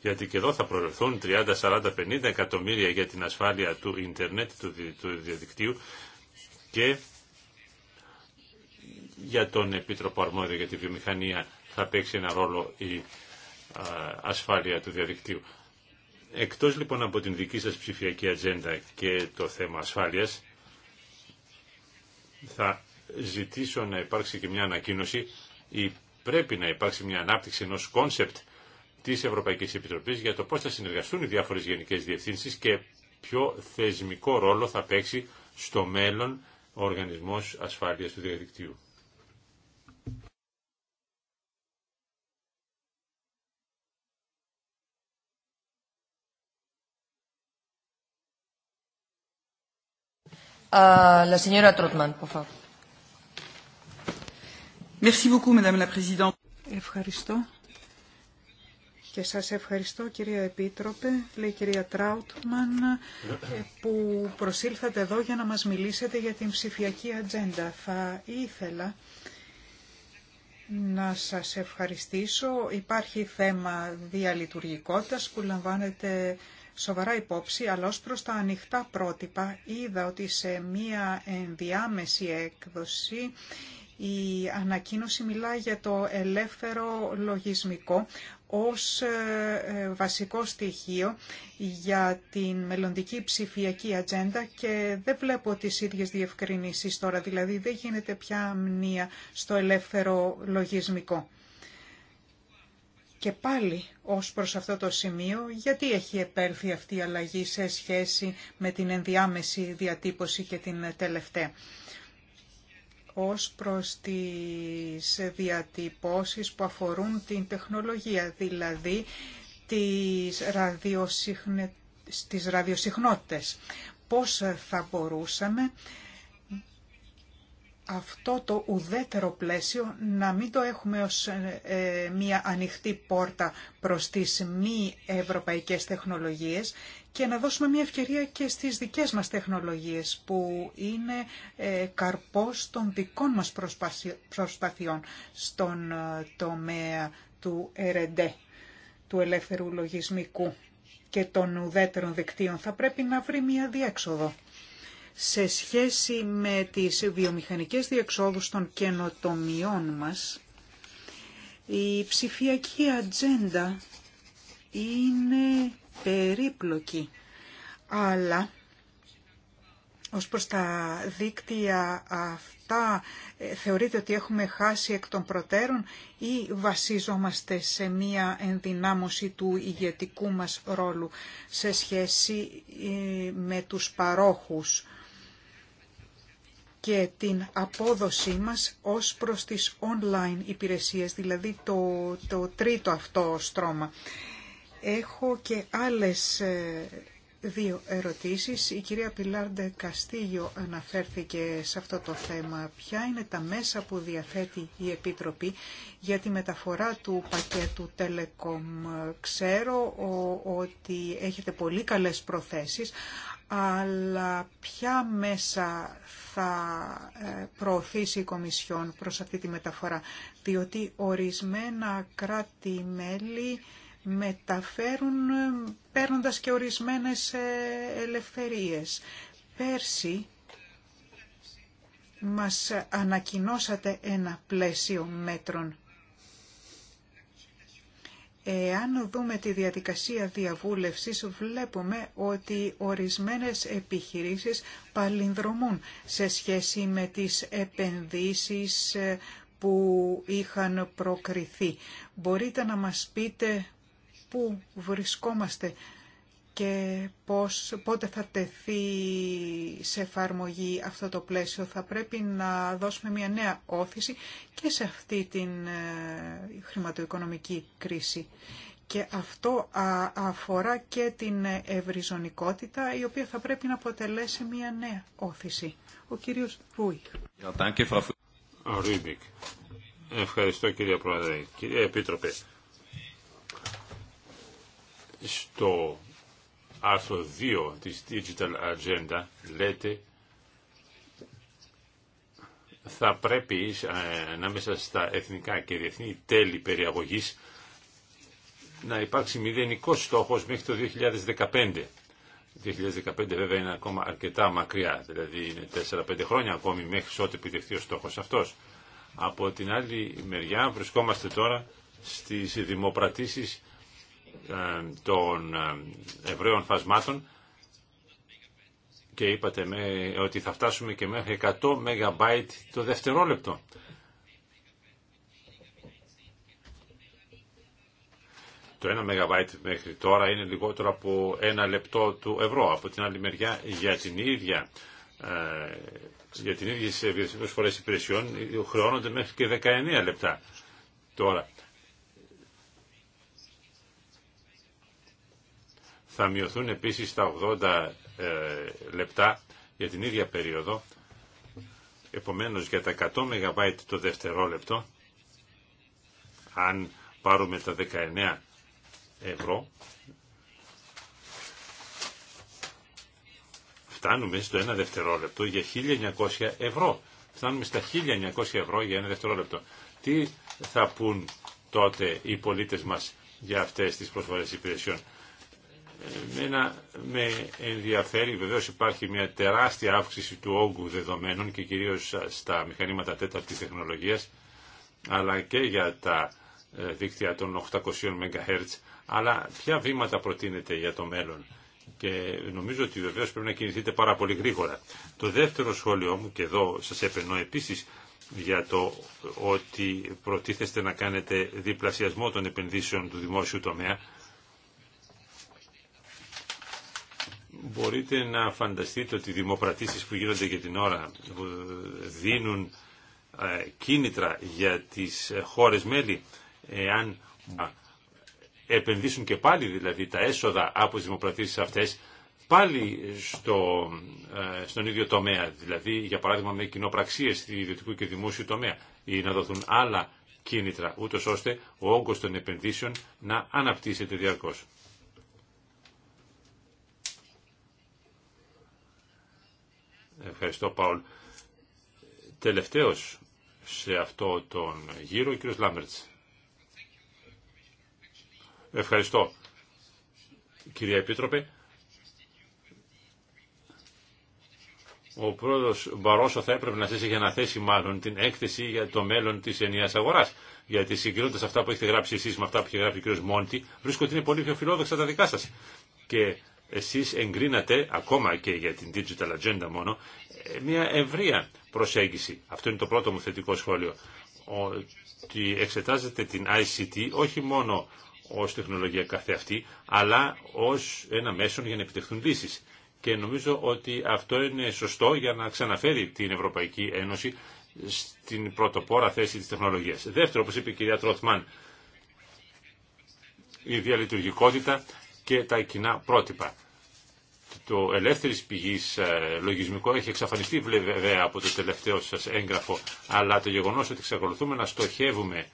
Γιατί και εδώ θα προερθούν 30, 40, 50 εκατομμύρια για την ασφάλεια του ίντερνετ, του διαδικτύου και για τον Επίτροπο Αρμόδιο για τη Βιομηχανία θα παίξει ένα ρόλο η ε, ασφάλεια του διαδικτύου. Εκτός λοιπόν από την δική σας ψηφιακή ατζέντα και το θέμα ασφάλειας, θα ζητήσω να υπάρξει και μια ανακοίνωση ή πρέπει να υπάρξει μια ανάπτυξη ενός κόνσεπτ της Ευρωπαϊκής Επιτροπής για το πώς θα συνεργαστούν οι διάφορες γενικές διευθύνσεις και ποιο θεσμικό ρόλο θα παίξει στο μέλλον ο Οργανισμός Ασφάλειας του Διαδικτύου. Ευχαριστώ. Και σας ευχαριστώ κυρία Επίτροπε, λέει κυρία Τράουτμαν, που προσήλθατε εδώ για να μας μιλήσετε για την ψηφιακή ατζέντα. Θα ήθελα να σας ευχαριστήσω. Υπάρχει θέμα διαλειτουργικότητας που λαμβάνεται σοβαρά υπόψη, αλλά ως προς τα ανοιχτά πρότυπα είδα ότι σε μία ενδιάμεση έκδοση η ανακοίνωση μιλά για το ελεύθερο λογισμικό ως ε, ε, βασικό στοιχείο για την μελλοντική ψηφιακή ατζέντα και δεν βλέπω τις ίδιες διευκρινήσεις τώρα, δηλαδή δεν γίνεται πια μνήα στο ελεύθερο λογισμικό. Και πάλι ως προς αυτό το σημείο, γιατί έχει επέλθει αυτή η αλλαγή σε σχέση με την ενδιάμεση διατύπωση και την τελευταία. Ως προς τις διατυπώσεις που αφορούν την τεχνολογία, δηλαδή τις, ραδιοσυχνε... τις ραδιοσυχνότητες. Πώς θα μπορούσαμε αυτό το ουδέτερο πλαίσιο να μην το έχουμε ως ε, ε, μία ανοιχτή πόρτα προς τις μη ευρωπαϊκές τεχνολογίες και να δώσουμε μία ευκαιρία και στις δικές μας τεχνολογίες που είναι ε, καρπός των δικών μας προσπαθειών στον τομέα του R&D, του ελεύθερου λογισμικού και των ουδέτερων δικτύων. Θα πρέπει να βρει μία διέξοδο σε σχέση με τις βιομηχανικές διεξόδους των καινοτομιών μας, η ψηφιακή ατζέντα είναι περίπλοκη, αλλά ως προς τα δίκτυα αυτά ε, θεωρείτε ότι έχουμε χάσει εκ των προτέρων ή βασίζομαστε σε μία ενδυνάμωση του ηγετικού μας ρόλου σε σχέση ε, με τους παρόχους και την απόδοσή μας ως προς τις online υπηρεσίες, δηλαδή το, το τρίτο αυτό στρώμα. Έχω και άλλες ε, δύο ερωτήσεις. Η κυρία Πιλάρντε Καστίγιο αναφέρθηκε σε αυτό το θέμα. Ποια είναι τα μέσα που διαθέτει η Επίτροπη για τη μεταφορά του πακέτου Telecom. Ξέρω ότι έχετε πολύ καλές προθέσεις, αλλά ποια μέσα θα ε, προωθήσει η Κομισιόν προς αυτή τη μεταφορά, διότι ορισμένα κράτη-μέλη μεταφέρουν ε, παίρνοντας και ορισμένες ε, ελευθερίες. Πέρσι μας ανακοινώσατε ένα πλαίσιο μέτρων Εάν δούμε τη διαδικασία διαβούλευσης βλέπουμε ότι ορισμένες επιχειρήσεις παλινδρομούν σε σχέση με τις επενδύσεις ε, που είχαν προκριθεί. Μπορείτε να μας πείτε πού βρισκόμαστε και πώς, πότε θα τεθεί σε εφαρμογή αυτό το πλαίσιο. Θα πρέπει να δώσουμε μια νέα όθηση και σε αυτή την ε, χρηματοοικονομική κρίση. Και αυτό αφορά και την ευρυζωνικότητα, η οποία θα πρέπει να αποτελέσει μια νέα όθηση. Ο κύριος Βούι. Ευχαριστώ κύριε Πρόεδρε. Κύριε Επίτροπε, στο άρθρο 2 της Digital Agenda λέτε θα πρέπει ε, να μέσα στα εθνικά και διεθνή τέλη περιαγωγής να υπάρξει μηδενικό στόχος μέχρι το 2015. 2015 βέβαια είναι ακόμα αρκετά μακριά, δηλαδή είναι 4-5 χρόνια ακόμη μέχρι ό,τι επιτευχθεί ο στόχος αυτός. Από την άλλη μεριά βρισκόμαστε τώρα στις δημοπρατήσεις ε, των ευρέων φασμάτων και είπατε ότι θα φτάσουμε και μέχρι 100 MB το δευτερόλεπτο. Το 1 MB μέχρι τώρα είναι λιγότερο από ένα λεπτό του ευρώ. Από την άλλη μεριά για την ίδια ε, για την ίδια σε προσφορές υπηρεσιών χρεώνονται μέχρι και 19 λεπτά. Τώρα, Θα μειωθούν επίσης τα 80 ε, λεπτά για την ίδια περίοδο. Επομένως για τα 100 ΜΒ το δευτερόλεπτο, αν πάρουμε τα 19 ευρώ, φτάνουμε στο ένα δευτερόλεπτο για 1900 ευρώ. Φτάνουμε στα 1900 ευρώ για ένα δευτερόλεπτο. Τι θα πούν τότε οι πολίτες μας για αυτές τις προσφορές υπηρεσιών. Εμένα με ενδιαφέρει, βεβαίως υπάρχει μια τεράστια αύξηση του όγκου δεδομένων και κυρίως στα μηχανήματα τέταρτης τεχνολογίας, αλλά και για τα ε, δίκτυα των 800 MHz, αλλά ποια βήματα προτείνετε για το μέλλον. Και νομίζω ότι βεβαίως πρέπει να κινηθείτε πάρα πολύ γρήγορα. Το δεύτερο σχόλιο μου, και εδώ σας επενώ επίσης, για το ότι προτίθεστε να κάνετε διπλασιασμό των επενδύσεων του δημόσιου τομέα, μπορείτε να φανταστείτε ότι οι δημοπρατήσεις που γίνονται για την ώρα δίνουν ε, κίνητρα για τις χώρες μέλη εάν επενδύσουν και πάλι δηλαδή τα έσοδα από τις δημοπρατήσεις αυτές πάλι στο, ε, στον ίδιο τομέα, δηλαδή για παράδειγμα με κοινοπραξίες στη ιδιωτικού και δημόσιου τομέα ή να δοθούν άλλα κίνητρα, ούτως ώστε ο όγκος των επενδύσεων να αναπτύσσεται διαρκώς. Ευχαριστώ Παουλ. Τελευταίος σε αυτό τον γύρο, ο κύριος Λάμπερτς. Ευχαριστώ. Κυρία Επίτροπε, ο πρόεδρος Μπαρόσο θα έπρεπε να σας είχε αναθέσει μάλλον την έκθεση για το μέλλον της ενιαίας αγοράς. Γιατί συγκρίνοντας αυτά που έχετε γράψει εσείς με αυτά που έχει γράψει ο κύριος Μόντι, βρίσκω ότι είναι πολύ πιο φιλόδοξα τα δικά σας. Και εσείς εγκρίνατε, ακόμα και για την Digital Agenda μόνο, μια ευρεία προσέγγιση. Αυτό είναι το πρώτο μου θετικό σχόλιο. Ότι εξετάζετε την ICT όχι μόνο ως τεχνολογία καθεαυτή, αλλά ως ένα μέσο για να επιτευχθούν λύσεις. Και νομίζω ότι αυτό είναι σωστό για να ξαναφέρει την Ευρωπαϊκή Ένωση στην πρωτοπόρα θέση της τεχνολογίας. Δεύτερο, όπως είπε η κυρία Τροθμάν, η διαλειτουργικότητα και τα κοινά πρότυπα. Το ελεύθερη πηγής ε, λογισμικό έχει εξαφανιστεί βέβαια από το τελευταίο σας έγγραφο, αλλά το γεγονό ότι εξακολουθούμε να στοχεύουμε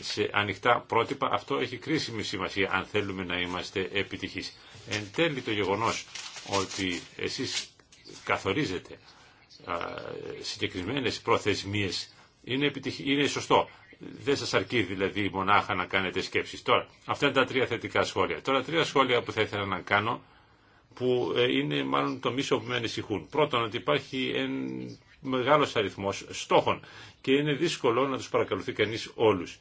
σε ανοιχτά πρότυπα, αυτό έχει κρίσιμη σημασία αν θέλουμε να είμαστε επιτυχείς. Εν τέλει το γεγονός ότι εσείς καθορίζετε ε, συγκεκριμένες προθεσμίες είναι, είναι σωστό δεν σας αρκεί δηλαδή μονάχα να κάνετε σκέψεις. Τώρα, αυτά είναι τα τρία θετικά σχόλια. Τώρα, τρία σχόλια που θα ήθελα να κάνω, που ε, είναι μάλλον το μίσο που με ανησυχούν. Πρώτον, ότι υπάρχει ένα μεγάλος αριθμός στόχων και είναι δύσκολο να τους παρακαλουθεί κανείς όλους.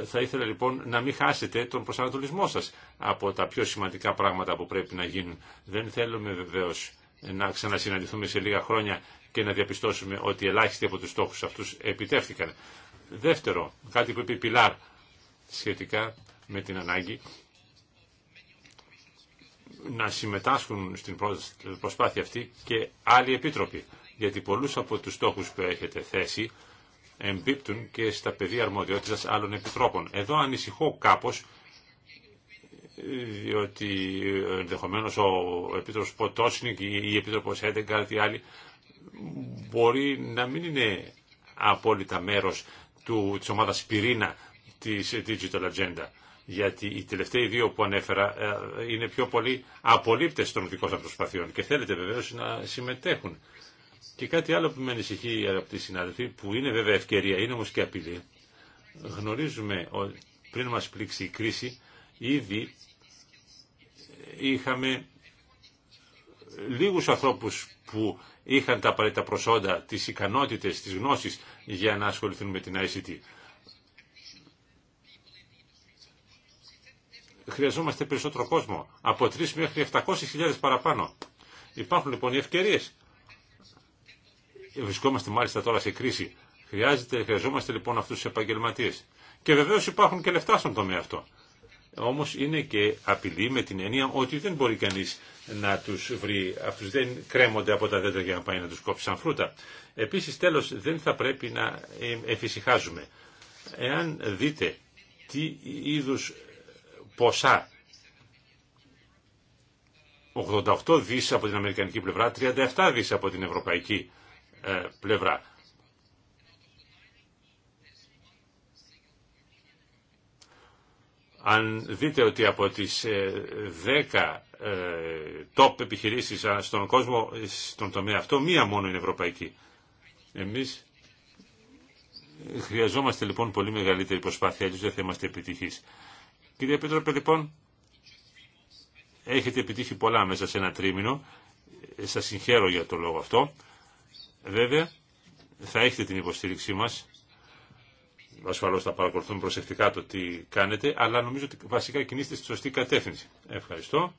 Ε, θα ήθελα λοιπόν να μην χάσετε τον προσανατολισμό σας από τα πιο σημαντικά πράγματα που πρέπει να γίνουν. Δεν θέλουμε βεβαίως να ξανασυναντηθούμε σε λίγα χρόνια και να διαπιστώσουμε ότι ελάχιστοι από τους στόχους αυτούς επιτεύχθηκαν. Δεύτερο, κάτι που είπε η Πιλάρ σχετικά με την ανάγκη να συμμετάσχουν στην προσπάθεια αυτή και άλλοι επίτροποι, γιατί πολλούς από τους στόχους που έχετε θέσει εμπίπτουν και στα πεδία αρμοδιότητας άλλων επιτρόπων. Εδώ ανησυχώ κάπως, διότι ενδεχομένως ο Επίτροπος Ποτόσνικ ή η Επίτροπος Έντεγκαρτ ή άλλοι μπορεί να μην είναι απόλυτα μέρος του, της ομάδας πυρήνα της Digital Agenda. Γιατί οι τελευταίοι δύο που ανέφερα ε, είναι πιο πολύ απολύπτες των δικών σας προσπαθειών και θέλετε βεβαίως να συμμετέχουν. Και κάτι άλλο που με ανησυχεί τη συνάδελφοι, που είναι βέβαια ευκαιρία, είναι όμως και απειλή. Γνωρίζουμε ότι πριν μας πλήξει η κρίση, ήδη είχαμε λίγους ανθρώπους που είχαν τα απαραίτητα προσόντα, τις ικανότητες, τις γνώσεις για να ασχοληθούν με την ICT. Χρειαζόμαστε περισσότερο κόσμο, από 3 μέχρι 700.000 παραπάνω. Υπάρχουν λοιπόν οι ευκαιρίες. Βρισκόμαστε μάλιστα τώρα σε κρίση. Χρειάζεται, χρειαζόμαστε λοιπόν αυτούς τους επαγγελματίες. Και βεβαίω υπάρχουν και λεφτά στον τομέα αυτό όμως είναι και απειλή με την έννοια ότι δεν μπορεί κανείς να τους βρει. Αυτούς δεν κρέμονται από τα δέντρα για να πάει να τους κόψει σαν φρούτα. Επίσης τέλος δεν θα πρέπει να ε, εφησυχάζουμε. Εάν δείτε τι είδους ποσά 88 δις από την αμερικανική πλευρά, 37 δις από την ευρωπαϊκή ε, πλευρά Αν δείτε ότι από τις 10 ε, ε, top επιχειρήσεις στον κόσμο, ε, στον τομέα αυτό, μία μόνο είναι ευρωπαϊκή. Εμείς χρειαζόμαστε λοιπόν πολύ μεγαλύτερη προσπάθεια, έτσι δεν θα είμαστε επιτυχείς. Κύριε Επίτροπε, λοιπόν, έχετε επιτύχει πολλά μέσα σε ένα τρίμηνο. Σας συγχαίρω για το λόγο αυτό. Βέβαια, θα έχετε την υποστήριξή μας ασφαλώς θα παρακολουθούν προσεκτικά το τι κάνετε, αλλά νομίζω ότι βασικά κινείστε στη σωστή κατεύθυνση. Ευχαριστώ.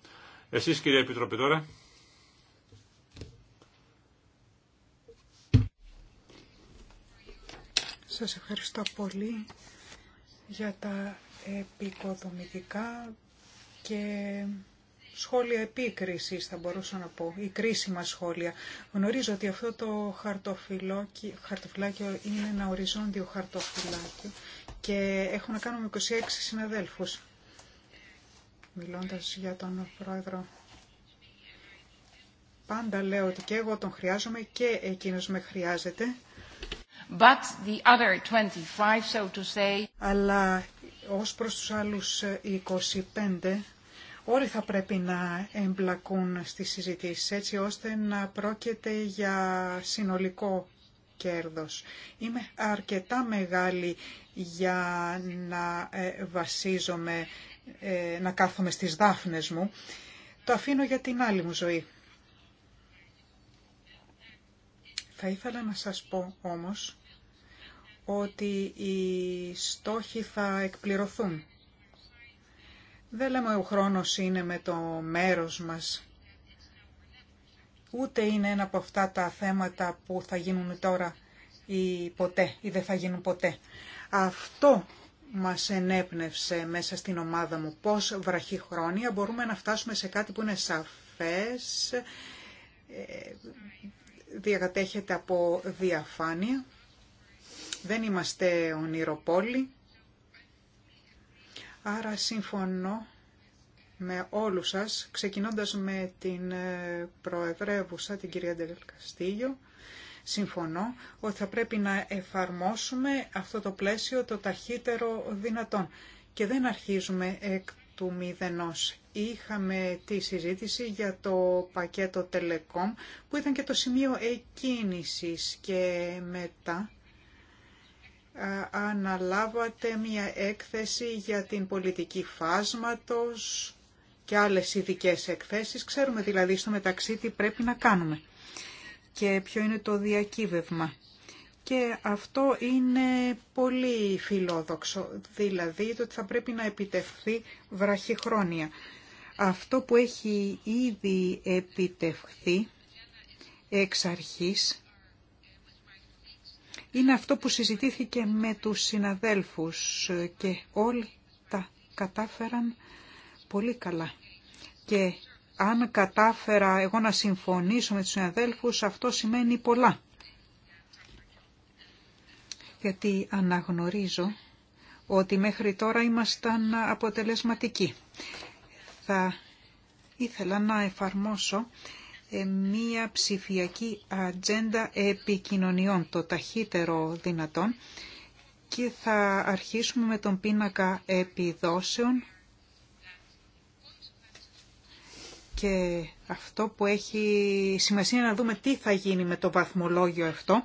Εσείς κυρία Επιτροπή τώρα. Σας ευχαριστώ πολύ για τα επικοδομητικά και σχόλια επίκριση θα μπορούσα να πω, ή κρίσιμα σχόλια. Γνωρίζω ότι αυτό το χαρτοφυλάκιο είναι ένα οριζόντιο χαρτοφυλάκιο και έχω να κάνω με 26 συναδέλφους. Μιλώντας για τον πρόεδρο πάντα λέω ότι και εγώ τον χρειάζομαι και εκείνος με χρειάζεται. But the other 25, so to say... Αλλά ως προς τους άλλους 25 Όλοι θα πρέπει να εμπλακούν στη συζήτηση, έτσι ώστε να πρόκειται για συνολικό κέρδος. Είμαι αρκετά μεγάλη για να ε, βασίζομαι, ε, να κάθομαι στις δάφνες μου. Το αφήνω για την άλλη μου ζωή. Θα ήθελα να σας πω όμως ότι οι στόχοι θα εκπληρωθούν δεν λέμε ο χρόνος είναι με το μέρος μας. Ούτε είναι ένα από αυτά τα θέματα που θα γίνουν τώρα ή ποτέ ή δεν θα γίνουν ποτέ. Αυτό μας ενέπνευσε μέσα στην ομάδα μου πώς χρόνια μπορούμε να φτάσουμε σε κάτι που είναι σαφές, ε, διακατέχεται από διαφάνεια. Δεν είμαστε ονειροπόλοι Άρα συμφωνώ με όλους σας, ξεκινώντας με την ε, Προεδρεύουσα, την κυρία Ντελκαστήγιο, συμφωνώ ότι θα πρέπει να εφαρμόσουμε αυτό το πλαίσιο το ταχύτερο δυνατόν. Και δεν αρχίζουμε εκ του μηδενός. Είχαμε τη συζήτηση για το πακέτο Telecom που ήταν και το σημείο εκκίνησης και μετά αναλάβατε μια έκθεση για την πολιτική φάσματος και άλλες ειδικέ εκθέσεις. Ξέρουμε δηλαδή στο μεταξύ τι πρέπει να κάνουμε και ποιο είναι το διακύβευμα. Και αυτό είναι πολύ φιλόδοξο, δηλαδή το ότι θα πρέπει να επιτευχθεί βραχυχρόνια. Αυτό που έχει ήδη επιτευχθεί εξ αρχής είναι αυτό που συζητήθηκε με τους συναδέλφους και όλοι τα κατάφεραν πολύ καλά. Και αν κατάφερα εγώ να συμφωνήσω με τους συναδέλφους, αυτό σημαίνει πολλά. Γιατί αναγνωρίζω ότι μέχρι τώρα ήμασταν αποτελεσματικοί. Θα ήθελα να εφαρμόσω ε, μία ψηφιακή ατζέντα επικοινωνιών το ταχύτερο δυνατόν και θα αρχίσουμε με τον πίνακα επιδόσεων και αυτό που έχει σημασία να δούμε τι θα γίνει με το βαθμολόγιο αυτό.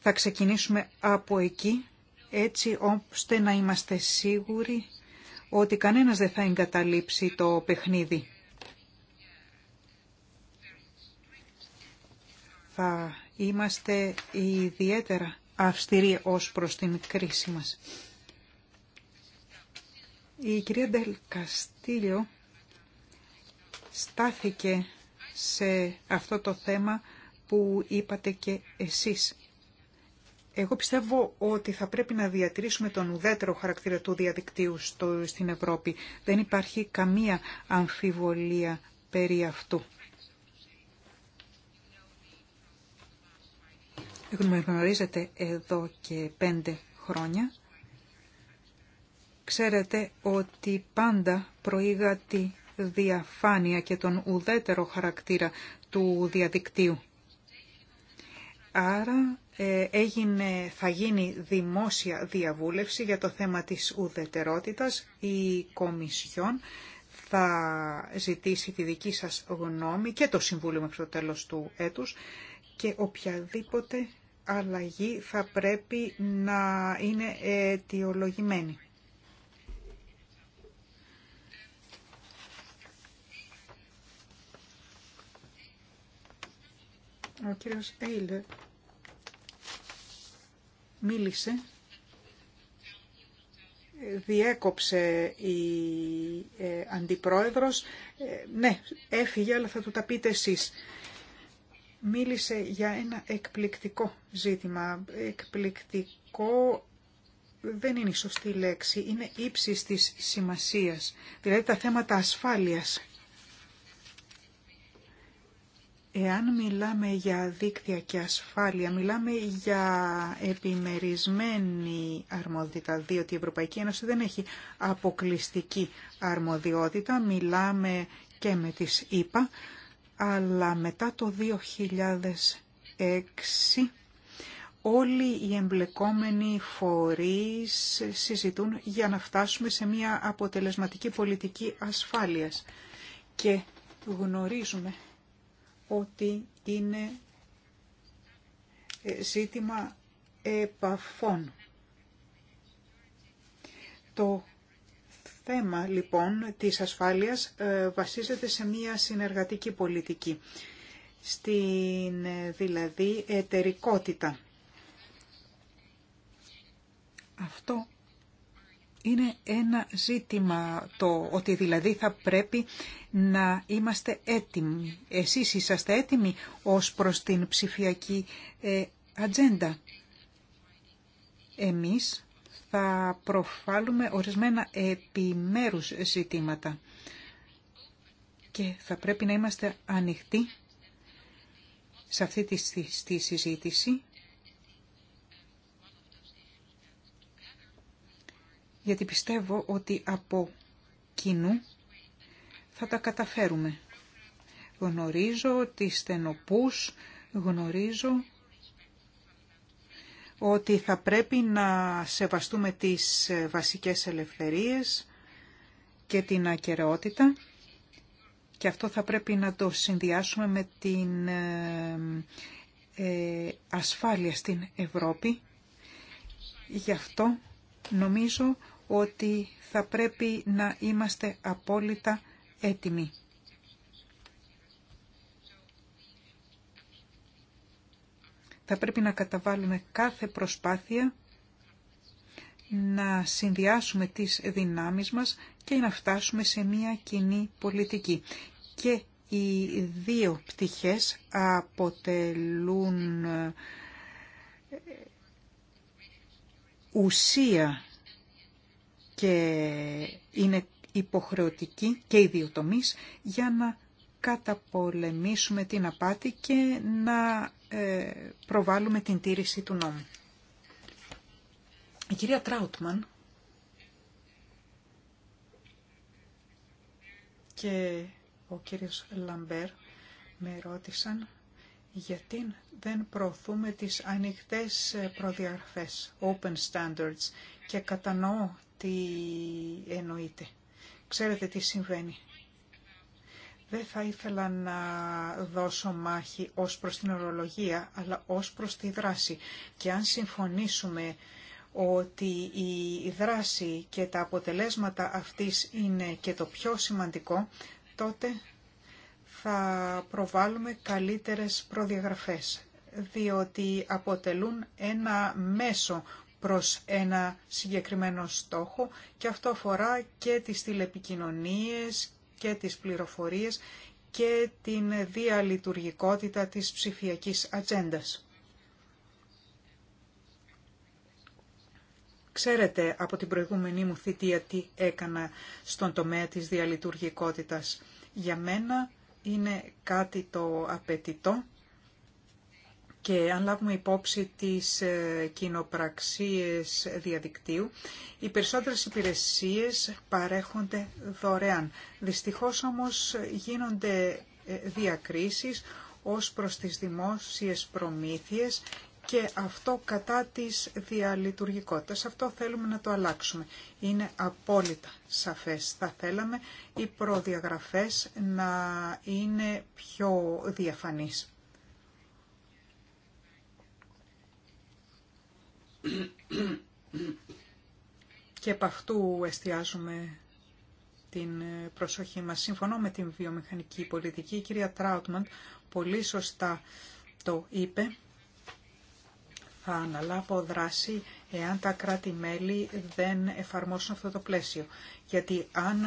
Θα ξεκινήσουμε από εκεί έτσι ώστε να είμαστε σίγουροι ότι κανένας δεν θα εγκαταλείψει το παιχνίδι. θα είμαστε ιδιαίτερα αυστηροί ως προς την κρίση μας. Η κυρία Ντελ Καστήλιο στάθηκε σε αυτό το θέμα που είπατε και εσείς. Εγώ πιστεύω ότι θα πρέπει να διατηρήσουμε τον ουδέτερο χαρακτήρα του διαδικτύου στην Ευρώπη. Δεν υπάρχει καμία αμφιβολία περί αυτού. γνωρίζετε εδώ και πέντε χρόνια, ξέρετε ότι πάντα προήγα τη διαφάνεια και τον ουδέτερο χαρακτήρα του διαδικτύου. Άρα ε, έγινε, θα γίνει δημόσια διαβούλευση για το θέμα της ουδετερότητας. Η Κομισιόν θα ζητήσει τη δική σας γνώμη και το Συμβούλιο μέχρι το τέλος του έτους και οποιαδήποτε αλλαγή θα πρέπει να είναι αιτιολογημένη. Ο κύριος Έιλερ μίλησε, διέκοψε η ε, αντιπρόεδρος. Ε, ναι, έφυγε, αλλά θα του τα πείτε εσείς μίλησε για ένα εκπληκτικό ζήτημα. Εκπληκτικό δεν είναι η σωστή λέξη, είναι ύψη της σημασίας, δηλαδή τα θέματα ασφάλειας. Εάν μιλάμε για δίκτυα και ασφάλεια, μιλάμε για επιμερισμένη αρμοδιότητα, διότι η Ευρωπαϊκή Ένωση δεν έχει αποκλειστική αρμοδιότητα, μιλάμε και με τις ΗΠΑ, αλλά μετά το 2006 όλοι οι εμπλεκόμενοι φορείς συζητούν για να φτάσουμε σε μια αποτελεσματική πολιτική ασφάλειας και γνωρίζουμε ότι είναι ε, ζήτημα επαφών. Το θέμα λοιπόν της ασφάλειας ε, βασίζεται σε μια συνεργατική πολιτική, στην ε, δηλαδή εταιρικότητα. Αυτό είναι ένα ζήτημα το ότι δηλαδή θα πρέπει να είμαστε έτοιμοι. Εσείς είσαστε έτοιμοι ως προς την ψηφιακή ε, ατζέντα. Εμείς θα προφάλουμε ορισμένα επιμέρους ζητήματα και θα πρέπει να είμαστε ανοιχτοί σε αυτή τη συζήτηση γιατί πιστεύω ότι από κοινού θα τα καταφέρουμε. Γνωρίζω τις στενοπούς, γνωρίζω ότι θα πρέπει να σεβαστούμε τις ε, βασικές ελευθερίες και την ακαιρεότητα και αυτό θα πρέπει να το συνδυάσουμε με την ε, ε, ασφάλεια στην Ευρώπη. Γι' αυτό νομίζω ότι θα πρέπει να είμαστε απόλυτα έτοιμοι. Θα πρέπει να καταβάλουμε κάθε προσπάθεια να συνδυάσουμε τις δυνάμεις μας και να φτάσουμε σε μια κοινή πολιτική. Και οι δύο πτυχές αποτελούν ε, ουσία και είναι υποχρεωτική και οι δύο για να καταπολεμήσουμε την απάτη και να ε, προβάλλουμε την τήρηση του νόμου. Η κυρία Τράουτμαν και ο κύριος Λαμπέρ με ρώτησαν γιατί δεν προωθούμε τις ανοιχτές προδιαγραφές, open standards και κατανοώ τι εννοείται. Ξέρετε τι συμβαίνει. Δεν θα ήθελα να δώσω μάχη ως προς την ορολογία, αλλά ως προς τη δράση. Και αν συμφωνήσουμε ότι η δράση και τα αποτελέσματα αυτής είναι και το πιο σημαντικό, τότε θα προβάλλουμε καλύτερες προδιαγραφές, διότι αποτελούν ένα μέσο προς ένα συγκεκριμένο στόχο και αυτό αφορά και τις τηλεπικοινωνίες και τις πληροφορίες και την διαλειτουργικότητα της ψηφιακής ατζέντα. Ξέρετε από την προηγούμενή μου θητεία τι έκανα στον τομέα της διαλειτουργικότητας. Για μένα είναι κάτι το απαιτητό και αν λάβουμε υπόψη τις ε, κοινοπραξίες διαδικτύου, οι περισσότερες υπηρεσίες παρέχονται δωρεάν. Δυστυχώς όμως γίνονται ε, διακρίσεις ως προς τις δημόσιες προμήθειες και αυτό κατά της διαλειτουργικότητας. Αυτό θέλουμε να το αλλάξουμε. Είναι απόλυτα σαφές. Θα θέλαμε οι προδιαγραφές να είναι πιο διαφανείς. και επ' αυτού εστιάζουμε την προσοχή μας. Σύμφωνα με την βιομηχανική πολιτική. Η κυρία Τράουτμαντ πολύ σωστά το είπε. Θα αναλάβω δράση εάν τα κράτη-μέλη δεν εφαρμόσουν αυτό το πλαίσιο. Γιατί αν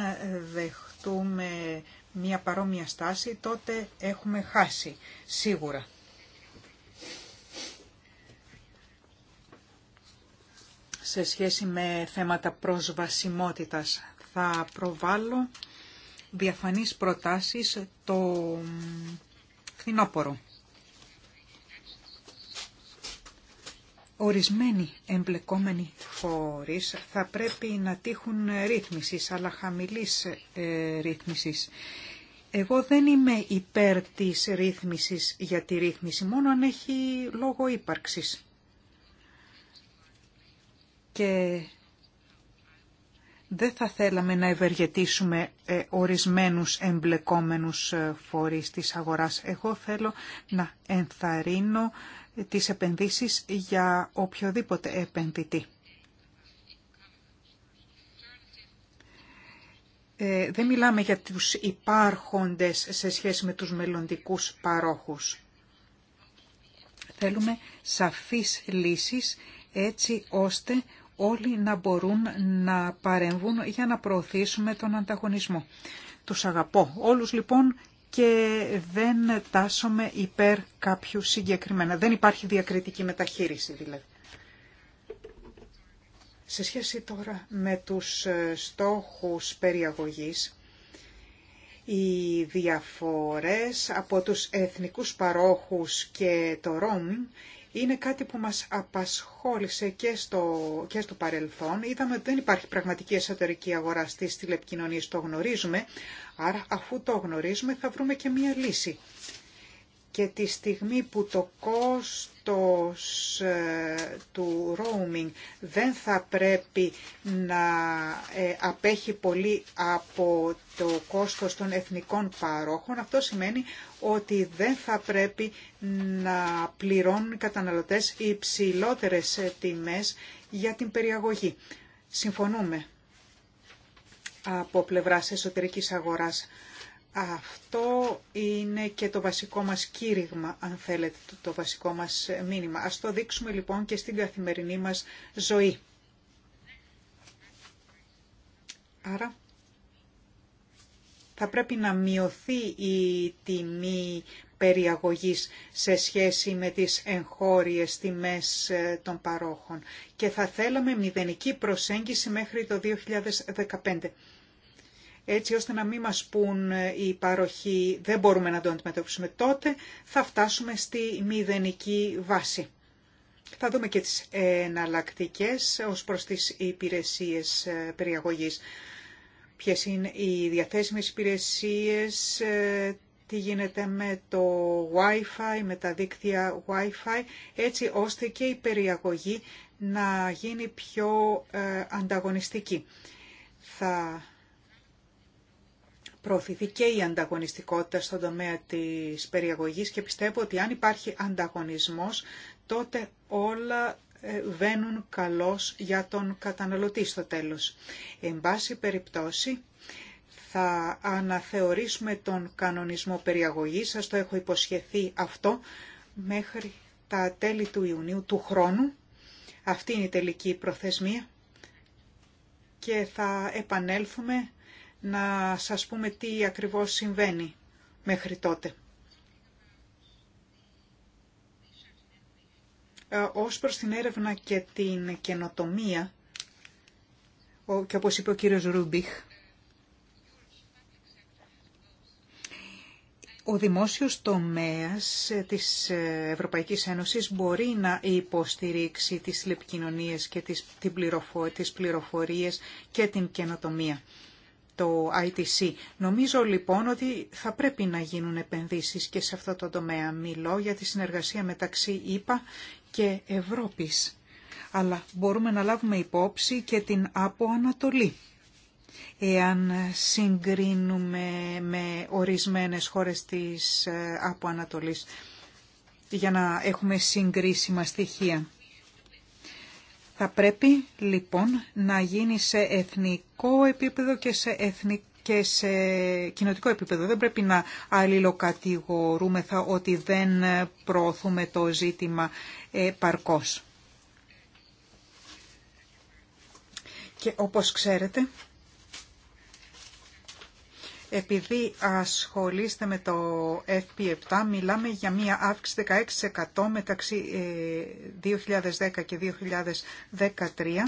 δεχτούμε μία παρόμοια στάση, τότε έχουμε χάσει σίγουρα. σε σχέση με θέματα προσβασιμότητας. Θα προβάλλω διαφανείς προτάσεις το φθινόπωρο. Ορισμένοι εμπλεκόμενοι φορείς θα πρέπει να τύχουν ρύθμισης, αλλά χαμηλής ε, ρύθμισης. Εγώ δεν είμαι υπέρ της ρύθμισης για τη ρύθμιση, μόνο αν έχει λόγο ύπαρξης και δεν θα θέλαμε να ευεργετήσουμε ε, ορισμένους εμπλεκόμενους ε, φορείς της αγοράς. Εγώ θέλω να ενθαρρύνω ε, τις επενδύσεις για οποιοδήποτε επενδυτή. Δεν μιλάμε για τους υπάρχοντες σε σχέση με τους μελλοντικούς παρόχους. Θέλουμε σαφείς λύσεις έτσι ώστε όλοι να μπορούν να παρεμβούν για να προωθήσουμε τον ανταγωνισμό. Τους αγαπώ όλους λοιπόν και δεν τάσομαι υπέρ κάποιου συγκεκριμένα. Δεν υπάρχει διακριτική μεταχείριση δηλαδή. Σε σχέση τώρα με τους ε, στόχους περιαγωγής, οι διαφορές από τους εθνικούς παρόχους και το roaming είναι κάτι που μας απασχόλησε και στο, και στο παρελθόν. Είδαμε ότι δεν υπάρχει πραγματική εσωτερική αγορά στις τηλεπικοινωνίες, το γνωρίζουμε. Άρα αφού το γνωρίζουμε θα βρούμε και μία λύση και τη στιγμή που το κόστος ε, του roaming δεν θα πρέπει να ε, απέχει πολύ από το κόστος των εθνικών παρόχων, αυτό σημαίνει ότι δεν θα πρέπει να πληρώνουν οι καταναλωτές υψηλότερες τιμές για την περιαγωγή. Συμφωνούμε από πλευράς εσωτερικής αγοράς αυτό είναι και το βασικό μας κήρυγμα, αν θέλετε, το βασικό μας μήνυμα. Ας το δείξουμε λοιπόν και στην καθημερινή μας ζωή. Άρα θα πρέπει να μειωθεί η τιμή περιαγωγής σε σχέση με τις εγχώριες τιμές ε, των παρόχων και θα θέλαμε μηδενική προσέγγιση μέχρι το 2015 έτσι ώστε να μην μας πούν ε, οι παροχοί δεν μπορούμε να το αντιμετωπίσουμε τότε, θα φτάσουμε στη μηδενική βάση. Θα δούμε και τις εναλλακτικέ ως προς τις υπηρεσίες ε, περιαγωγής. Ποιες είναι οι διαθέσιμες υπηρεσίες, ε, τι γίνεται με το Wi-Fi, με τα δίκτυα Wi-Fi, έτσι ώστε και η περιαγωγή να γίνει πιο ανταγωνιστική. Θα προωθηθεί και η ανταγωνιστικότητα στον τομέα της περιαγωγής και πιστεύω ότι αν υπάρχει ανταγωνισμός τότε όλα ε, βαίνουν καλώς για τον καταναλωτή στο τέλος. Εν πάση περιπτώσει θα αναθεωρήσουμε τον κανονισμό περιαγωγής, σας το έχω υποσχεθεί αυτό, μέχρι τα τέλη του Ιουνίου του χρόνου. Αυτή είναι η τελική προθεσμία και θα επανέλθουμε να σας πούμε τι ακριβώς συμβαίνει μέχρι τότε. Ε, ως προς την έρευνα και την καινοτομία, και όπως είπε ο κύριος Ρούμπιχ, Ο δημόσιος τομέας της Ευρωπαϊκής Ένωσης μπορεί να υποστηρίξει τις λεπικοινωνίες και τις, την πληροφορίες και την καινοτομία το ITC. Νομίζω λοιπόν ότι θα πρέπει να γίνουν επενδύσεις και σε αυτό το τομέα. Μιλώ για τη συνεργασία μεταξύ ΕΠΑ και Ευρώπης. Αλλά μπορούμε να λάβουμε υπόψη και την από Ανατολή. Εάν συγκρίνουμε με ορισμένες χώρες της ε, από Ανατολής για να έχουμε συγκρίσιμα στοιχεία. Θα πρέπει λοιπόν να γίνει σε εθνικό επίπεδο και σε εθνικό και κοινοτικό επίπεδο. Δεν πρέπει να αλληλοκατηγορούμεθα ότι δεν προωθούμε το ζήτημα παρκώς. Και όπως ξέρετε, επειδή ασχολείστε με το FP7, μιλάμε για μία αύξηση 16% μεταξύ 2010 ε, και 2013.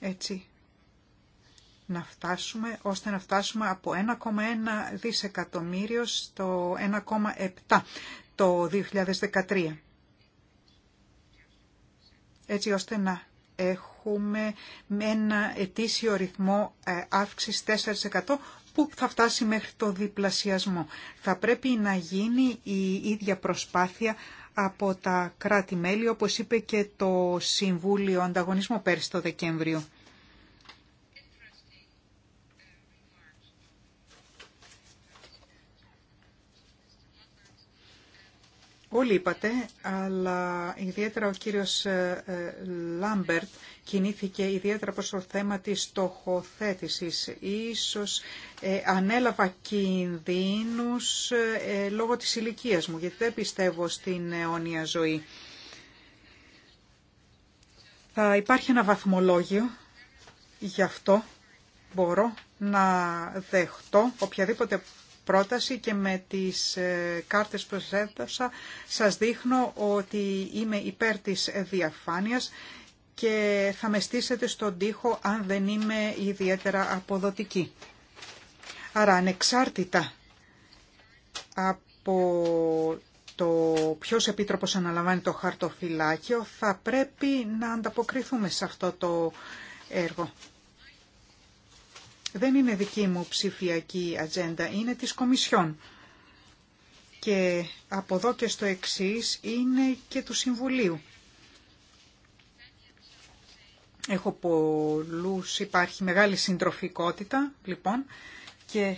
Έτσι, να φτάσουμε, ώστε να φτάσουμε από 1,1 δισεκατομμύριο στο 1,7 το 2013. Έτσι ώστε να έχουμε ένα ετήσιο ρυθμό ε, αύξηση 4% που θα φτάσει μέχρι το διπλασιασμό. Θα πρέπει να γίνει η ίδια προσπάθεια από τα κράτη-μέλη, όπως είπε και το Συμβούλιο Ανταγωνισμό πέρσι το Δεκέμβριο. Όλοι είπατε, αλλά ιδιαίτερα ο κύριος ε, ε, Λάμπερτ κινήθηκε ιδιαίτερα προς το θέμα της στοχοθέτησης. Ίσως ε, ανέλαβα κινδύνους λόγω της ηλικία μου, γιατί δεν πιστεύω στην αιώνια ζωή. Θα υπάρχει ένα βαθμολόγιο, γι' αυτό μπορώ να δεχτώ οποιαδήποτε πρόταση και με τις ε, κάρτες που σας έδωσα σας δείχνω ότι είμαι υπέρ της διαφάνειας και θα με στήσετε στον τοίχο αν δεν είμαι ιδιαίτερα αποδοτική. Άρα ανεξάρτητα από το ποιος επίτροπος αναλαμβάνει το χαρτοφυλάκιο θα πρέπει να ανταποκριθούμε σε αυτό το έργο δεν είναι δική μου ψηφιακή ατζέντα, είναι της Κομισιόν. Και από εδώ και στο εξής είναι και του Συμβουλίου. Έχω πολλούς, υπάρχει μεγάλη συντροφικότητα, λοιπόν, και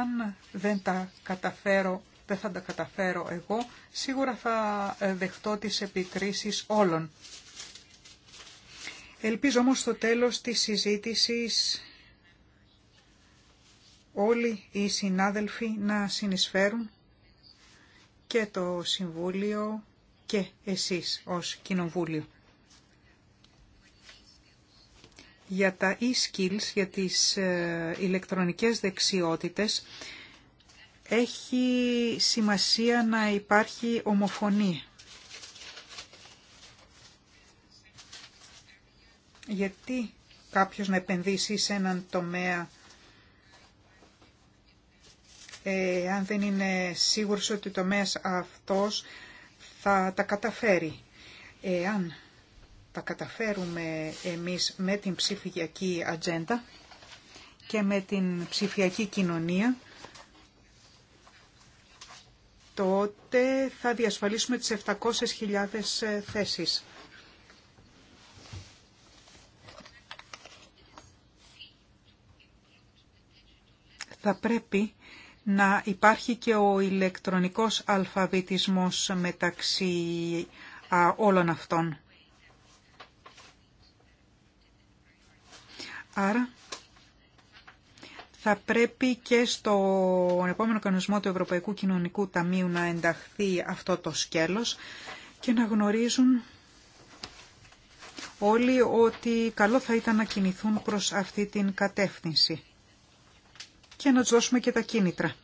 αν δεν τα καταφέρω δεν θα τα καταφέρω εγώ, σίγουρα θα ε, δεχτώ τις επικρίσεις όλων. Ελπίζω όμως στο τέλος της συζήτησης όλοι οι συνάδελφοι να συνεισφέρουν και το Συμβούλιο και εσείς ως Κοινοβούλιο. Για τα e-skills, για τις ε, ηλεκτρονικές δεξιότητες, έχει σημασία να υπάρχει ομοφωνία Γιατί κάποιος να επενδύσει σε έναν τομέα ε, αν δεν είναι σίγουρος ότι το τομέας αυτός θα τα καταφέρει. Εάν τα καταφέρουμε εμείς με την ψηφιακή ατζέντα και με την ψηφιακή κοινωνία, τότε θα διασφαλίσουμε τις 700.000 θέσεις. θα πρέπει να υπάρχει και ο ηλεκτρονικός αλφαβητισμός μεταξύ όλων αυτών. Άρα θα πρέπει και στο επόμενο κανονισμό του Ευρωπαϊκού Κοινωνικού Ταμείου να ενταχθεί αυτό το σκέλος και να γνωρίζουν όλοι ότι καλό θα ήταν να κινηθούν προς αυτή την κατεύθυνση και να τους δώσουμε και τα κίνητρα.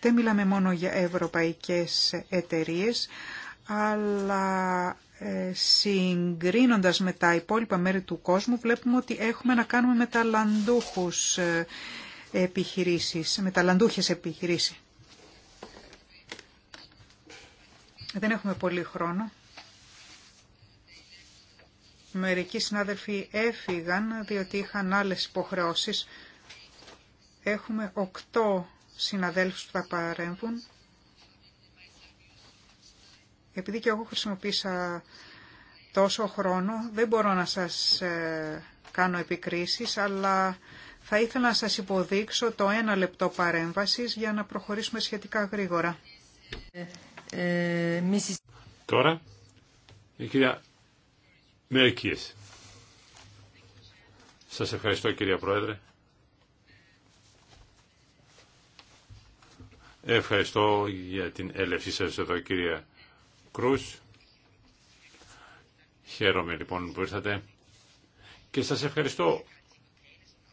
Δεν μιλάμε μόνο για ευρωπαϊκές εταιρείες, αλλά ε, συγκρίνοντας με τα υπόλοιπα μέρη του κόσμου βλέπουμε ότι έχουμε να κάνουμε με ταλαντούχους ε, επιχειρήσεις, με επιχειρήσεις. Δεν έχουμε πολύ χρόνο. Μερικοί συνάδελφοι έφυγαν διότι είχαν άλλες υποχρεώσεις. Έχουμε οκτώ συναδέλφους που θα παρέμβουν. Επειδή και εγώ χρησιμοποίησα τόσο χρόνο, δεν μπορώ να σας ε, κάνω επικρίσεις, αλλά θα ήθελα να σας υποδείξω το ένα λεπτό παρέμβασης για να προχωρήσουμε σχετικά γρήγορα. Ε, ε, Τώρα, η κυρία Μερικίες. Σας ευχαριστώ κυρία Πρόεδρε. Ευχαριστώ για την έλευσή σας εδώ κυρία Κρούς. Χαίρομαι λοιπόν που ήρθατε και σας ευχαριστώ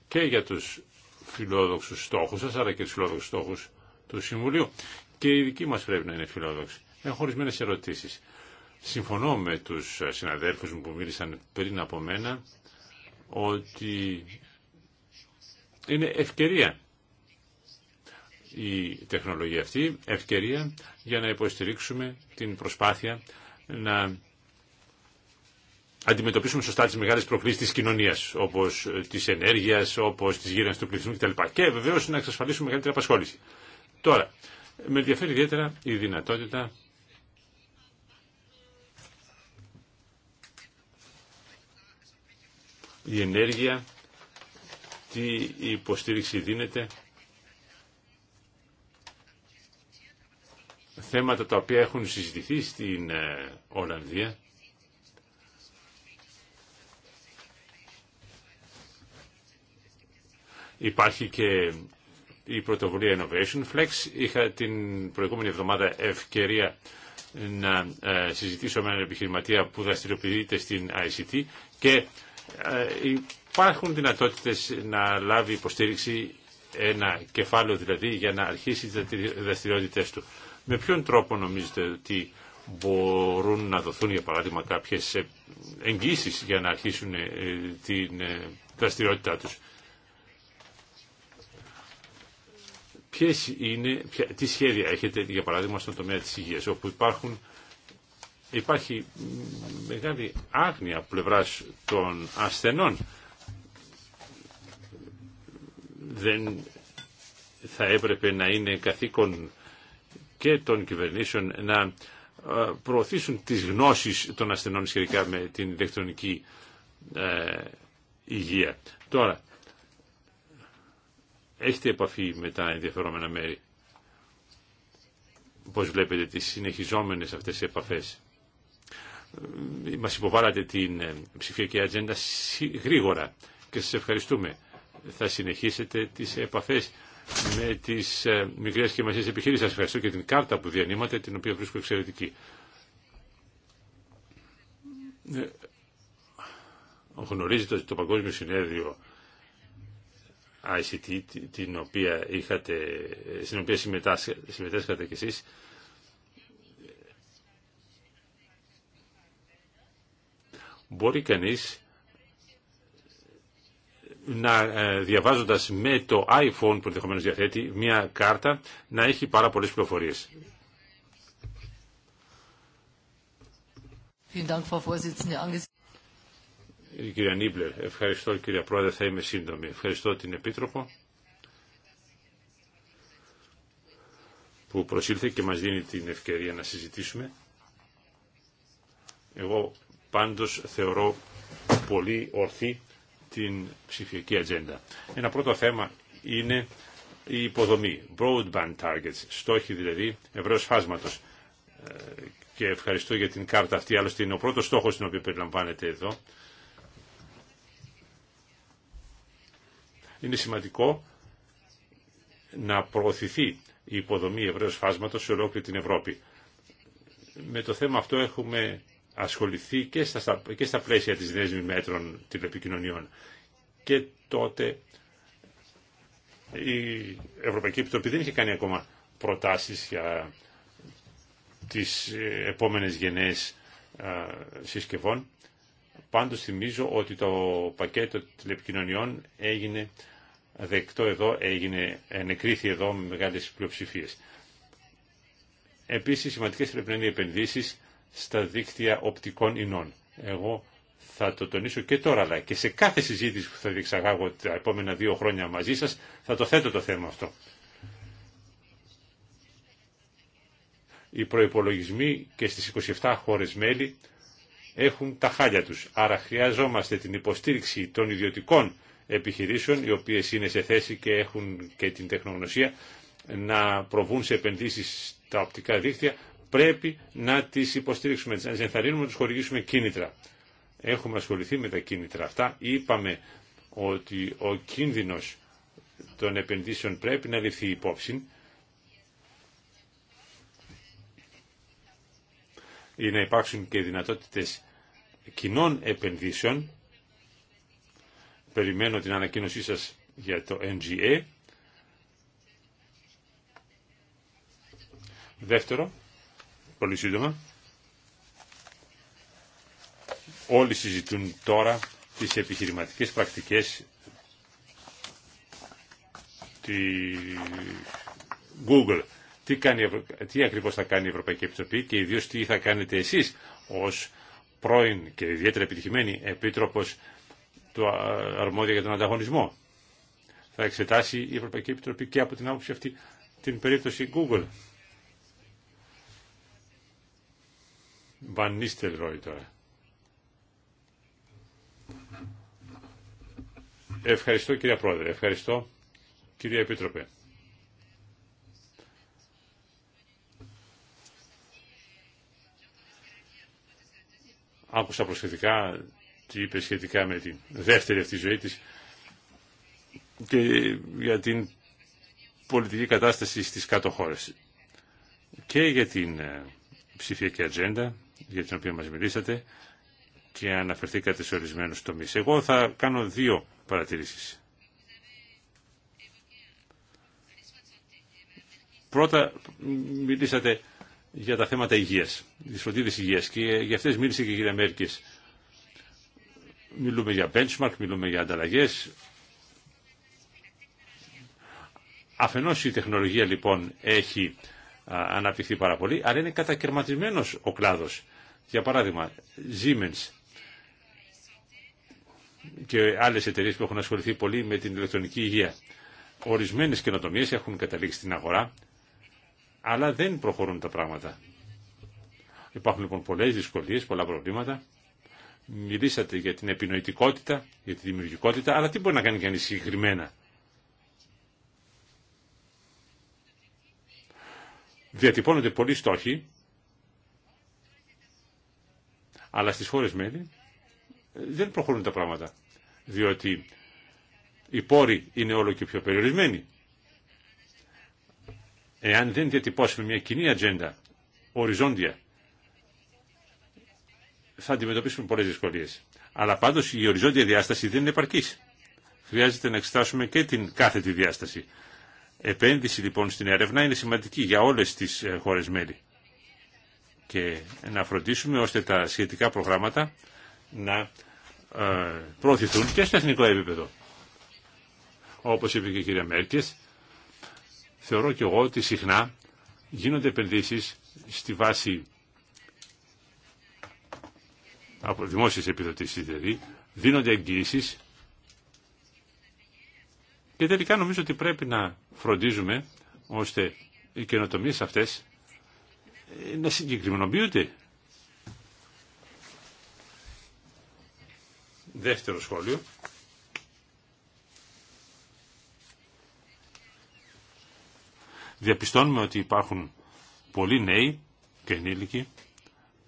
και για τους φιλόδοξους στόχους σας αλλά και τους φιλόδοξους στόχους του Συμβουλίου και οι δικοί μας πρέπει να είναι φιλόδοξοι. Έχω ορισμένε ερωτήσεις. Συμφωνώ με τους συναδέλφους μου που μίλησαν πριν από μένα ότι είναι ευκαιρία η τεχνολογία αυτή, ευκαιρία για να υποστηρίξουμε την προσπάθεια να αντιμετωπίσουμε σωστά τις μεγάλες προκλήσεις της κοινωνίας, όπως της ενέργειας, όπως της γύρανσης του πληθυσμού κτλ. Και βεβαίως να εξασφαλίσουμε μεγαλύτερη απασχόληση. Τώρα, με ενδιαφέρει ιδιαίτερα η δυνατότητα η ενέργεια, τι υποστήριξη δίνεται, θέματα τα οποία έχουν συζητηθεί στην ε, Ολλανδία. Υπάρχει και η πρωτοβουλία Innovation Flex. Είχα την προηγούμενη εβδομάδα ευκαιρία να ε, συζητήσω με έναν επιχειρηματία που δραστηριοποιείται στην ICT και ε, υπάρχουν δυνατότητες να λάβει υποστήριξη ένα κεφάλαιο δηλαδή για να αρχίσει τις δραστηριότητε του. Με ποιον τρόπο νομίζετε ότι μπορούν να δοθούν για παράδειγμα κάποιες ε, εγγύσεις για να αρχίσουν ε, την δραστηριότητά τους. Ποιες είναι, τι σχέδια έχετε για παράδειγμα στον τομέα της υγείας όπου υπάρχουν Υπάρχει μεγάλη άγνοια πλευράς των ασθενών. Δεν θα έπρεπε να είναι καθήκον και των κυβερνήσεων να ε, προωθήσουν τις γνώσεις των ασθενών σχετικά με την ηλεκτρονική ε, υγεία. Τώρα, έχετε επαφή με τα ενδιαφερόμενα μέρη. Πώς βλέπετε τις συνεχιζόμενες αυτές οι επαφές. Ε, μας υποβάλλατε την ε, ψηφιακή ατζέντα γρήγορα και σας ευχαριστούμε. Θα συνεχίσετε τις επαφές με τις ε, μικρές και μαζίες επιχειρήσεις. Σας ευχαριστώ και την κάρτα που διανύματε, την οποία βρίσκω εξαιρετική. Γνωρίζετε ότι το Παγκόσμιο Συνέδριο ICT, την οποία είχατε, στην οποία συμμετάσχατε κι εσείς, μπορεί κανείς να ε, διαβάζοντας με το iPhone που ενδεχομένω διαθέτει μια κάρτα να έχει πάρα πολλές πληροφορίες. Ε, κυρία Νίμπλερ, ευχαριστώ κυρία Πρόεδρε, θα είμαι σύντομη. Ευχαριστώ την Επίτροπο που προσήλθε και μας δίνει την ευκαιρία να συζητήσουμε. Εγώ Πάντως θεωρώ πολύ ορθή την ψηφιακή ατζέντα. Ένα πρώτο θέμα είναι η υποδομή, broadband targets, στόχοι δηλαδή ευρέως φάσματος. Ε, και ευχαριστώ για την κάρτα αυτή, άλλωστε είναι ο πρώτος στόχος την οποία περιλαμβάνεται εδώ. Είναι σημαντικό να προωθηθεί η υποδομή ευρέως φάσματος σε ολόκληρη την Ευρώπη. Με το θέμα αυτό έχουμε ασχοληθεί και στα, και στα πλαίσια της δέσμη μέτρων τηλεπικοινωνιών. Και τότε η Ευρωπαϊκή Επιτροπή δεν είχε κάνει ακόμα προτάσεις για τις επόμενες γενναίες συσκευών. Πάντως θυμίζω ότι το πακέτο τηλεπικοινωνιών έγινε δεκτό εδώ, έγινε, ενεκρίθη εδώ με μεγάλες πλειοψηφίες. Επίσης, σημαντικές πρέπει να είναι οι επενδύσεις στα δίκτυα οπτικών ινών. Εγώ θα το τονίσω και τώρα, αλλά και σε κάθε συζήτηση που θα διεξαγάγω τα επόμενα δύο χρόνια μαζί σας, θα το θέτω το θέμα αυτό. Οι προϋπολογισμοί και στις 27 χώρες μέλη έχουν τα χάλια τους. Άρα χρειαζόμαστε την υποστήριξη των ιδιωτικών επιχειρήσεων, οι οποίες είναι σε θέση και έχουν και την τεχνογνωσία, να προβούν σε επενδύσεις στα οπτικά δίκτυα πρέπει να τις υποστηρίξουμε, να τις ενθαρρύνουμε, να τους χορηγήσουμε κίνητρα. Έχουμε ασχοληθεί με τα κίνητρα αυτά. Είπαμε ότι ο κίνδυνος των επενδύσεων πρέπει να ληφθεί υπόψη. ή να υπάρξουν και δυνατότητες κοινών επενδύσεων. Περιμένω την ανακοίνωσή σας για το NGA. Δεύτερο, πολύ σύντομα. Όλοι συζητούν τώρα τις επιχειρηματικές πρακτικές τη Google. Τι, κάνει, τι ακριβώς θα κάνει η Ευρωπαϊκή Επιτροπή και ιδίως τι θα κάνετε εσείς ως πρώην και ιδιαίτερα επιτυχημένη Επίτροπος του Αρμόδια για τον Ανταγωνισμό. Θα εξετάσει η Ευρωπαϊκή Επιτροπή και από την άποψη αυτή την περίπτωση Google. Ευχαριστώ κυρία Πρόεδρε, ευχαριστώ κυρία Επίτροπε. Άκουσα προσεκτικά τι είπε σχετικά με τη δεύτερη αυτή ζωή της και για την πολιτική κατάσταση στις κάτω χώρες και για την ε, ψηφιακή ατζέντα για την οποία μας μιλήσατε και αναφερθήκατε σε ορισμένους τομείς. Εγώ θα κάνω δύο παρατηρήσεις. Πρώτα μιλήσατε για τα θέματα υγείας, τις φροντίδες υγείας και για αυτές μίλησε και η κυρία Μέρκης. Μιλούμε για benchmark, μιλούμε για ανταλλαγές. Αφενός η τεχνολογία λοιπόν έχει αναπτυχθεί πάρα πολύ, αλλά είναι κατακαιρματισμένος ο κλάδος. Για παράδειγμα, Siemens και άλλε εταιρείε που έχουν ασχοληθεί πολύ με την ηλεκτρονική υγεία. Ορισμένες καινοτομίες έχουν καταλήξει στην αγορά, αλλά δεν προχωρούν τα πράγματα. Υπάρχουν λοιπόν πολλές δυσκολίε, πολλά προβλήματα. Μιλήσατε για την επινοητικότητα, για τη δημιουργικότητα, αλλά τι μπορεί να κάνει κανεί συγκεκριμένα. Διατυπώνονται πολλοί στόχοι, αλλά στις χώρες μέλη ε, δεν προχωρούν τα πράγματα, διότι οι πόροι είναι όλο και πιο περιορισμένοι. Εάν δεν διατυπώσουμε μια κοινή ατζέντα, οριζόντια, θα αντιμετωπίσουμε πολλές δυσκολίες. Αλλά πάντως η οριζόντια διάσταση δεν είναι επαρκής. Χρειάζεται να εξετάσουμε και την κάθετη διάσταση. Επένδυση λοιπόν στην έρευνα είναι σημαντική για όλες τις ε, χώρες μέλη και να φροντίσουμε ώστε τα σχετικά προγράμματα να ε, προωθηθούν και στο εθνικό επίπεδο. Όπως είπε και η κυρία Μέρκες, θεωρώ και εγώ ότι συχνά γίνονται επενδύσει στη βάση από δημόσιες επιδοτήσεις δηλαδή, δίνονται εγγύησεις και τελικά νομίζω ότι πρέπει να φροντίζουμε ώστε οι καινοτομίε αυτές ε, να συγκεκριμενοποιούνται. Δεύτερο σχόλιο. Διαπιστώνουμε ότι υπάρχουν πολλοί νέοι και ενήλικοι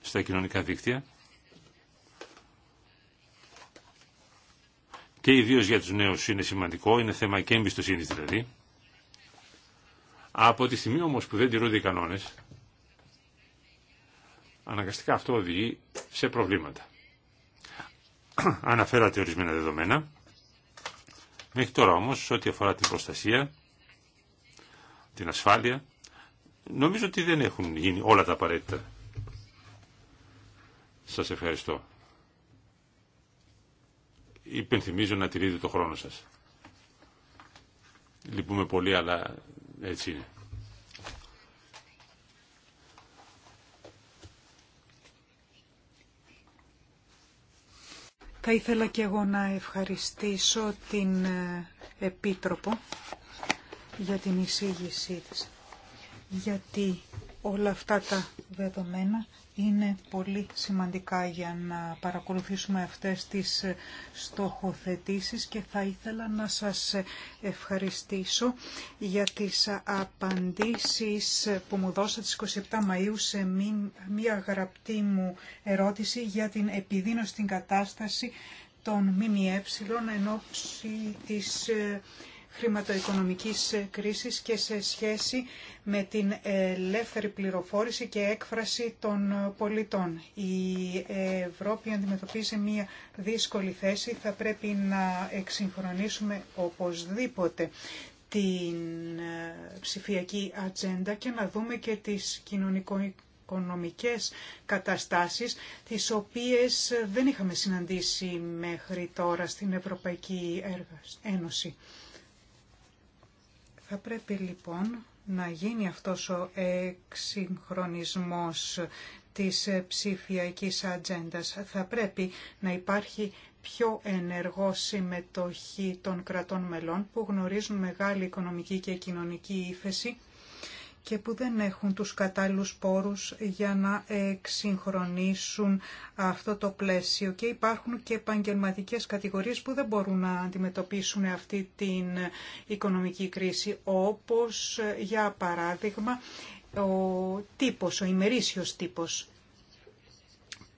στα κοινωνικά δίκτυα και ιδίω για τους νέους είναι σημαντικό, είναι θέμα και εμπιστοσύνη δηλαδή. Από τη στιγμή όμως που δεν τηρούνται οι κανόνες, αναγκαστικά αυτό οδηγεί σε προβλήματα. Αναφέρατε ορισμένα δεδομένα. Μέχρι τώρα όμως, ό,τι αφορά την προστασία, την ασφάλεια, νομίζω ότι δεν έχουν γίνει όλα τα απαραίτητα. Σας ευχαριστώ. Υπενθυμίζω να τηρείτε το χρόνο σας. Λυπούμε πολύ, αλλά έτσι είναι. Θα ήθελα και εγώ να ευχαριστήσω την ε, Επίτροπο για την εισήγησή της, γιατί όλα αυτά τα δεδομένα είναι πολύ σημαντικά για να παρακολουθήσουμε αυτές τις στοχοθετήσεις και θα ήθελα να σας ευχαριστήσω για τις απαντήσεις που μου δώσατε στις 27 Μαΐου σε μία γραπτή μου ερώτηση για την επιδείνωση στην κατάσταση των ΜΜΕ εν ώψη της ε, χρηματοοικονομικής ε, κρίσης και σε σχέση με την ελεύθερη πληροφόρηση και έκφραση των ε, πολιτών. Η Ευρώπη αντιμετωπίζει μια δύσκολη θέση. Θα πρέπει να εξυγχρονίσουμε οπωσδήποτε την ε, ψηφιακή ατζέντα και να δούμε και τις κοινωνικο καταστάσεις τις οποίες δεν είχαμε συναντήσει μέχρι τώρα στην Ευρωπαϊκή Ένωση. Θα πρέπει λοιπόν να γίνει αυτός ο εξυγχρονισμός της ψηφιακής ατζέντα. Θα πρέπει να υπάρχει πιο ενεργό συμμετοχή των κρατών μελών που γνωρίζουν μεγάλη οικονομική και κοινωνική ύφεση και που δεν έχουν τους κατάλληλους πόρους για να εξυγχρονίσουν αυτό το πλαίσιο. Και υπάρχουν και επαγγελματικές κατηγορίες που δεν μπορούν να αντιμετωπίσουν αυτή την οικονομική κρίση, όπως για παράδειγμα ο τύπος, ο ημερήσιος τύπος.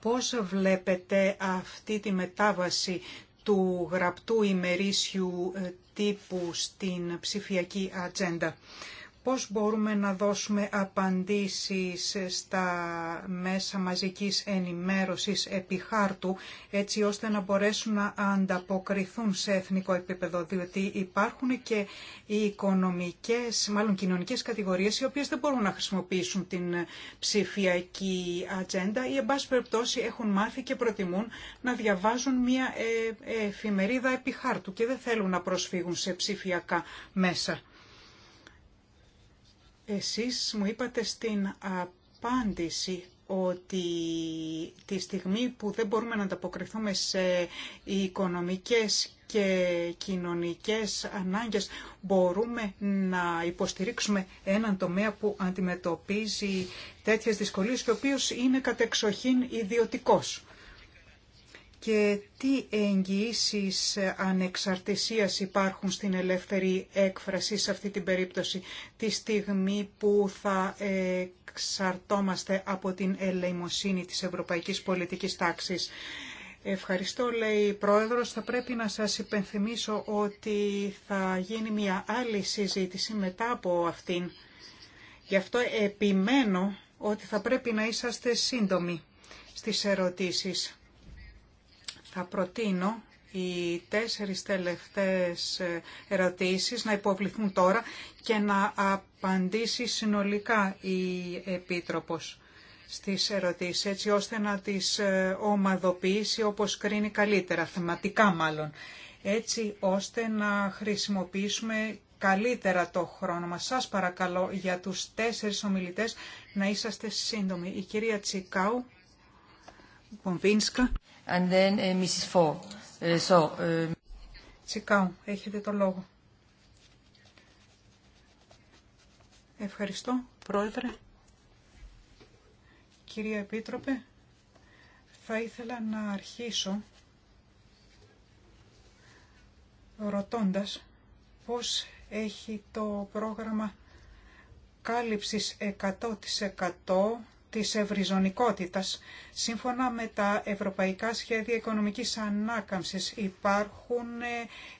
Πώς βλέπετε αυτή τη μετάβαση του γραπτού ημερήσιου τύπου στην ψηφιακή ατζέντα πώς μπορούμε να δώσουμε απαντήσεις στα μέσα μαζικής ενημέρωσης επί χάρτου, έτσι ώστε να μπορέσουν να ανταποκριθούν σε εθνικό επίπεδο, διότι υπάρχουν και οι οικονομικές, μάλλον κοινωνικές κατηγορίες, οι οποίες δεν μπορούν να χρησιμοποιήσουν την ψηφιακή ατζέντα ή, εν πάση περιπτώσει, έχουν μάθει και προτιμούν να διαβάζουν μια ε, εφημερίδα επί χάρτου και δεν θέλουν να προσφύγουν σε ψηφιακά μέσα. Εσείς μου είπατε στην απάντηση ότι τη στιγμή που δεν μπορούμε να ανταποκριθούμε σε οικονομικές και κοινωνικές ανάγκες μπορούμε να υποστηρίξουμε έναν τομέα που αντιμετωπίζει τέτοιες δυσκολίες και ο οποίος είναι κατεξοχήν ιδιωτικός και τι εγγυήσει ανεξαρτησίας υπάρχουν στην ελεύθερη έκφραση σε αυτή την περίπτωση τη στιγμή που θα εξαρτώμαστε από την ελεημοσύνη της ευρωπαϊκής πολιτικής τάξης. Ευχαριστώ, λέει η Πρόεδρος. Θα πρέπει να σας υπενθυμίσω ότι θα γίνει μια άλλη συζήτηση μετά από αυτήν. Γι' αυτό επιμένω ότι θα πρέπει να είσαστε σύντομοι στις ερωτήσεις. Θα προτείνω οι τέσσερις τελευταίες ερωτήσεις να υποβληθούν τώρα και να απαντήσει συνολικά η Επίτροπος στις ερωτήσεις, έτσι ώστε να τις ε, ομαδοποιήσει όπως κρίνει καλύτερα, θεματικά μάλλον, έτσι ώστε να χρησιμοποιήσουμε καλύτερα το χρόνο μας. Σας παρακαλώ για τους τέσσερις ομιλητές να είσαστε σύντομοι. Η κυρία Τσικάου, and uh, uh, um, Τσικάου, έχετε το λόγο. Ευχαριστώ, Πρόεδρε. Κυρία Επίτροπε, θα ήθελα να αρχίσω ρωτώντας πώς έχει το πρόγραμμα κάλυψης 100% της ευρυζωνικότητας. Σύμφωνα με τα ευρωπαϊκά σχέδια οικονομικής ανάκαμψης υπάρχουν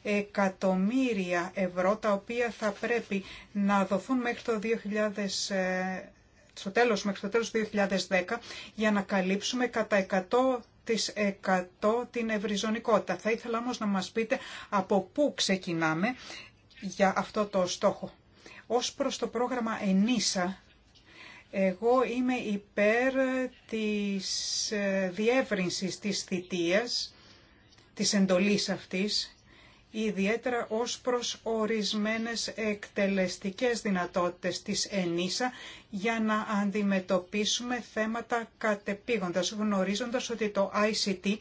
εκατομμύρια ευρώ τα οποία θα πρέπει να δοθούν μέχρι το 2000, στο τέλος, μέχρι το του 2010 για να καλύψουμε κατά 100 της 100 την ευρυζωνικότητα. Θα ήθελα όμως να μας πείτε από πού ξεκινάμε για αυτό το στόχο. Ως προς το πρόγραμμα ΕΝΙΣΑ εγώ είμαι υπέρ της ε, διεύρυνσης της θητείας, της εντολής αυτής, ιδιαίτερα ως προς ορισμένες εκτελεστικές δυνατότητες της ΕΝΙΣΑ για να αντιμετωπίσουμε θέματα κατεπήγοντας, γνωρίζοντας ότι το ICT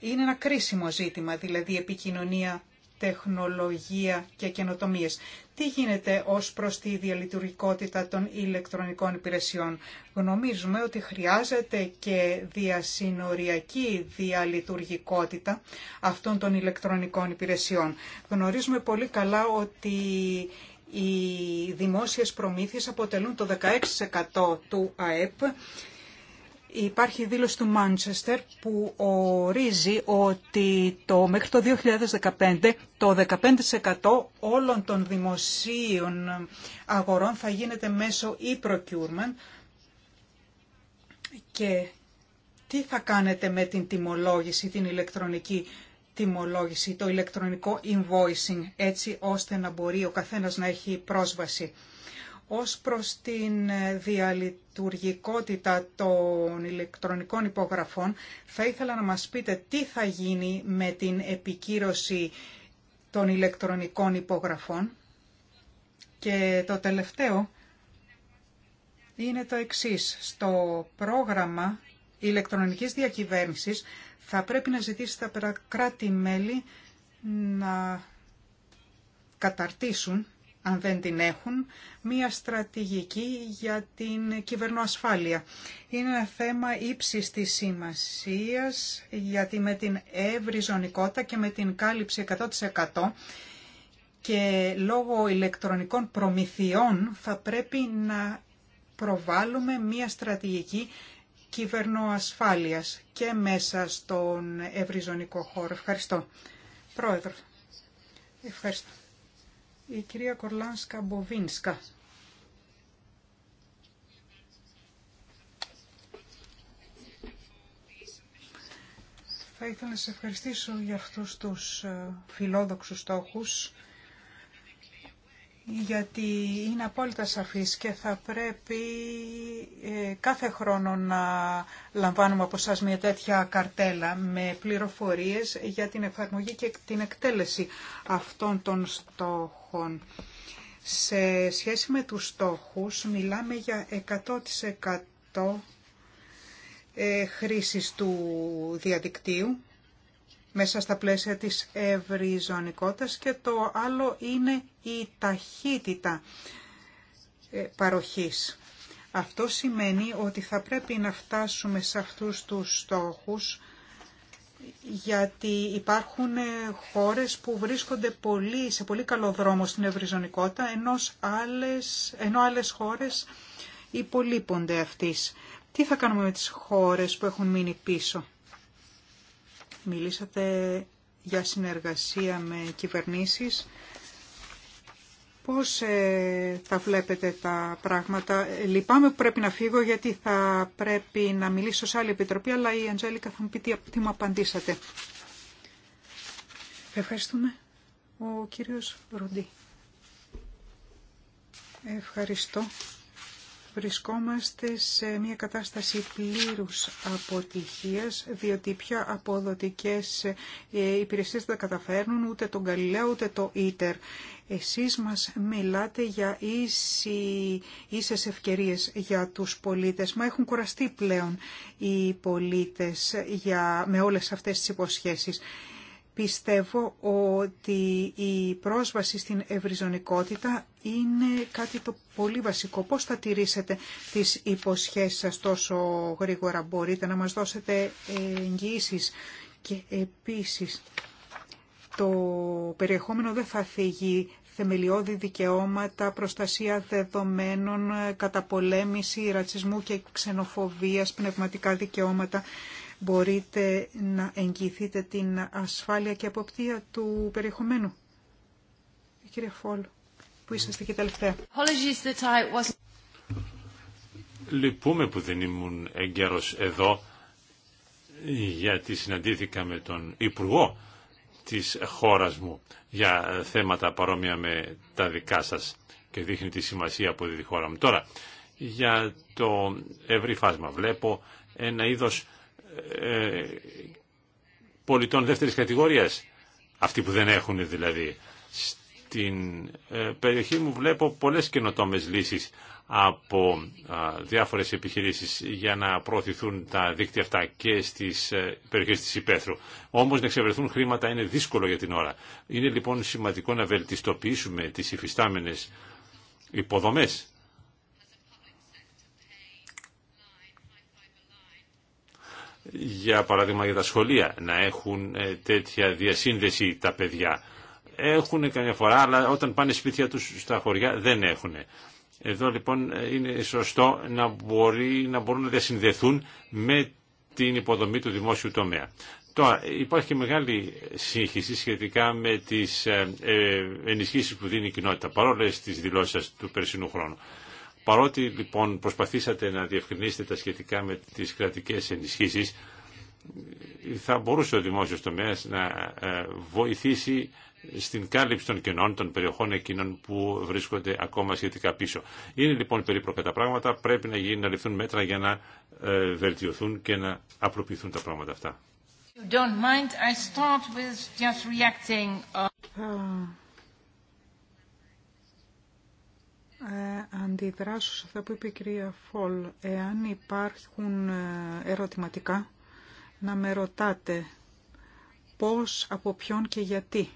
είναι ένα κρίσιμο ζήτημα, δηλαδή επικοινωνία, τεχνολογία και καινοτομίες. Τι γίνεται ως προς τη διαλειτουργικότητα των ηλεκτρονικών υπηρεσιών. Γνωρίζουμε ότι χρειάζεται και διασυνοριακή διαλειτουργικότητα αυτών των ηλεκτρονικών υπηρεσιών. Γνωρίζουμε πολύ καλά ότι οι δημόσιες προμήθειες αποτελούν το 16% του ΑΕΠ Υπάρχει δήλωση του Μάντσεστερ που ορίζει ότι το, μέχρι το 2015 το 15% όλων των δημοσίων αγορών θα γίνεται μέσω e-procurement και τι θα κάνετε με την τιμολόγηση, την ηλεκτρονική τιμολόγηση, το ηλεκτρονικό invoicing έτσι ώστε να μπορεί ο καθένας να έχει πρόσβαση ως προς την ε, διαλειτουργικότητα των ηλεκτρονικών υπογραφών, θα ήθελα να μας πείτε τι θα γίνει με την επικύρωση των ηλεκτρονικών υπογραφών. Και το τελευταίο είναι το εξής. Στο πρόγραμμα ηλεκτρονικής διακυβέρνησης θα πρέπει να ζητήσει τα κράτη-μέλη να καταρτήσουν αν δεν την έχουν, μία στρατηγική για την κυβερνοασφάλεια. Είναι ένα θέμα ύψης της σημασίας, γιατί με την ευρυζωνικότητα και με την κάλυψη 100% και λόγω ηλεκτρονικών προμηθειών θα πρέπει να προβάλλουμε μία στρατηγική κυβερνοασφάλειας και μέσα στον ευρυζωνικό χώρο. Ευχαριστώ. Πρόεδρο, ευχαριστώ η κυρία Κορλάνσκα Μποβίνσκα. Θα ήθελα να σας ευχαριστήσω για αυτούς τους ε, φιλόδοξους στόχους γιατί είναι απόλυτα σαφής και θα πρέπει ε, κάθε χρόνο να λαμβάνουμε από σας μια τέτοια καρτέλα με πληροφορίες για την εφαρμογή και την εκτέλεση αυτών των στόχων. Σε σχέση με τους στόχους μιλάμε για 100% ε, χρήσης του διαδικτύου μέσα στα πλαίσια της ευρυζωνικότητας και το άλλο είναι η ταχύτητα ε, παροχής. Αυτό σημαίνει ότι θα πρέπει να φτάσουμε σε αυτούς τους στόχους γιατί υπάρχουν ε, χώρες που βρίσκονται πολύ, σε πολύ καλό δρόμο στην ευρυζωνικότητα ενώ άλλες, ενώ άλλες χώρες υπολείπονται αυτής. Τι θα κάνουμε με τις χώρες που έχουν μείνει πίσω. Μιλήσατε για συνεργασία με κυβερνήσεις. Πώς θα ε, τα βλέπετε τα πράγματα. Ε, λυπάμαι που πρέπει να φύγω γιατί θα πρέπει να μιλήσω σε άλλη επιτροπή, αλλά η Αντζέλικα θα μου πει τι, τι μου απαντήσατε. Ευχαριστούμε. Ο κύριος Ροντή. Ευχαριστώ βρισκόμαστε σε μια κατάσταση πλήρους αποτυχίας, διότι πια αποδοτικές ε, υπηρεσίες δεν τα καταφέρνουν ούτε τον καλλιλέο ούτε το ΊΤΕΡ. Εσείς μας μιλάτε για ίσες ευκαιρίες για τους πολίτες, μα έχουν κουραστεί πλέον οι πολίτες για, με όλες αυτές τις υποσχέσεις. Πιστεύω ότι η πρόσβαση στην ευρυζωνικότητα είναι κάτι το πολύ βασικό. Πώς θα τηρήσετε τις υποσχέσεις σας τόσο γρήγορα μπορείτε να μας δώσετε εγγυήσεις και επίσης το περιεχόμενο δεν θα φύγει θεμελιώδη δικαιώματα, προστασία δεδομένων, καταπολέμηση ρατσισμού και ξενοφοβίας, πνευματικά δικαιώματα Μπορείτε να εγγυηθείτε την ασφάλεια και αποπτία του περιεχομένου. Κύριε Φόλ, που είσαστε και τελευταία. Λυπούμε που δεν ήμουν εγκαίρος εδώ γιατί συναντήθηκα με τον Υπουργό της χώρας μου για θέματα παρόμοια με τα δικά σας και δείχνει τη σημασία που δίνει η χώρα μου. Τώρα, για το ευρύ φάσμα βλέπω ένα είδος ε, πολιτών δεύτερης κατηγορίας, αυτοί που δεν έχουν δηλαδή. Στην ε, περιοχή μου βλέπω πολλές καινοτόμες λύσεις από διάφορες επιχειρήσεις για να προωθηθούν τα δίκτυα αυτά και στις ε, περιοχές της Υπέθρου. Όμως να εξευρεθούν χρήματα είναι δύσκολο για την ώρα. Είναι λοιπόν σημαντικό να βελτιστοποιήσουμε τις υφιστάμενες υποδομές για παράδειγμα για τα σχολεία να έχουν ε, τέτοια διασύνδεση τα παιδιά. Έχουν καμιά φορά, αλλά όταν πάνε σπίτια τους στα χωριά δεν έχουν. Εδώ λοιπόν ε, είναι σωστό να, μπορεί, να μπορούν να διασυνδεθούν με την υποδομή του δημόσιου τομέα. Τώρα, υπάρχει και μεγάλη σύγχυση σχετικά με τις ε, ενισχύσεις που δίνει η κοινότητα, παρόλες τις δηλώσεις του περσινού χρόνου. Παρότι λοιπόν προσπαθήσατε να διευκρινίσετε τα σχετικά με τις κρατικές ενισχύσεις, θα μπορούσε ο δημόσιος τομέας να ε, βοηθήσει στην κάλυψη των κενών, των περιοχών εκείνων που βρίσκονται ακόμα σχετικά πίσω. Είναι λοιπόν περίπλοκα τα πράγματα, πρέπει να, γίνουν, να ληφθούν μέτρα για να ε, βελτιωθούν και να απλοποιηθούν τα πράγματα αυτά. Ε, αντιδράσω σε αυτά που είπε η κυρία Φολ. Εάν υπάρχουν ε, ερωτηματικά, να με ρωτάτε πώς, από ποιον και γιατί.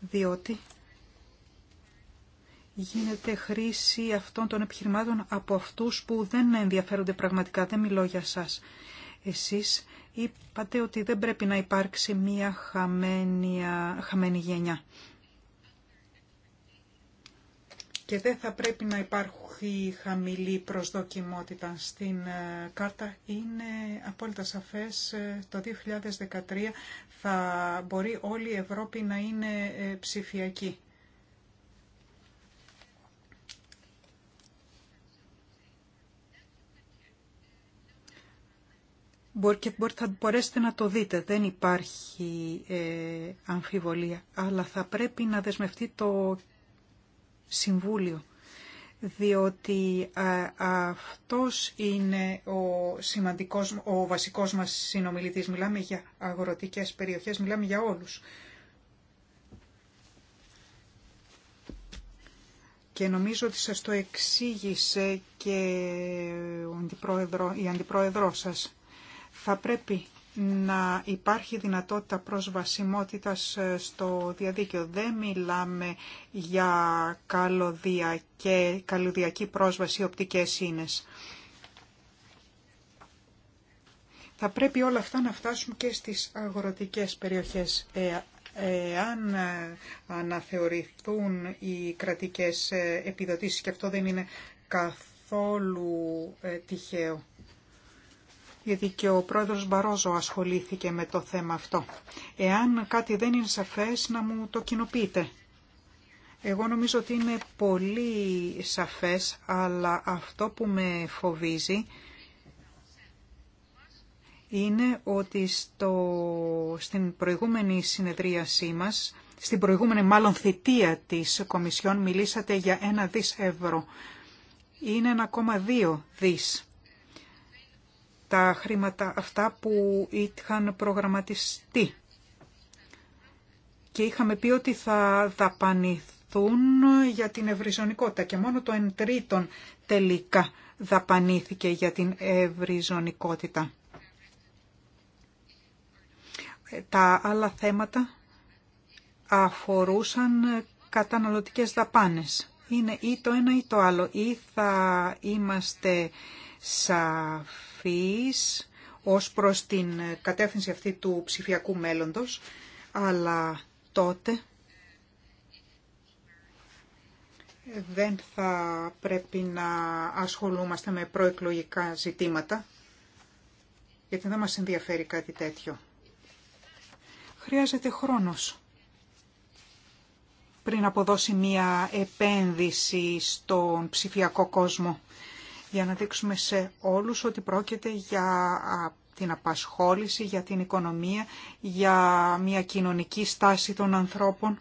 Διότι γίνεται χρήση αυτών των επιχειρημάτων από αυτούς που δεν ενδιαφέρονται πραγματικά, δεν μιλώ για σας. Εσείς είπατε ότι δεν πρέπει να υπάρξει μία χαμένη, χαμένη γενιά και δεν θα πρέπει να υπάρχει χαμηλή προσδοκιμότητα στην ε, κάρτα. Είναι απόλυτα σαφές, ε, το 2013 θα μπορεί όλη η Ευρώπη να είναι ε, ψηφιακή. και θα μπορέσετε να το δείτε, δεν υπάρχει ε, αμφιβολία, αλλά θα πρέπει να δεσμευτεί το Συμβούλιο διότι αυτός είναι ο, σημαντικός, ο βασικός μας συνομιλητής. Μιλάμε για αγροτικές περιοχές, μιλάμε για όλους. Και νομίζω ότι σας το εξήγησε και ο αντιπρόεδρο, η αντιπρόεδρό σας. Θα πρέπει να υπάρχει δυνατότητα προσβασιμότητας ε, στο διαδίκτυο. Δεν μιλάμε για καλωδιακή, πρόσβαση οπτικές ίνες. Θα πρέπει όλα αυτά να φτάσουν και στις αγροτικές περιοχές. Ε, εάν ε, αναθεωρηθούν οι κρατικές επιδοτήσεις και αυτό δεν είναι καθόλου τυχαίο γιατί και ο πρόεδρος Μπαρόζο ασχολήθηκε με το θέμα αυτό. Εάν κάτι δεν είναι σαφές να μου το κοινοποιείτε. Εγώ νομίζω ότι είναι πολύ σαφές, αλλά αυτό που με φοβίζει είναι ότι στο, στην προηγούμενη συνεδρίασή μας, στην προηγούμενη μάλλον θητεία της Κομισιόν, μιλήσατε για ένα δις ευρώ. Είναι δύο δις τα χρήματα αυτά που είχαν προγραμματιστεί. Και είχαμε πει ότι θα δαπανηθούν για την ευρυζωνικότητα και μόνο το εν τρίτον τελικά δαπανήθηκε για την ευρυζωνικότητα. Τα άλλα θέματα αφορούσαν καταναλωτικές δαπάνες. Είναι ή το ένα ή το άλλο. Ή θα είμαστε σαφείς Ω ως προς την κατεύθυνση αυτή του ψηφιακού μέλλοντος, αλλά τότε δεν θα πρέπει να ασχολούμαστε με προεκλογικά ζητήματα, γιατί δεν μας ενδιαφέρει κάτι τέτοιο. Χρειάζεται χρόνος πριν αποδώσει μία επένδυση στον ψηφιακό κόσμο για να δείξουμε σε όλους ότι πρόκειται για την απασχόληση, για την οικονομία, για μια κοινωνική στάση των ανθρώπων.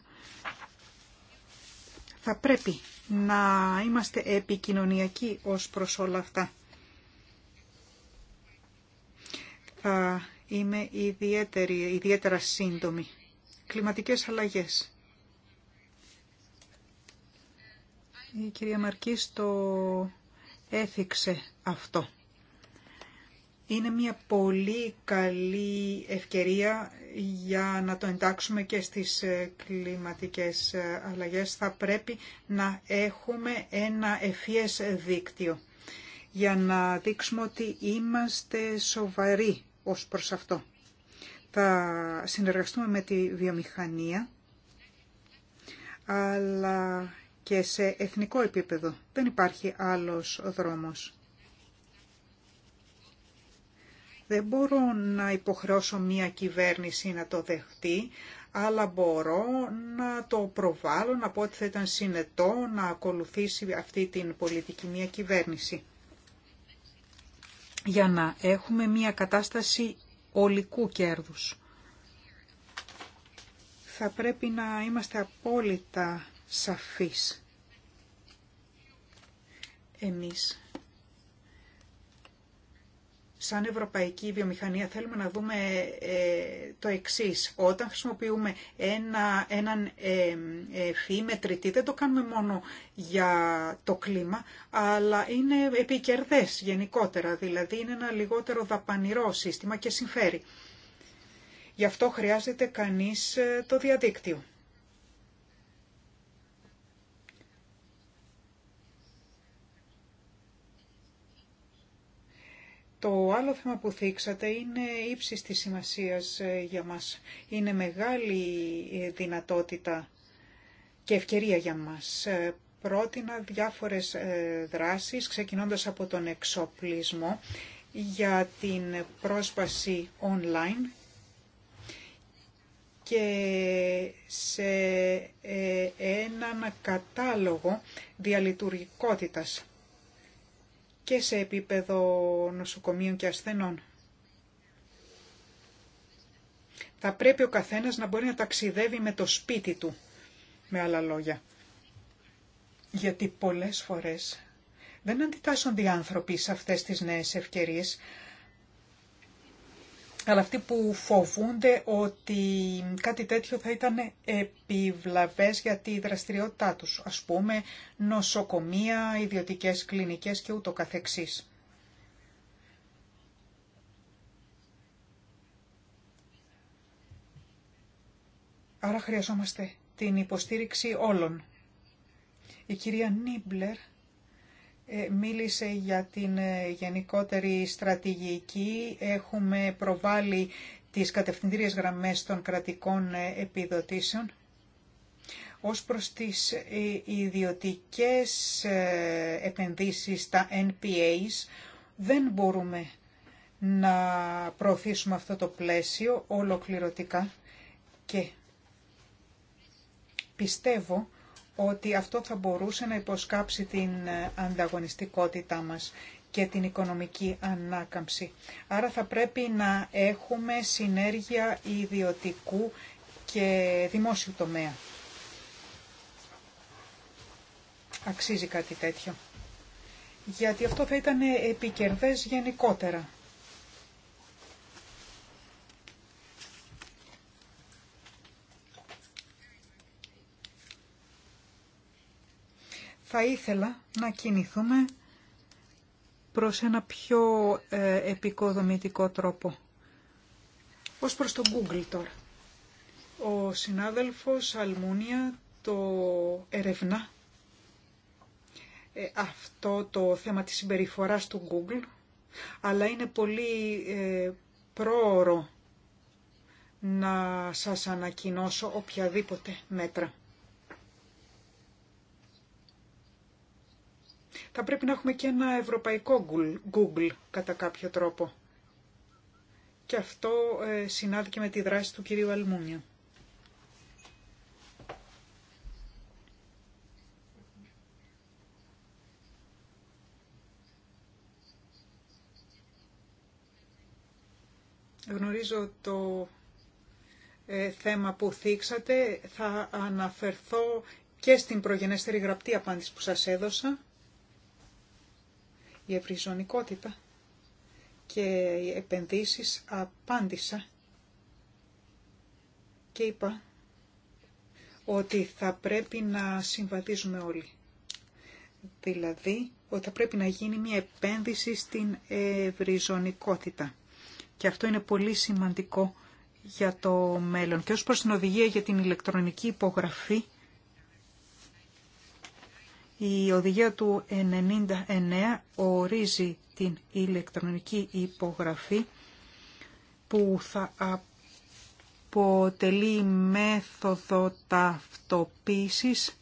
Θα πρέπει να είμαστε επικοινωνιακοί ως προς όλα αυτά. Θα είμαι ιδιαίτερη, ιδιαίτερα σύντομη. Κλιματικές αλλαγές. Η κυρία Μαρκής το έθιξε αυτό. Είναι μια πολύ καλή ευκαιρία για να το εντάξουμε και στις ε, κλιματικές ε, αλλαγές. Θα πρέπει να έχουμε ένα ευφυές δίκτυο για να δείξουμε ότι είμαστε σοβαροί ως προς αυτό. Θα συνεργαστούμε με τη βιομηχανία, αλλά και σε εθνικό επίπεδο. Δεν υπάρχει άλλος δρόμος. Δεν μπορώ να υποχρεώσω μία κυβέρνηση να το δεχτεί, αλλά μπορώ να το προβάλλω, να πω ότι θα ήταν συνετό να ακολουθήσει αυτή την πολιτική μία κυβέρνηση. Για να έχουμε μία κατάσταση ολικού κέρδους. Θα πρέπει να είμαστε απόλυτα σαφής. Εμείς, σαν ευρωπαϊκή βιομηχανία, θέλουμε να δούμε ε, το εξής. Όταν χρησιμοποιούμε ένα, έναν ε, ε μετρητή, δεν το κάνουμε μόνο για το κλίμα, αλλά είναι επικερδές γενικότερα, δηλαδή είναι ένα λιγότερο δαπανηρό σύστημα και συμφέρει. Γι' αυτό χρειάζεται κανείς ε, το διαδίκτυο. Το άλλο θέμα που θίξατε είναι ύψης της σημασίας ε, για μας. Είναι μεγάλη ε, δυνατότητα και ευκαιρία για μας. Ε, πρότεινα διάφορες δράσεις, ξεκινώντας από τον εξοπλισμό για την πρόσβαση online και σε έναν κατάλογο διαλειτουργικότητας και σε επίπεδο νοσοκομείων και ασθενών. Θα πρέπει ο καθένας να μπορεί να ταξιδεύει με το σπίτι του, με άλλα λόγια. Γιατί πολλές φορές δεν αντιτάσσονται οι άνθρωποι σε αυτές τις νέες ευκαιρίες, αλλά αυτοί που φοβούνται ότι κάτι τέτοιο θα ήταν επιβλαβές για τη δραστηριότητά τους, ας πούμε νοσοκομεία, ιδιωτικές κλινικές και ούτω καθεξής. Άρα χρειαζόμαστε την υποστήριξη όλων. Η κυρία Νίμπλερ ε, μίλησε για την ε, γενικότερη στρατηγική. Έχουμε προβάλει τις κατευθυντήριες γραμμές των κρατικών ε, επιδοτήσεων ως προς τις ιδιωτικές επενδύσεις, τα NPAs, δεν μπορούμε να προωθήσουμε αυτό το πλαίσιο ολοκληρωτικά και πιστεύω ότι αυτό θα μπορούσε να υποσκάψει την ανταγωνιστικότητά μας και την οικονομική ανάκαμψη. Άρα θα πρέπει να έχουμε συνέργεια ιδιωτικού και δημόσιου τομέα. Αξίζει κάτι τέτοιο. Γιατί αυτό θα ήταν επικερδές γενικότερα. θα ήθελα να κινηθούμε προς ένα πιο ε, επικοδομητικό τρόπο. Ως προς το Google τώρα. Ο συνάδελφος Αλμούνια το ερευνά ε, αυτό το θέμα της συμπεριφοράς του Google, αλλά είναι πολύ ε, πρόωρο να σας ανακοινώσω οποιαδήποτε μέτρα. θα πρέπει να έχουμε και ένα ευρωπαϊκό Google κατά κάποιο τρόπο. Και αυτό ε, συνάδει με τη δράση του κυρίου Αλμούνια. Γνωρίζω το ε, θέμα που θίξατε. Θα αναφερθώ και στην προγενέστερη γραπτή απάντηση που σας έδωσα η ευρυζωνικότητα και οι επενδύσεις απάντησα και είπα ότι θα πρέπει να συμβαδίζουμε όλοι. Δηλαδή ότι θα πρέπει να γίνει μια επένδυση στην ευρυζωνικότητα. Και αυτό είναι πολύ σημαντικό για το μέλλον. Και ως προς την οδηγία για την ηλεκτρονική υπογραφή, η οδηγία του 99 ορίζει την ηλεκτρονική υπογραφή που θα αποτελεί μέθοδο ταυτοποίησης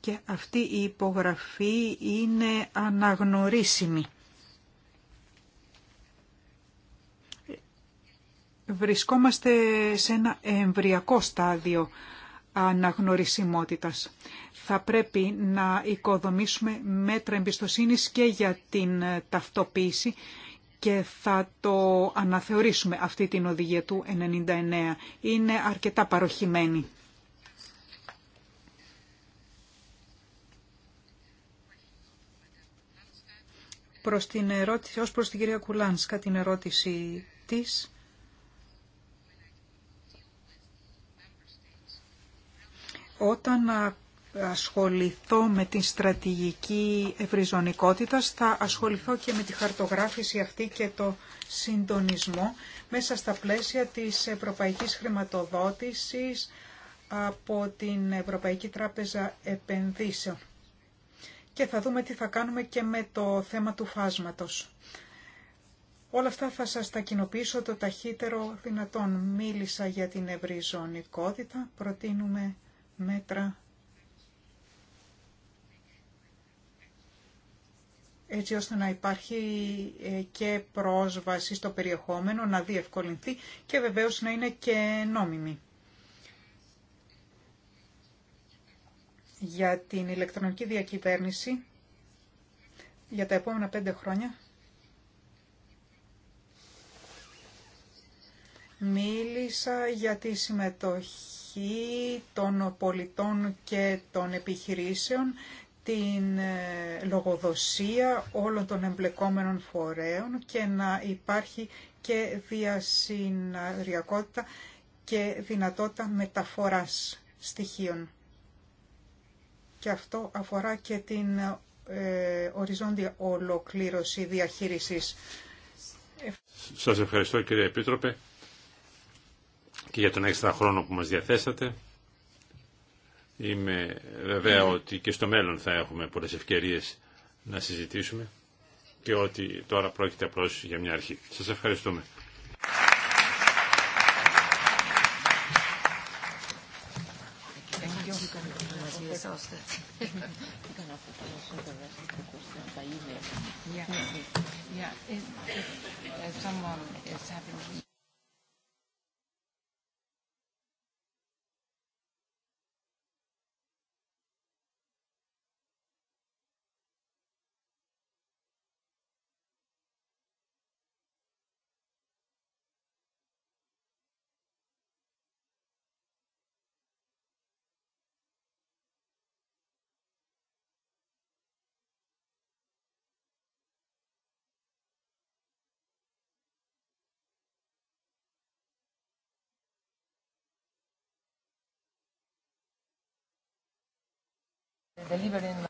και αυτή η υπογραφή είναι αναγνωρίσιμη. Βρισκόμαστε σε ένα εμβριακό στάδιο αναγνωρισιμότητας θα πρέπει να οικοδομήσουμε μέτρα εμπιστοσύνης και για την ε, ταυτοποίηση και θα το αναθεωρήσουμε αυτή την οδηγία του 99. Είναι αρκετά παροχημένη. Προς την ερώτηση, ως προς την κυρία Κουλάνσκα την ερώτηση της. Όταν ασχοληθώ με την στρατηγική ευρυζωνικότητα, θα ασχοληθώ και με τη χαρτογράφηση αυτή και το συντονισμό μέσα στα πλαίσια της Ευρωπαϊκής Χρηματοδότησης από την Ευρωπαϊκή Τράπεζα Επενδύσεων. Και θα δούμε τι θα κάνουμε και με το θέμα του φάσματος. Όλα αυτά θα σας τα κοινοποιήσω το ταχύτερο δυνατόν. Μίλησα για την ευρυζωνικότητα, προτείνουμε μέτρα έτσι ώστε να υπάρχει ε, και πρόσβαση στο περιεχόμενο, να διευκολυνθεί και βεβαίως να είναι και νόμιμη. Για την ηλεκτρονική διακυβέρνηση, για τα επόμενα πέντε χρόνια, μίλησα για τη συμμετοχή των πολιτών και των επιχειρήσεων την ε, λογοδοσία όλων των εμπλεκόμενων φορέων και να υπάρχει και διασυναριακότητα και δυνατότητα μεταφοράς στοιχείων. Και αυτό αφορά και την ε, οριζόντια ολοκλήρωση διαχείρισης. Σας ευχαριστώ κύριε Επίτροπε και για τον έξτρα χρόνο που μας διαθέσατε. Είμαι βέβαια ότι και στο μέλλον θα έχουμε πολλές ευκαιρίες να συζητήσουμε και ότι τώρα πρόκειται απλώς για μια αρχή. Σας ευχαριστούμε. delivery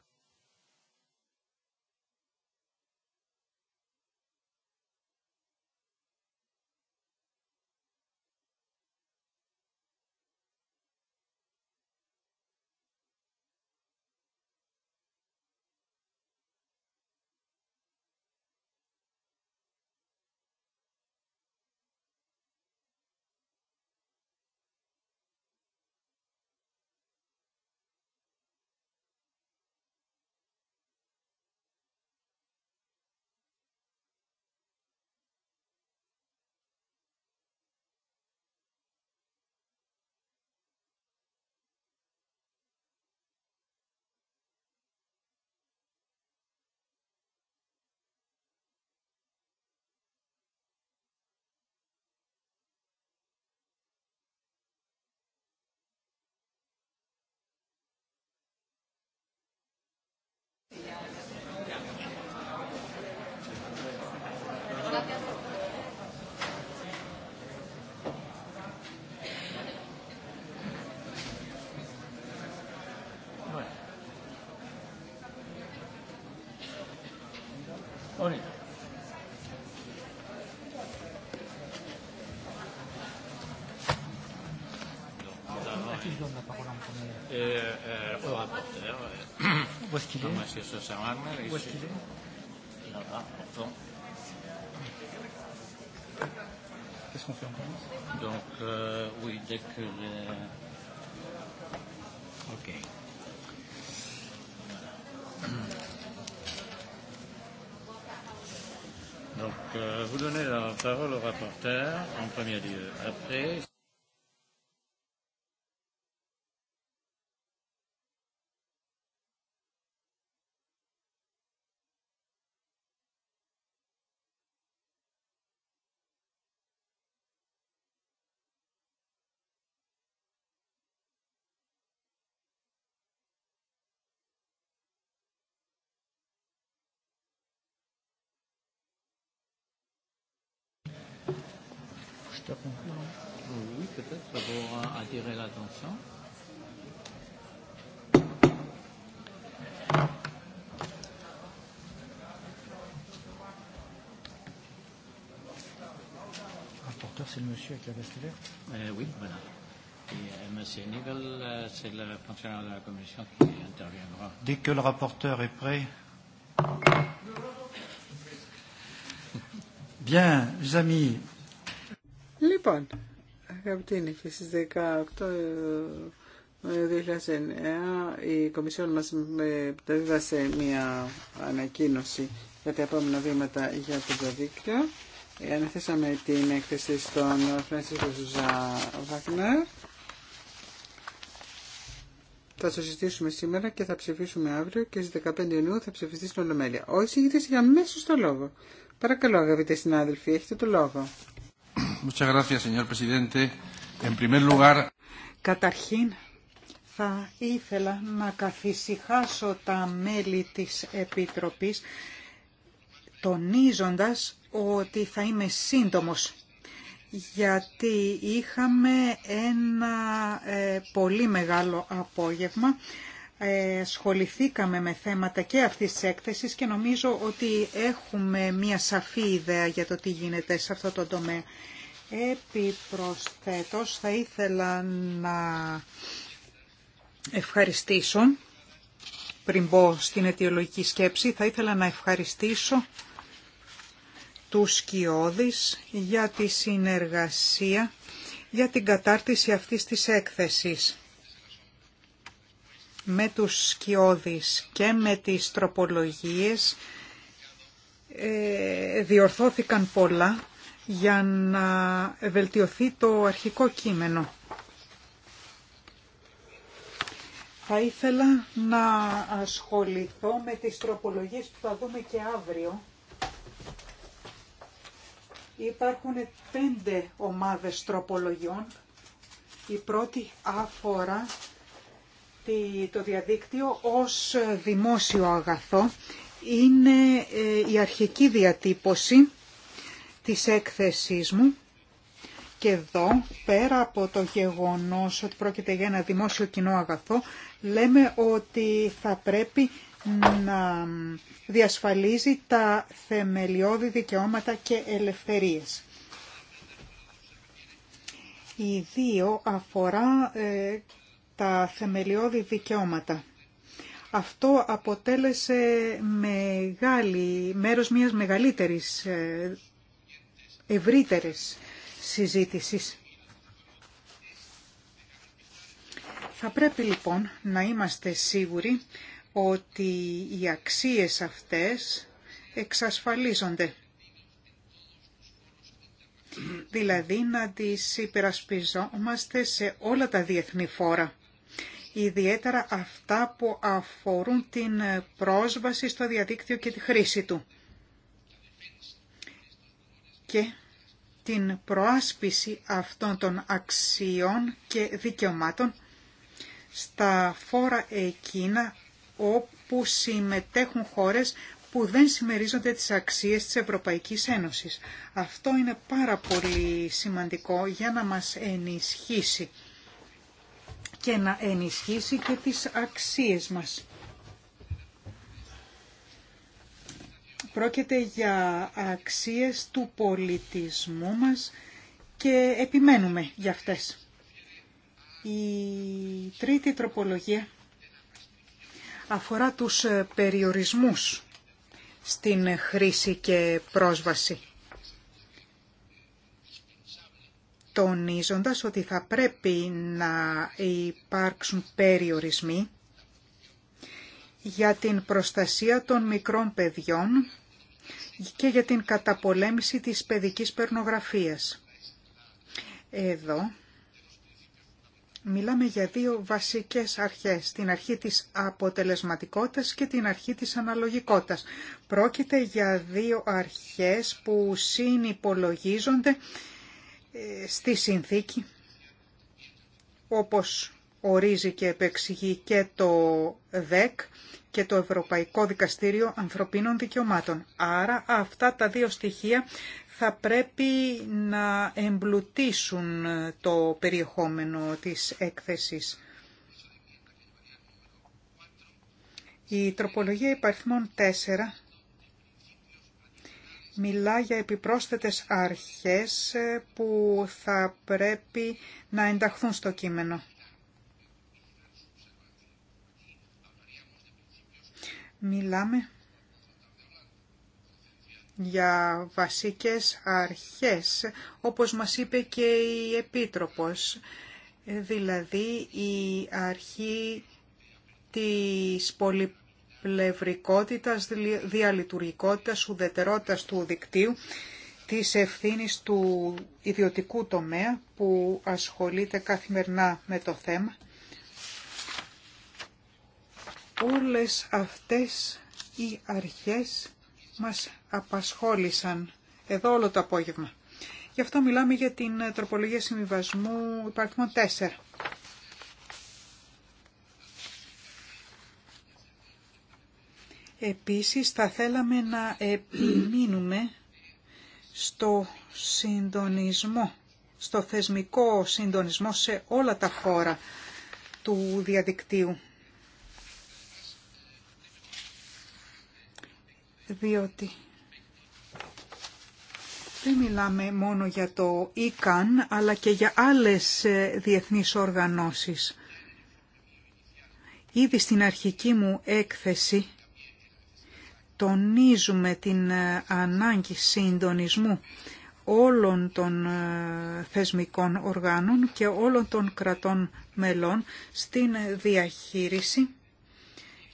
qu'il est Où est-ce qu'il est Là-bas, pourtant. Qu'est-ce qu'on fait en Donc, euh, oui, dès que Ok. Donc, euh, vous donnez la parole au rapporteur en premier lieu. Après. attirer l'attention. Rapporteur, c'est le monsieur avec la veste verte euh, Oui, voilà. Et euh, monsieur Nigel, c'est le fonctionnaire de la commission qui interviendra. Dès que le rapporteur est prêt. Bien, les amis. Λοιπόν, Αγαπητοί νύχοι, στις 18 2009 ε, η Κομισιόν μας δίδασε μια ανακοίνωση για τα επόμενα βήματα για το διαδίκτυο. Αναθέσαμε την έκθεση στον Φρανσίσκο Ζουζά Βάγνερ. Θα το συζητήσουμε σήμερα και θα ψηφίσουμε αύριο και στις 15 Ιουνίου θα ψηφιστεί στην Ολομέλεια. Ο εισηγητής για αμέσως το λόγο. Παρακαλώ αγαπητοί συνάδελφοι, έχετε το λόγο. Καταρχήν, θα ήθελα να καθησυχάσω τα μέλη της Επιτροπής, τονίζοντας ότι θα είμαι σύντομος γιατί είχαμε ένα ε, πολύ μεγάλο απόγευμα. Ε, σχοληθήκαμε με θέματα και αυτής της έκθεσης και νομίζω ότι έχουμε μία σαφή ιδέα για το τι γίνεται σε αυτό το τομέα. Επιπροσθέτως θα ήθελα να ευχαριστήσω, πριν μπω στην αιτιολογική σκέψη, θα ήθελα να ευχαριστήσω του Σκιώδης για τη συνεργασία, για την κατάρτιση αυτής της έκθεσης. Με τους Σκιώδης και με τις τροπολογίες ε, διορθώθηκαν πολλά για να βελτιωθεί το αρχικό κείμενο. Θα ήθελα να ασχοληθώ με τις τροπολογίες που θα δούμε και αύριο. Υπάρχουν πέντε ομάδες τροπολογιών. Η πρώτη αφορά το διαδίκτυο ως δημόσιο αγαθό. Είναι ε, η αρχική διατύπωση της έκθεσής μου και εδώ, πέρα από το γεγονός ότι πρόκειται για ένα δημόσιο κοινό αγαθό, λέμε ότι θα πρέπει να διασφαλίζει τα θεμελιώδη δικαιώματα και ελευθερίες. Η δύο αφορά ε, τα θεμελιώδη δικαιώματα. Αυτό αποτέλεσε μεγάλη, μέρος μιας μεγαλύτερης ε, ευρύτερης συζήτησης. Θα πρέπει λοιπόν να είμαστε σίγουροι ότι οι αξίες αυτές εξασφαλίζονται. Δηλαδή να τις υπερασπιζόμαστε σε όλα τα διεθνή φόρα. Ιδιαίτερα αυτά που αφορούν την πρόσβαση στο διαδίκτυο και τη χρήση του και την προάσπιση αυτών των αξιών και δικαιωμάτων στα φόρα εκείνα όπου συμμετέχουν χώρες που δεν συμμερίζονται τις αξίες της Ευρωπαϊκής Ένωσης. Αυτό είναι πάρα πολύ σημαντικό για να μας ενισχύσει και να ενισχύσει και τις αξίες μας. Πρόκειται για αξίες του πολιτισμού μας και επιμένουμε για αυτές. Η τρίτη τροπολογία αφορά τους ε, περιορισμούς στην χρήση και πρόσβαση. Τονίζοντας ότι θα πρέπει να υπάρξουν περιορισμοί για την προστασία των μικρών παιδιών και για την καταπολέμηση της παιδικής περνογραφίας. Εδώ μιλάμε για δύο βασικές αρχές, την αρχή της αποτελεσματικότητας και την αρχή της αναλογικότητας. Πρόκειται για δύο αρχές που συνυπολογίζονται ε, στη συνθήκη, όπως ορίζει και επεξηγεί και το ΔΕΚ και το Ευρωπαϊκό Δικαστήριο Ανθρωπίνων Δικαιωμάτων. Άρα αυτά τα δύο στοιχεία θα πρέπει να εμπλουτίσουν το περιεχόμενο της έκθεσης. Η τροπολογία υπαριθμών 4 μιλά για επιπρόσθετες αρχές που θα πρέπει να ενταχθούν στο κείμενο. Μιλάμε για βασικές αρχές, όπως μας είπε και η Επίτροπος, δηλαδή η αρχή της πολυπλευρικότητας, διαλειτουργικότητας, ουδετερότητας του δικτύου, της ευθύνης του ιδιωτικού τομέα που ασχολείται καθημερινά με το θέμα Όλες αυτές οι αρχές μας απασχόλησαν εδώ όλο το απόγευμα. Γι' αυτό μιλάμε για την τροπολογία συμβιβασμού Υπάρχουν 4. Επίσης θα θέλαμε να επιμείνουμε στο συντονισμό, στο θεσμικό συντονισμό σε όλα τα χώρα του διαδικτύου. διότι δεν μιλάμε μόνο για το ΙΚΑΝ, αλλά και για άλλες ε, διεθνείς οργανώσεις. Ήδη στην αρχική μου έκθεση τονίζουμε την ε, ανάγκη συντονισμού όλων των ε, θεσμικών οργάνων και όλων των κρατών μελών στην διαχείριση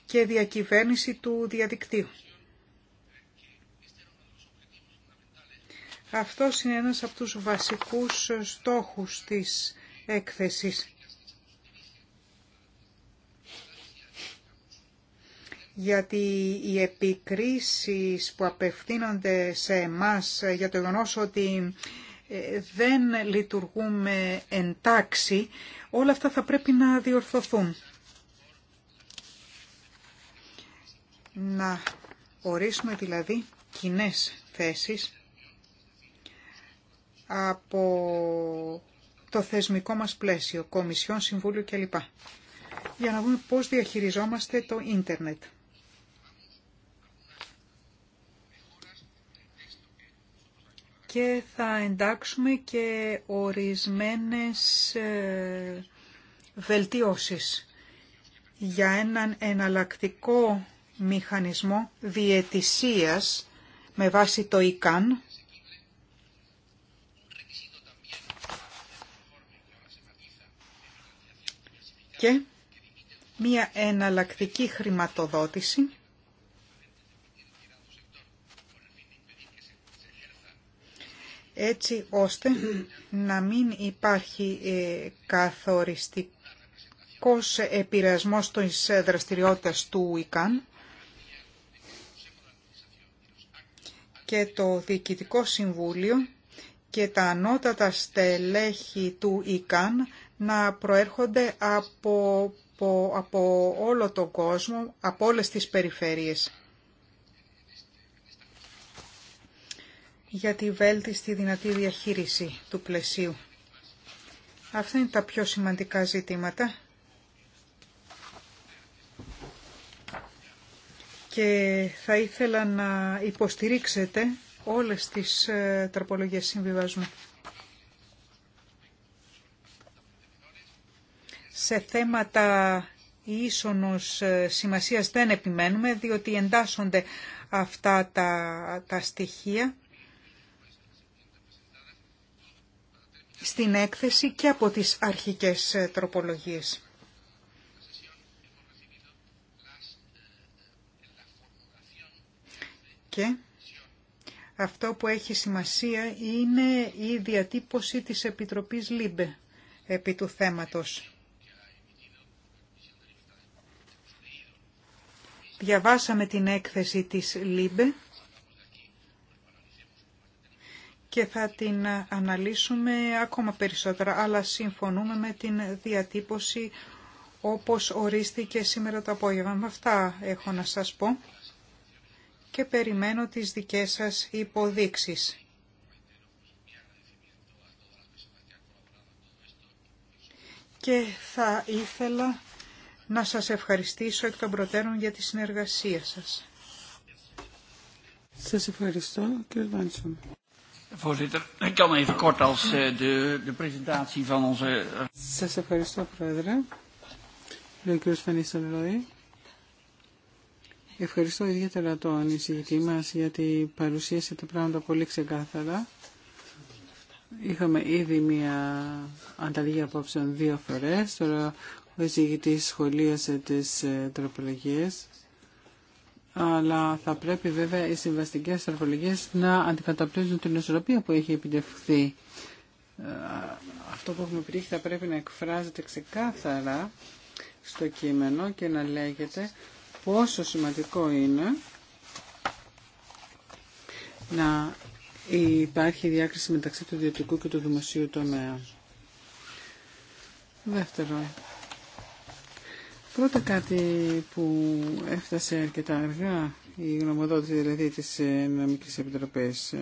και διακυβέρνηση του διαδικτύου. Αυτό είναι ένας από τους βασικούς στόχους της έκθεσης. γιατί οι επικρίσεις που απευθύνονται σε εμάς για το γνώσο ότι ε, δεν λειτουργούμε εντάξει, όλα αυτά θα πρέπει να διορθωθούν. Να ορίσουμε δηλαδή κοινέ θέσεις από το θεσμικό μας πλαίσιο, κομισιόν, συμβούλιο κλπ. Για να δούμε πώς διαχειριζόμαστε το ίντερνετ. Και θα εντάξουμε και ορισμένες ε, βελτιώσεις για έναν εναλλακτικό μηχανισμό διαιτησίας με βάση το ΙΚΑΝ και μία εναλλακτική χρηματοδότηση έτσι ώστε να μην υπάρχει ε, καθοριστικός επηρεασμός της δραστηριότητας του ΙΚΑΝ και το Διοικητικό Συμβούλιο και τα ανώτατα στελέχη του ΙΚΑΝ να προέρχονται από, όλο τον κόσμο, από όλες τις περιφέρειες. για τη βέλτιστη δυνατή διαχείριση του πλαισίου. Αυτά είναι τα πιο σημαντικά ζητήματα. Και θα ήθελα να υποστηρίξετε όλες τις ε, τροπολογίες συμβιβασμού. σε θέματα ίσονος ε, σημασίας δεν επιμένουμε, διότι εντάσσονται αυτά τα, τα στοιχεία στην έκθεση και από τις αρχικές ε, τροπολογίες. Και αυτό που έχει σημασία είναι η διατύπωση της Επιτροπής ΛΥΜΠΕ επί του θέματος. Διαβάσαμε την έκθεση της ΛΥΜΠΕ και θα την αναλύσουμε ακόμα περισσότερα, αλλά συμφωνούμε με την διατύπωση όπως ορίστηκε σήμερα το απόγευμα. Με αυτά έχω να σας πω και περιμένω τις δικές σας υποδείξεις. Και θα ήθελα να σας ευχαριστήσω εκ των προτέρων για τη συνεργασία σας. Σας ευχαριστώ, κύριε Βάντσον. Voorzitter, ik kan even kort als eh, de, de presentatie van onze... ευχαριστώ, Πρόεδρε. Ευχαριστώ ιδιαίτερα τον εισηγητή μας γιατί παρουσίασε τα πράγματα πολύ ξεκάθαρα. Είχαμε ήδη μία ανταλλαγή απόψεων δύο φορές. Τώρα ο εισηγητής σχολίασε της ε, τροπολογίες, αλλά θα πρέπει βέβαια οι συμβαστικές τροπολογίες να αντικαταπτύσσουν την ισορροπία που έχει επιτευχθεί. Ε, αυτό που έχουμε πετύχει θα πρέπει να εκφράζεται ξεκάθαρα στο κείμενο και να λέγεται πόσο σημαντικό είναι να υπάρχει διάκριση μεταξύ του ιδιωτικού και του δημοσίου τομέα. Δεύτερον, Πρώτα κάτι που έφτασε αρκετά αργά, η γνωμοδότηση δηλαδή της ε, Νομικής Επιτροπής.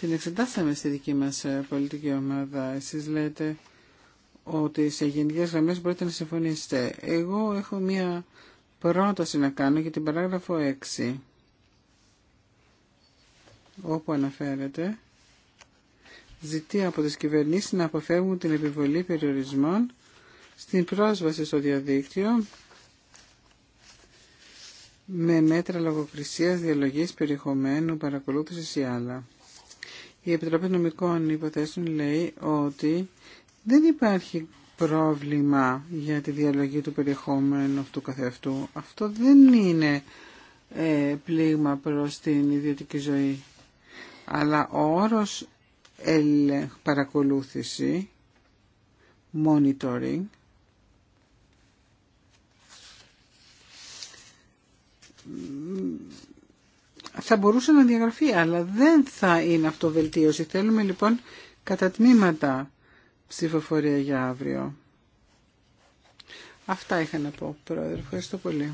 Την εξετάσαμε στη δική μας ε, πολιτική ομάδα. Εσείς λέτε ότι σε γενικέ γραμμέ μπορείτε να συμφωνήσετε. Εγώ έχω μία πρόταση να κάνω για την παράγραφο 6 όπου αναφέρεται ζητεί από τις κυβερνήσεις να αποφεύγουν την επιβολή περιορισμών στην πρόσβαση στο διαδίκτυο με μέτρα λογοκρισίας, διαλογής, περιεχομένου, παρακολούθησης ή άλλα. Η Επιτροπή Νομικών Υποθέσεων λέει ότι δεν υπάρχει πρόβλημα για τη διαλογή του περιεχόμενου αυτού καθεαυτού. Αυτό δεν είναι ε, πλήγμα προς την ιδιωτική ζωή. Αλλά ο όρος παρακολούθηση, monitoring, θα μπορούσε να διαγραφεί, αλλά δεν θα είναι αυτοβελτίωση Θέλουμε λοιπόν κατά τμήματα ψηφοφορία για αύριο. Αυτά είχα να πω, Πρόεδρε. Ευχαριστώ πολύ.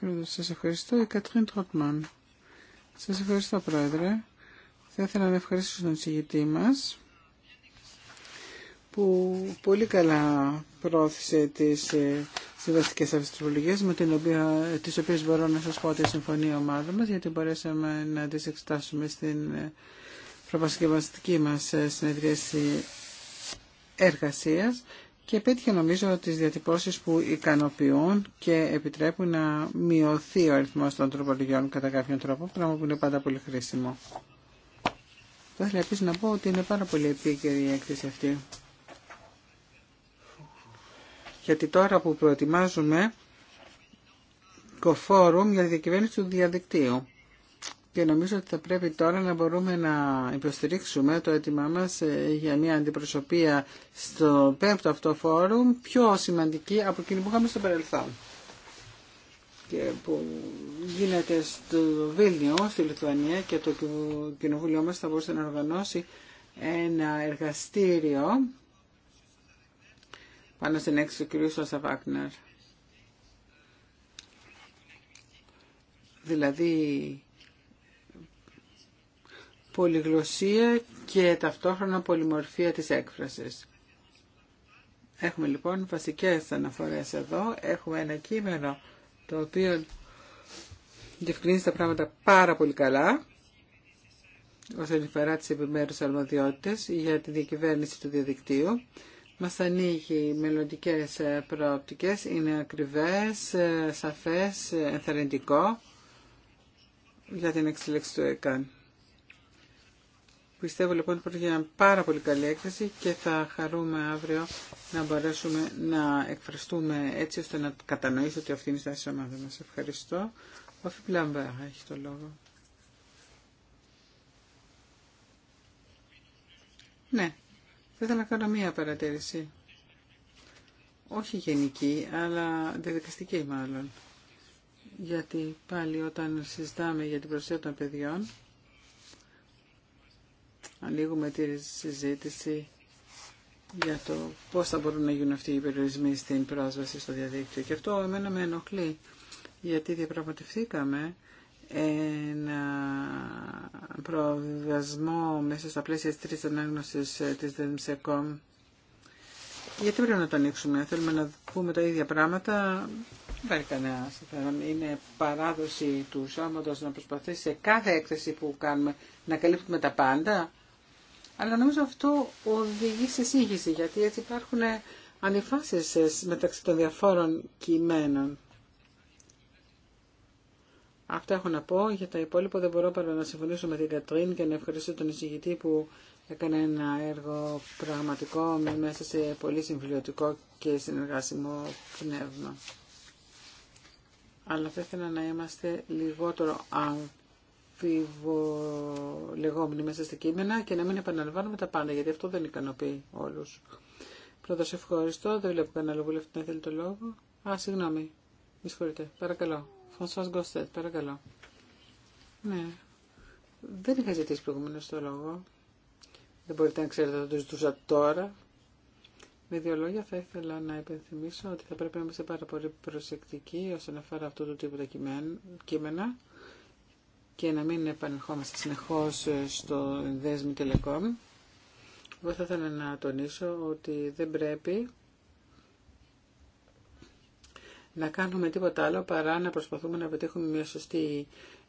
Πρόεδρε, σας ευχαριστώ. Η Κατρίν Τροτμάν. Σας ευχαριστώ, Πρόεδρε. Θα ήθελα να ευχαριστήσω τον συγητή μας που πολύ καλά πρόθεσε τις ε, συμβαστικές αυτές με την οποία, τις οποίες μπορώ να σας πω ότι συμφωνεί η ομάδα μας γιατί μπορέσαμε να τις εξετάσουμε στην ε, προπασκευαστική μας ε, συνεδρίαση εργασίας και πέτυχε νομίζω τις διατυπώσεις που ικανοποιούν και επιτρέπουν να μειωθεί ο αριθμός των τροπολογιών κατά κάποιον τρόπο, πράγμα που είναι πάντα πολύ χρήσιμο. Θα ήθελα επίσης να πω ότι είναι πάρα πολύ επίκαιρη η έκθεση αυτή γιατί τώρα που προετοιμάζουμε το φόρουμ για τη διακυβέρνηση του διαδικτύου. Και νομίζω ότι θα πρέπει τώρα να μπορούμε να υποστηρίξουμε το έτοιμά μας ε, για μια αντιπροσωπεία στο πέμπτο αυτό φόρουμ πιο σημαντική από εκείνη που είχαμε στο παρελθόν και που γίνεται στο Βίλνιο, στη Λιθουανία και το κοινοβούλιο μας θα μπορούσε να οργανώσει ένα εργαστήριο πάνω στην έξω του Σώσα Βάκνερ. Δηλαδή πολυγλωσία και ταυτόχρονα πολυμορφία της έκφρασης. Έχουμε λοιπόν βασικές αναφορές εδώ. Έχουμε ένα κείμενο το οποίο διευκρινίζει τα πράγματα πάρα πολύ καλά όσον αφορά τις επιμέρους αρμοδιότητες για τη διακυβέρνηση του διαδικτύου μας ανοίγει μελλοντικές ε, προοπτικές, είναι ακριβές, ε, σαφές, ε, ενθαρρυντικό για την εξέλιξη του ΕΚΑΝ. Πιστεύω λοιπόν ότι πρόκειται για μια πάρα πολύ καλή έκθεση και θα χαρούμε αύριο να μπορέσουμε να εκφραστούμε έτσι ώστε να κατανοήσω ότι αυτή είναι η στάση ομάδα μας. Ευχαριστώ. Ο Φιπλάμπα έχει το λόγο. Ναι, θα ήθελα να κάνω μία παρατήρηση. Όχι γενική, αλλά διαδικαστική μάλλον. Γιατί πάλι όταν συζητάμε για την προστασία των παιδιών, ανοίγουμε τη συζήτηση για το πώς θα μπορούν να γίνουν αυτοί οι περιορισμοί στην πρόσβαση στο διαδίκτυο. Και αυτό εμένα με ενοχλεί, γιατί διαπραγματευθήκαμε ένα προβιβασμό μέσα στα πλαίσια της τρίτης ανάγνωσης ε, της ΔΕΜΣΕΚΟΜ. Γιατί πρέπει να το ανοίξουμε, θέλουμε να πούμε τα ίδια πράγματα, δεν υπάρχει κανένα Είναι παράδοση του σώματος να προσπαθήσει σε κάθε έκθεση που κάνουμε να καλύπτουμε τα πάντα. Αλλά νομίζω αυτό οδηγεί σε σύγχυση, γιατί έτσι υπάρχουν αντιφάσεις ε, μεταξύ των διαφόρων κειμένων. Αυτά έχω να πω. Για τα υπόλοιπα δεν μπορώ παρά να συμφωνήσω με την Κατρίν και να ευχαριστήσω τον εισηγητή που έκανε ένα έργο πραγματικό μέσα σε πολύ συμβιωτικό και συνεργάσιμο πνεύμα. Αλλά θα ήθελα να είμαστε λιγότερο αμφιβολεγόμενοι μέσα στα κείμενα και να μην επαναλαμβάνουμε τα πάντα, γιατί αυτό δεν ικανοποιεί όλους. σε ευχαριστώ, δεν βλέπω κανένα λόγο να θέλει το λόγο. Α, συγγνώμη. Με συγχωρείτε. Παρακαλώ. Σας Γκοστέτ, παρακαλώ. Ναι. Δεν είχα ζητήσει προηγουμένω το λόγο. Δεν μπορείτε να ξέρετε ότι το ζητούσα τώρα. Με δύο λόγια θα ήθελα να υπενθυμίσω ότι θα πρέπει να είμαστε πάρα πολύ προσεκτικοί όσον αφορά αυτού του τύπου τα κείμενα και να μην επανερχόμαστε συνεχώς στο δέσμι τηλεκομ, Εγώ θα ήθελα να τονίσω ότι δεν πρέπει να κάνουμε τίποτα άλλο παρά να προσπαθούμε να πετύχουμε μια σωστή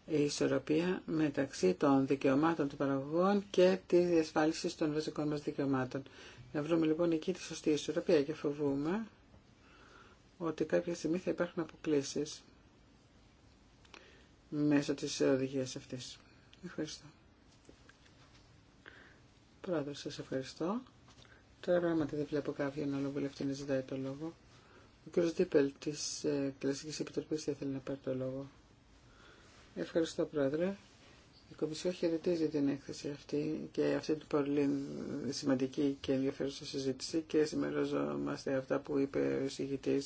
ισορροπία μεταξύ των δικαιωμάτων των παραγωγών και τη διασφάλιση των βασικών μας δικαιωμάτων. Να βρούμε λοιπόν εκεί τη σωστή ισορροπία και φοβούμε ότι κάποια στιγμή θα υπάρχουν αποκλήσει μέσω της οδηγία αυτής. Ευχαριστώ. Πρόεδρε, σας ευχαριστώ. Τώρα πράγματι δεν βλέπω κάποιον άλλο βουλευτή να ζητάει το λόγο. Ο κ. Δίπελ τη ε, Κλασική Επιτροπή θα ήθελε να πάρει το λόγο. Ευχαριστώ, Πρόεδρε. Η Κομισιό χαιρετίζει την έκθεση αυτή και αυτή την πολύ σημαντική και ενδιαφέρουσα συζήτηση και συμμεριζόμαστε αυτά που είπε ο Συγητή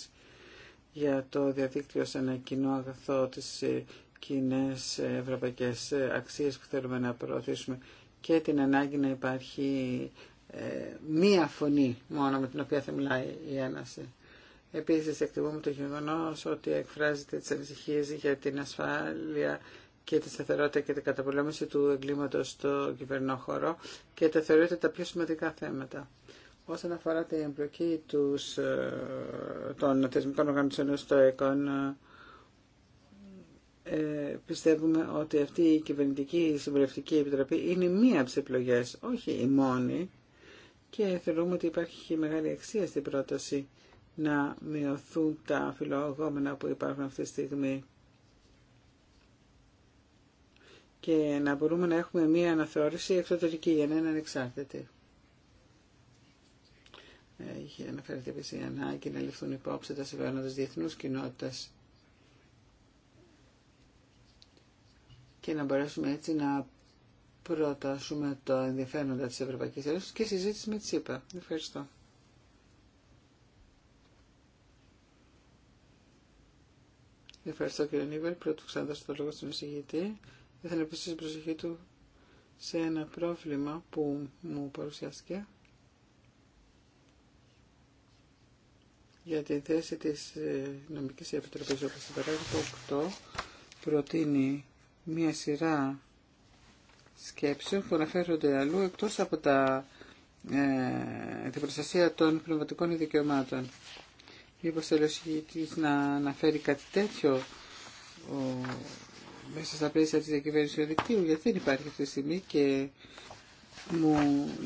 για το διαδίκτυο σαν ένα κοινό αγαθό της ε, κοινέ ε, ευρωπαϊκέ αξίε που θέλουμε να προωθήσουμε και την ανάγκη να υπάρχει μία φωνή μόνο με την οποία θα μιλάει η Ένωση. Επίσης εκτιμούμε το γεγονός ότι εκφράζεται τις ανησυχίες για την ασφάλεια και τη σταθερότητα και την καταπολέμηση του εγκλήματος στο κυβερνόχωρο και τα θεωρείται τα πιο σημαντικά θέματα. Όσον αφορά την εμπλοκή τους, ε, των θεσμικών οργανωσίων στο ΕΚΟΝ, ε, πιστεύουμε ότι αυτή η κυβερνητική συμβουλευτική επιτροπή είναι μία από τι επιλογέ, όχι η μόνη. Και θεωρούμε ότι υπάρχει μεγάλη αξία στην πρόταση να μειωθούν τα φιλοαγόμενα που υπάρχουν αυτή τη στιγμή και να μπορούμε να έχουμε μία αναθεώρηση εξωτερική για να είναι ανεξάρτητη. Έχει αναφέρεται επίση η ανάγκη να ληφθούν υπόψη τα συμφέροντα διεθνού κοινότητα και να μπορέσουμε έτσι να προτάσουμε το ενδιαφέροντα της Ευρωπαϊκής Ένωσης και συζήτηση με τη ΣΥΠΑ. Ευχαριστώ. Ευχαριστώ κύριε Νίβερ. Πρώτο ξαναδώσω το λόγο στον εισηγητή. Ήθελα επίση την προσοχή του σε ένα πρόβλημα που μου παρουσιάστηκε για την θέση της ε, νομικής επιτροπής όπως στην παράδειγμα 8 προτείνει μία σειρά σκέψεων που αναφέρονται αλλού εκτός από τα, ε, την προστασία των πνευματικών δικαιωμάτων. Μήπω θέλει ο να αναφέρει κάτι τέτοιο ο, μέσα στα πλαίσια τη διακυβέρνηση του δικτύου, γιατί δεν υπάρχει αυτή τη στιγμή και μου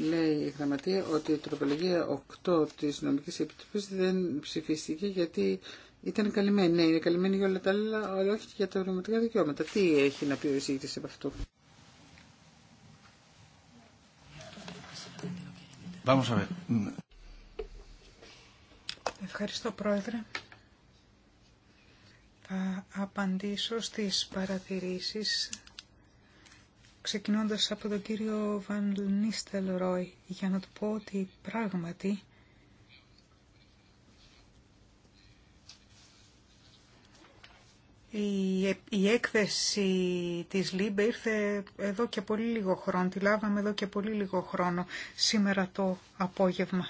λέει η γραμματεία ότι η τροπολογία 8 της νομικής επιτροπή δεν ψηφίστηκε γιατί ήταν καλυμμένη. Ναι, είναι καλυμμένη για όλα τα άλλα, αλλά όχι για τα ευρωματικά δικαιώματα. Τι έχει να πει ο εισηγητής από αυτό. Vamos a Ευχαριστώ Πρόεδρε. Θα απαντήσω στις παρατηρήσεις ξεκινώντας από τον κύριο Βαν Νίστελ Ρόι για να του πω ότι πράγματι Η, έκθεση της ΛΥΜΠΕ ήρθε εδώ και πολύ λίγο χρόνο, τη λάβαμε εδώ και πολύ λίγο χρόνο σήμερα το απόγευμα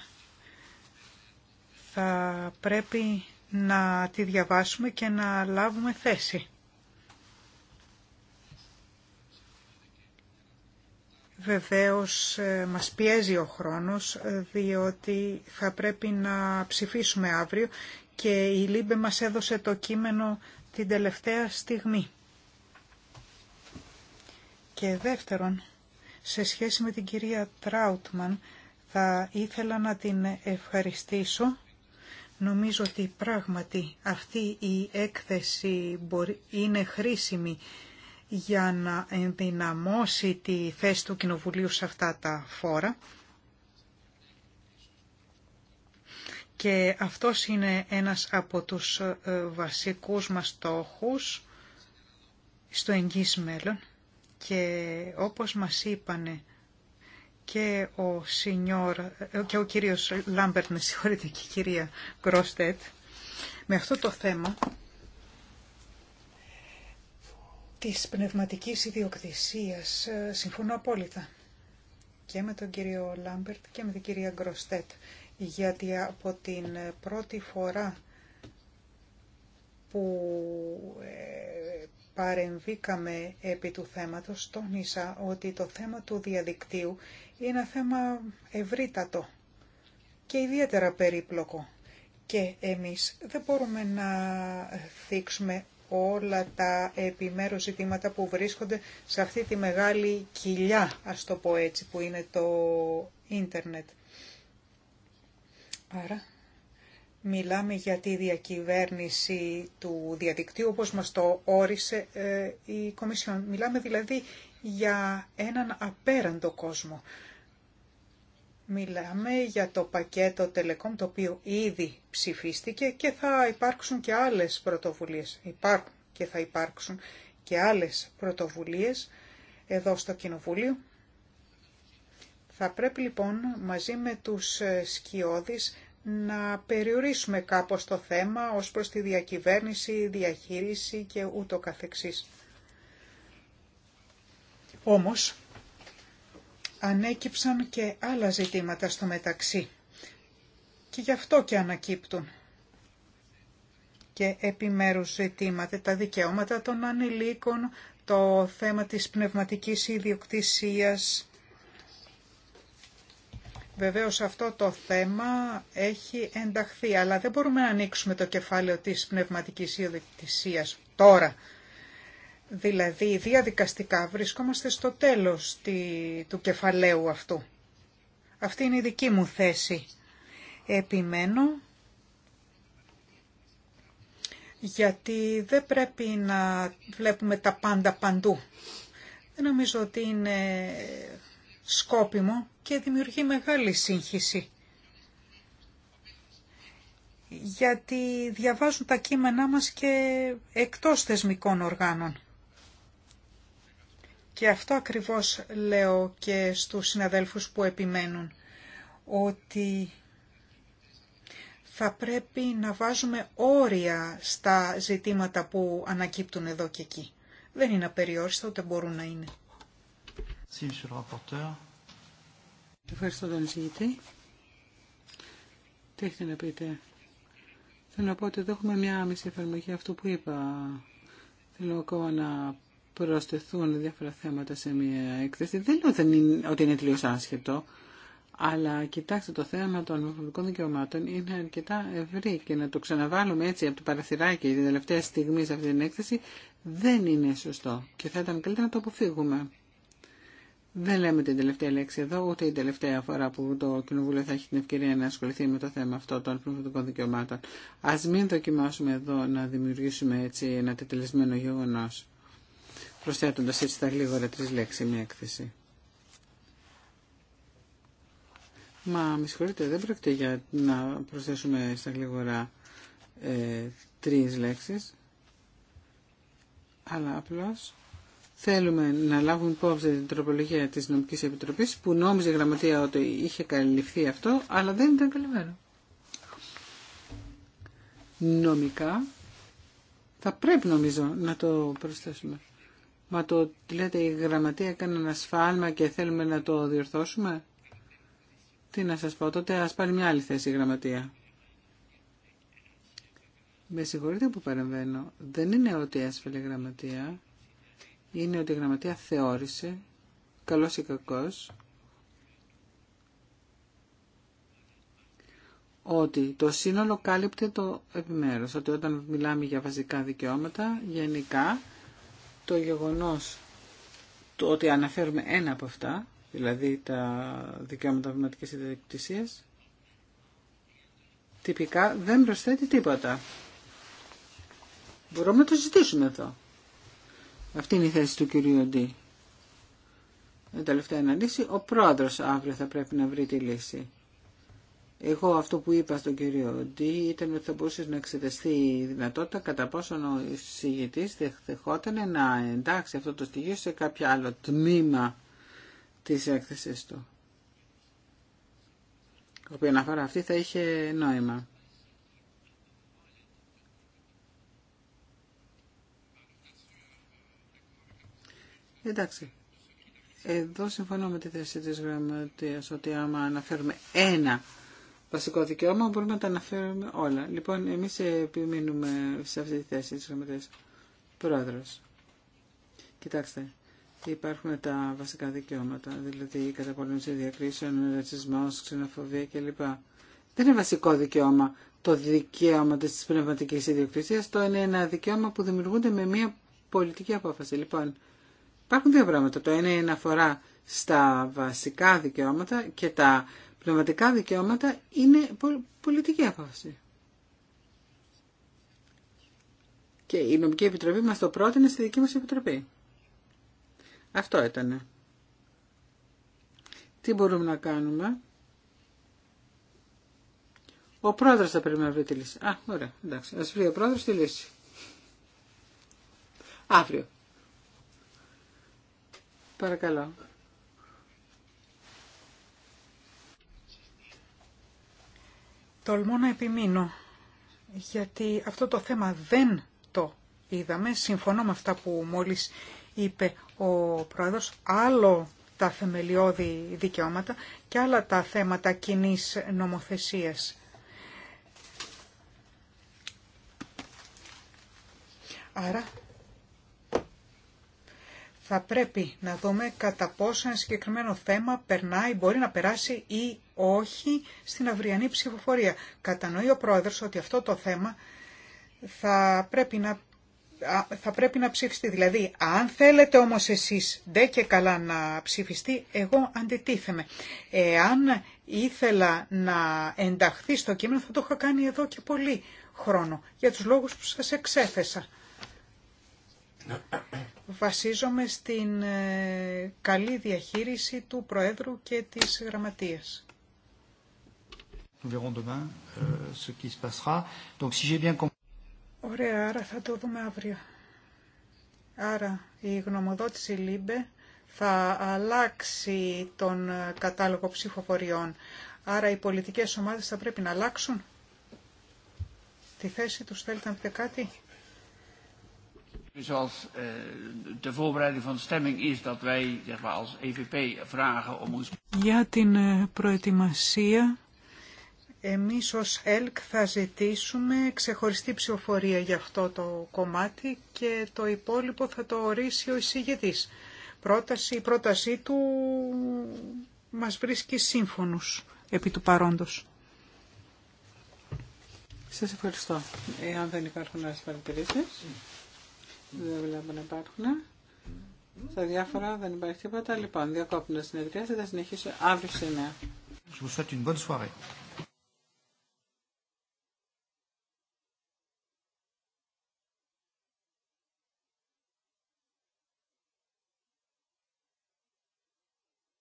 θα πρέπει να τη διαβάσουμε και να λάβουμε θέση. Βεβαίως ε, μας πιέζει ο χρόνος ε, διότι θα πρέπει να ψηφίσουμε αύριο και η Λίμπε μας έδωσε το κείμενο την τελευταία στιγμή. Και δεύτερον, σε σχέση με την κυρία Τράουτμαν θα ήθελα να την ευχαριστήσω Νομίζω ότι πράγματι αυτή η έκθεση μπορεί, είναι χρήσιμη για να ενδυναμώσει τη θέση του Κοινοβουλίου σε αυτά τα φόρα. Και αυτός είναι ένας από τους ε, βασικούς μας στόχους στο εγγύς μέλλον. Και όπως μας είπανε και ο, σινιόρ, και ο κύριος Λάμπερτ, με συγχωρείτε, και η κυρία Γκρόστετ, με αυτό το θέμα της πνευματικής ιδιοκτησίας. Ε, συμφωνώ απόλυτα και με τον κύριο Λάμπερτ και με την κυρία Γκροστέτ, γιατί από την πρώτη φορά που ε, παρεμβήκαμε επί του θέματος, τόνισα ότι το θέμα του διαδικτύου είναι ένα θέμα ευρύτατο και ιδιαίτερα περίπλοκο. Και εμείς δεν μπορούμε να θίξουμε όλα τα επιμέρους ζητήματα που βρίσκονται σε αυτή τη μεγάλη κοιλιά, ας το πω έτσι, που είναι το ίντερνετ. Άρα, μιλάμε για τη διακυβέρνηση του διαδικτύου, όπως μας το όρισε ε, η Κομισιόν. Μιλάμε δηλαδή για έναν απέραντο κόσμο. Μιλάμε για το πακέτο Telecom το οποίο ήδη ψηφίστηκε και θα υπάρξουν και άλλες πρωτοβουλίες. Υπάρχουν και θα υπάρξουν και άλλες πρωτοβουλίες εδώ στο Κοινοβούλιο. Θα πρέπει λοιπόν μαζί με τους ε, σκιώδεις να περιορίσουμε κάπως το θέμα ως προς τη διακυβέρνηση, διαχείριση και ούτω καθεξής. Όμως, ανέκυψαν και άλλα ζητήματα στο μεταξύ και γι' αυτό και ανακύπτουν και επιμέρους ζητήματα, τα δικαιώματα των ανηλίκων, το θέμα της πνευματικής ιδιοκτησίας. Βεβαίως αυτό το θέμα έχει ενταχθεί, αλλά δεν μπορούμε να ανοίξουμε το κεφάλαιο της πνευματικής ιδιοκτησίας τώρα δηλαδή διαδικαστικά βρισκόμαστε στο τέλος του κεφαλαίου αυτού. Αυτή είναι η δική μου θέση. Επιμένω γιατί δεν πρέπει να βλέπουμε τα πάντα παντού. Δεν νομίζω ότι είναι σκόπιμο και δημιουργεί μεγάλη σύγχυση. Γιατί διαβάζουν τα κείμενά μας και εκτός θεσμικών οργάνων. Και αυτό ακριβώς λέω και στους συναδέλφους που επιμένουν, ότι θα πρέπει να βάζουμε όρια στα ζητήματα που ανακύπτουν εδώ και εκεί. Δεν είναι απεριόριστα, ούτε μπορούν να είναι. Ευχαριστώ τον εισηγητή. Τι έχετε να πείτε. Θέλω να πω ότι εδώ έχουμε μια μισή εφαρμογή αυτού που είπα. Θέλω ακόμα να προσθεθούν διάφορα θέματα σε μια έκθεση. Δεν λέω ότι είναι τελείως άσχετο, αλλά κοιτάξτε το θέμα των μορφωτικών δικαιωμάτων είναι αρκετά ευρύ και να το ξαναβάλουμε έτσι από το παραθυράκι την τελευταία στιγμή σε αυτή την έκθεση δεν είναι σωστό και θα ήταν καλύτερα να το αποφύγουμε. Δεν λέμε την τελευταία λέξη εδώ, ούτε η τελευταία φορά που το Κοινοβούλιο θα έχει την ευκαιρία να ασχοληθεί με το θέμα αυτό των πνευματικών δικαιωμάτων. Α μην δοκιμάσουμε εδώ να δημιουργήσουμε έτσι ένα τετελεσμένο γεγονός προσθέτοντας έτσι τα γλίγορα τρεις λέξεις μια έκθεση. Μα με συγχωρείτε, δεν πρόκειται για να προσθέσουμε στα γλίγορα ε, τρεις λέξεις, αλλά απλώς θέλουμε να λάβουμε υπόψη την τροπολογία της νομικής επιτροπής που νόμιζε η γραμματεία ότι είχε καλυφθεί αυτό, αλλά δεν ήταν καλυμμένο. Νομικά θα πρέπει νομίζω να το προσθέσουμε. Μα το λέτε η γραμματεία έκανε ένα σφάλμα και θέλουμε να το διορθώσουμε. Τι να σας πω, τότε ας πάρει μια άλλη θέση η γραμματεία. Με συγχωρείτε που παρεμβαίνω. Δεν είναι ότι έσφαλε η γραμματεία. Είναι ότι η γραμματεία θεώρησε, καλός ή κακός, ότι το σύνολο κάλυπτε το επιμέρους. Ότι όταν μιλάμε για βασικά δικαιώματα, γενικά, το γεγονός το ότι αναφέρουμε ένα από αυτά, δηλαδή τα δικαιώματα βηματικής ιδιοκτησίας, τυπικά δεν προσθέτει τίποτα. Μπορούμε να το ζητήσουμε εδώ. Αυτή είναι η θέση του κυρίου Ντί. Με τελευταία αναλύση, ο πρόεδρος αύριο θα πρέπει να βρει τη λύση. Εγώ αυτό που είπα στον κύριο Ντί ήταν ότι θα μπορούσε να εξεταστεί η δυνατότητα κατά πόσον ο εισηγητής δεχόταν να εντάξει αυτό το στοιχείο σε κάποιο άλλο τμήμα της έκθεση του. Οποία αναφορά αυτή θα είχε νόημα. Εντάξει. Εδώ συμφωνώ με τη θέση της γραμματείας ότι άμα αναφέρουμε ένα βασικό δικαίωμα, μπορούμε να τα αναφέρουμε όλα. Λοιπόν, εμείς επιμείνουμε σε αυτή τη θέση της γραμματείας. Πρόεδρος. Κοιτάξτε, υπάρχουν τα βασικά δικαιώματα, δηλαδή η καταπολέμηση διακρίσεων, ρατσισμός, ξενοφοβία κλπ. Δεν είναι βασικό δικαίωμα το δικαίωμα τη πνευματική ιδιοκτησία, το είναι ένα δικαίωμα που δημιουργούνται με μια πολιτική απόφαση. Λοιπόν, υπάρχουν δύο πράγματα. Το ένα είναι αφορά στα βασικά δικαιώματα και τα πνευματικά δικαιώματα είναι πολιτική απόφαση. Και η νομική επιτροπή μας το πρότεινε στη δική μας επιτροπή. Αυτό ήταν. Τι μπορούμε να κάνουμε. Ο πρόεδρος θα πρέπει να βρει τη λύση. Α, ωραία. Εντάξει. Ας βρει ο πρόεδρος τη λύση. Αύριο. Παρακαλώ. Τολμώ να επιμείνω, γιατί αυτό το θέμα δεν το είδαμε. Συμφωνώ με αυτά που μόλις είπε ο Πρόεδρος. Άλλο τα θεμελιώδη δικαιώματα και άλλα τα θέματα κοινή νομοθεσίας. Άρα θα πρέπει να δούμε κατά πόσο ένα συγκεκριμένο θέμα περνάει, μπορεί να περάσει ή όχι στην αυριανή ψηφοφορία. Κατανοεί ο Πρόεδρος ότι αυτό το θέμα θα πρέπει να, θα πρέπει να ψηφιστεί. Δηλαδή, αν θέλετε όμως εσείς ντε και καλά να ψηφιστεί, εγώ αντιτίθεμαι. Εάν ήθελα να ενταχθεί στο κείμενο, θα το είχα κάνει εδώ και πολύ χρόνο, για τους λόγους που σας εξέθεσα. βασίζομαι στην ε, καλή διαχείριση του Προέδρου και της Γραμματείας. Euh, Ωραία, άρα θα το δούμε αύριο. Άρα η γνωμοδότηση ΛΥΜΠΕ θα αλλάξει τον ε, κατάλογο ψηφοφοριών. Άρα οι πολιτικές ομάδες θα πρέπει να αλλάξουν τη θέση τους. Θέλετε να πείτε κάτι. Zoals eh, de voorbereiding van de stemming is dat wij zeg maar, als EVP vragen om ons... Για την eh, προετοιμασία, εμείς ως ΕΛΚ θα ζητήσουμε ξεχωριστή ψηφοφορία για αυτό το κομμάτι και το υπόλοιπο θα το ορίσει ο εισηγητής. Πρόταση, η πρότασή του μας βρίσκει σύμφωνος επί του παρόντος. Σας ευχαριστώ. Εάν δεν υπάρχουν άλλες παρατηρήσεις. Δεν βλέπω να υπάρχουν. Στα διάφορα δεν υπάρχει τίποτα. Λοιπόν, διακόπτουμε τη συνεδρία. Θα συνεχίσω αύριο στι 9.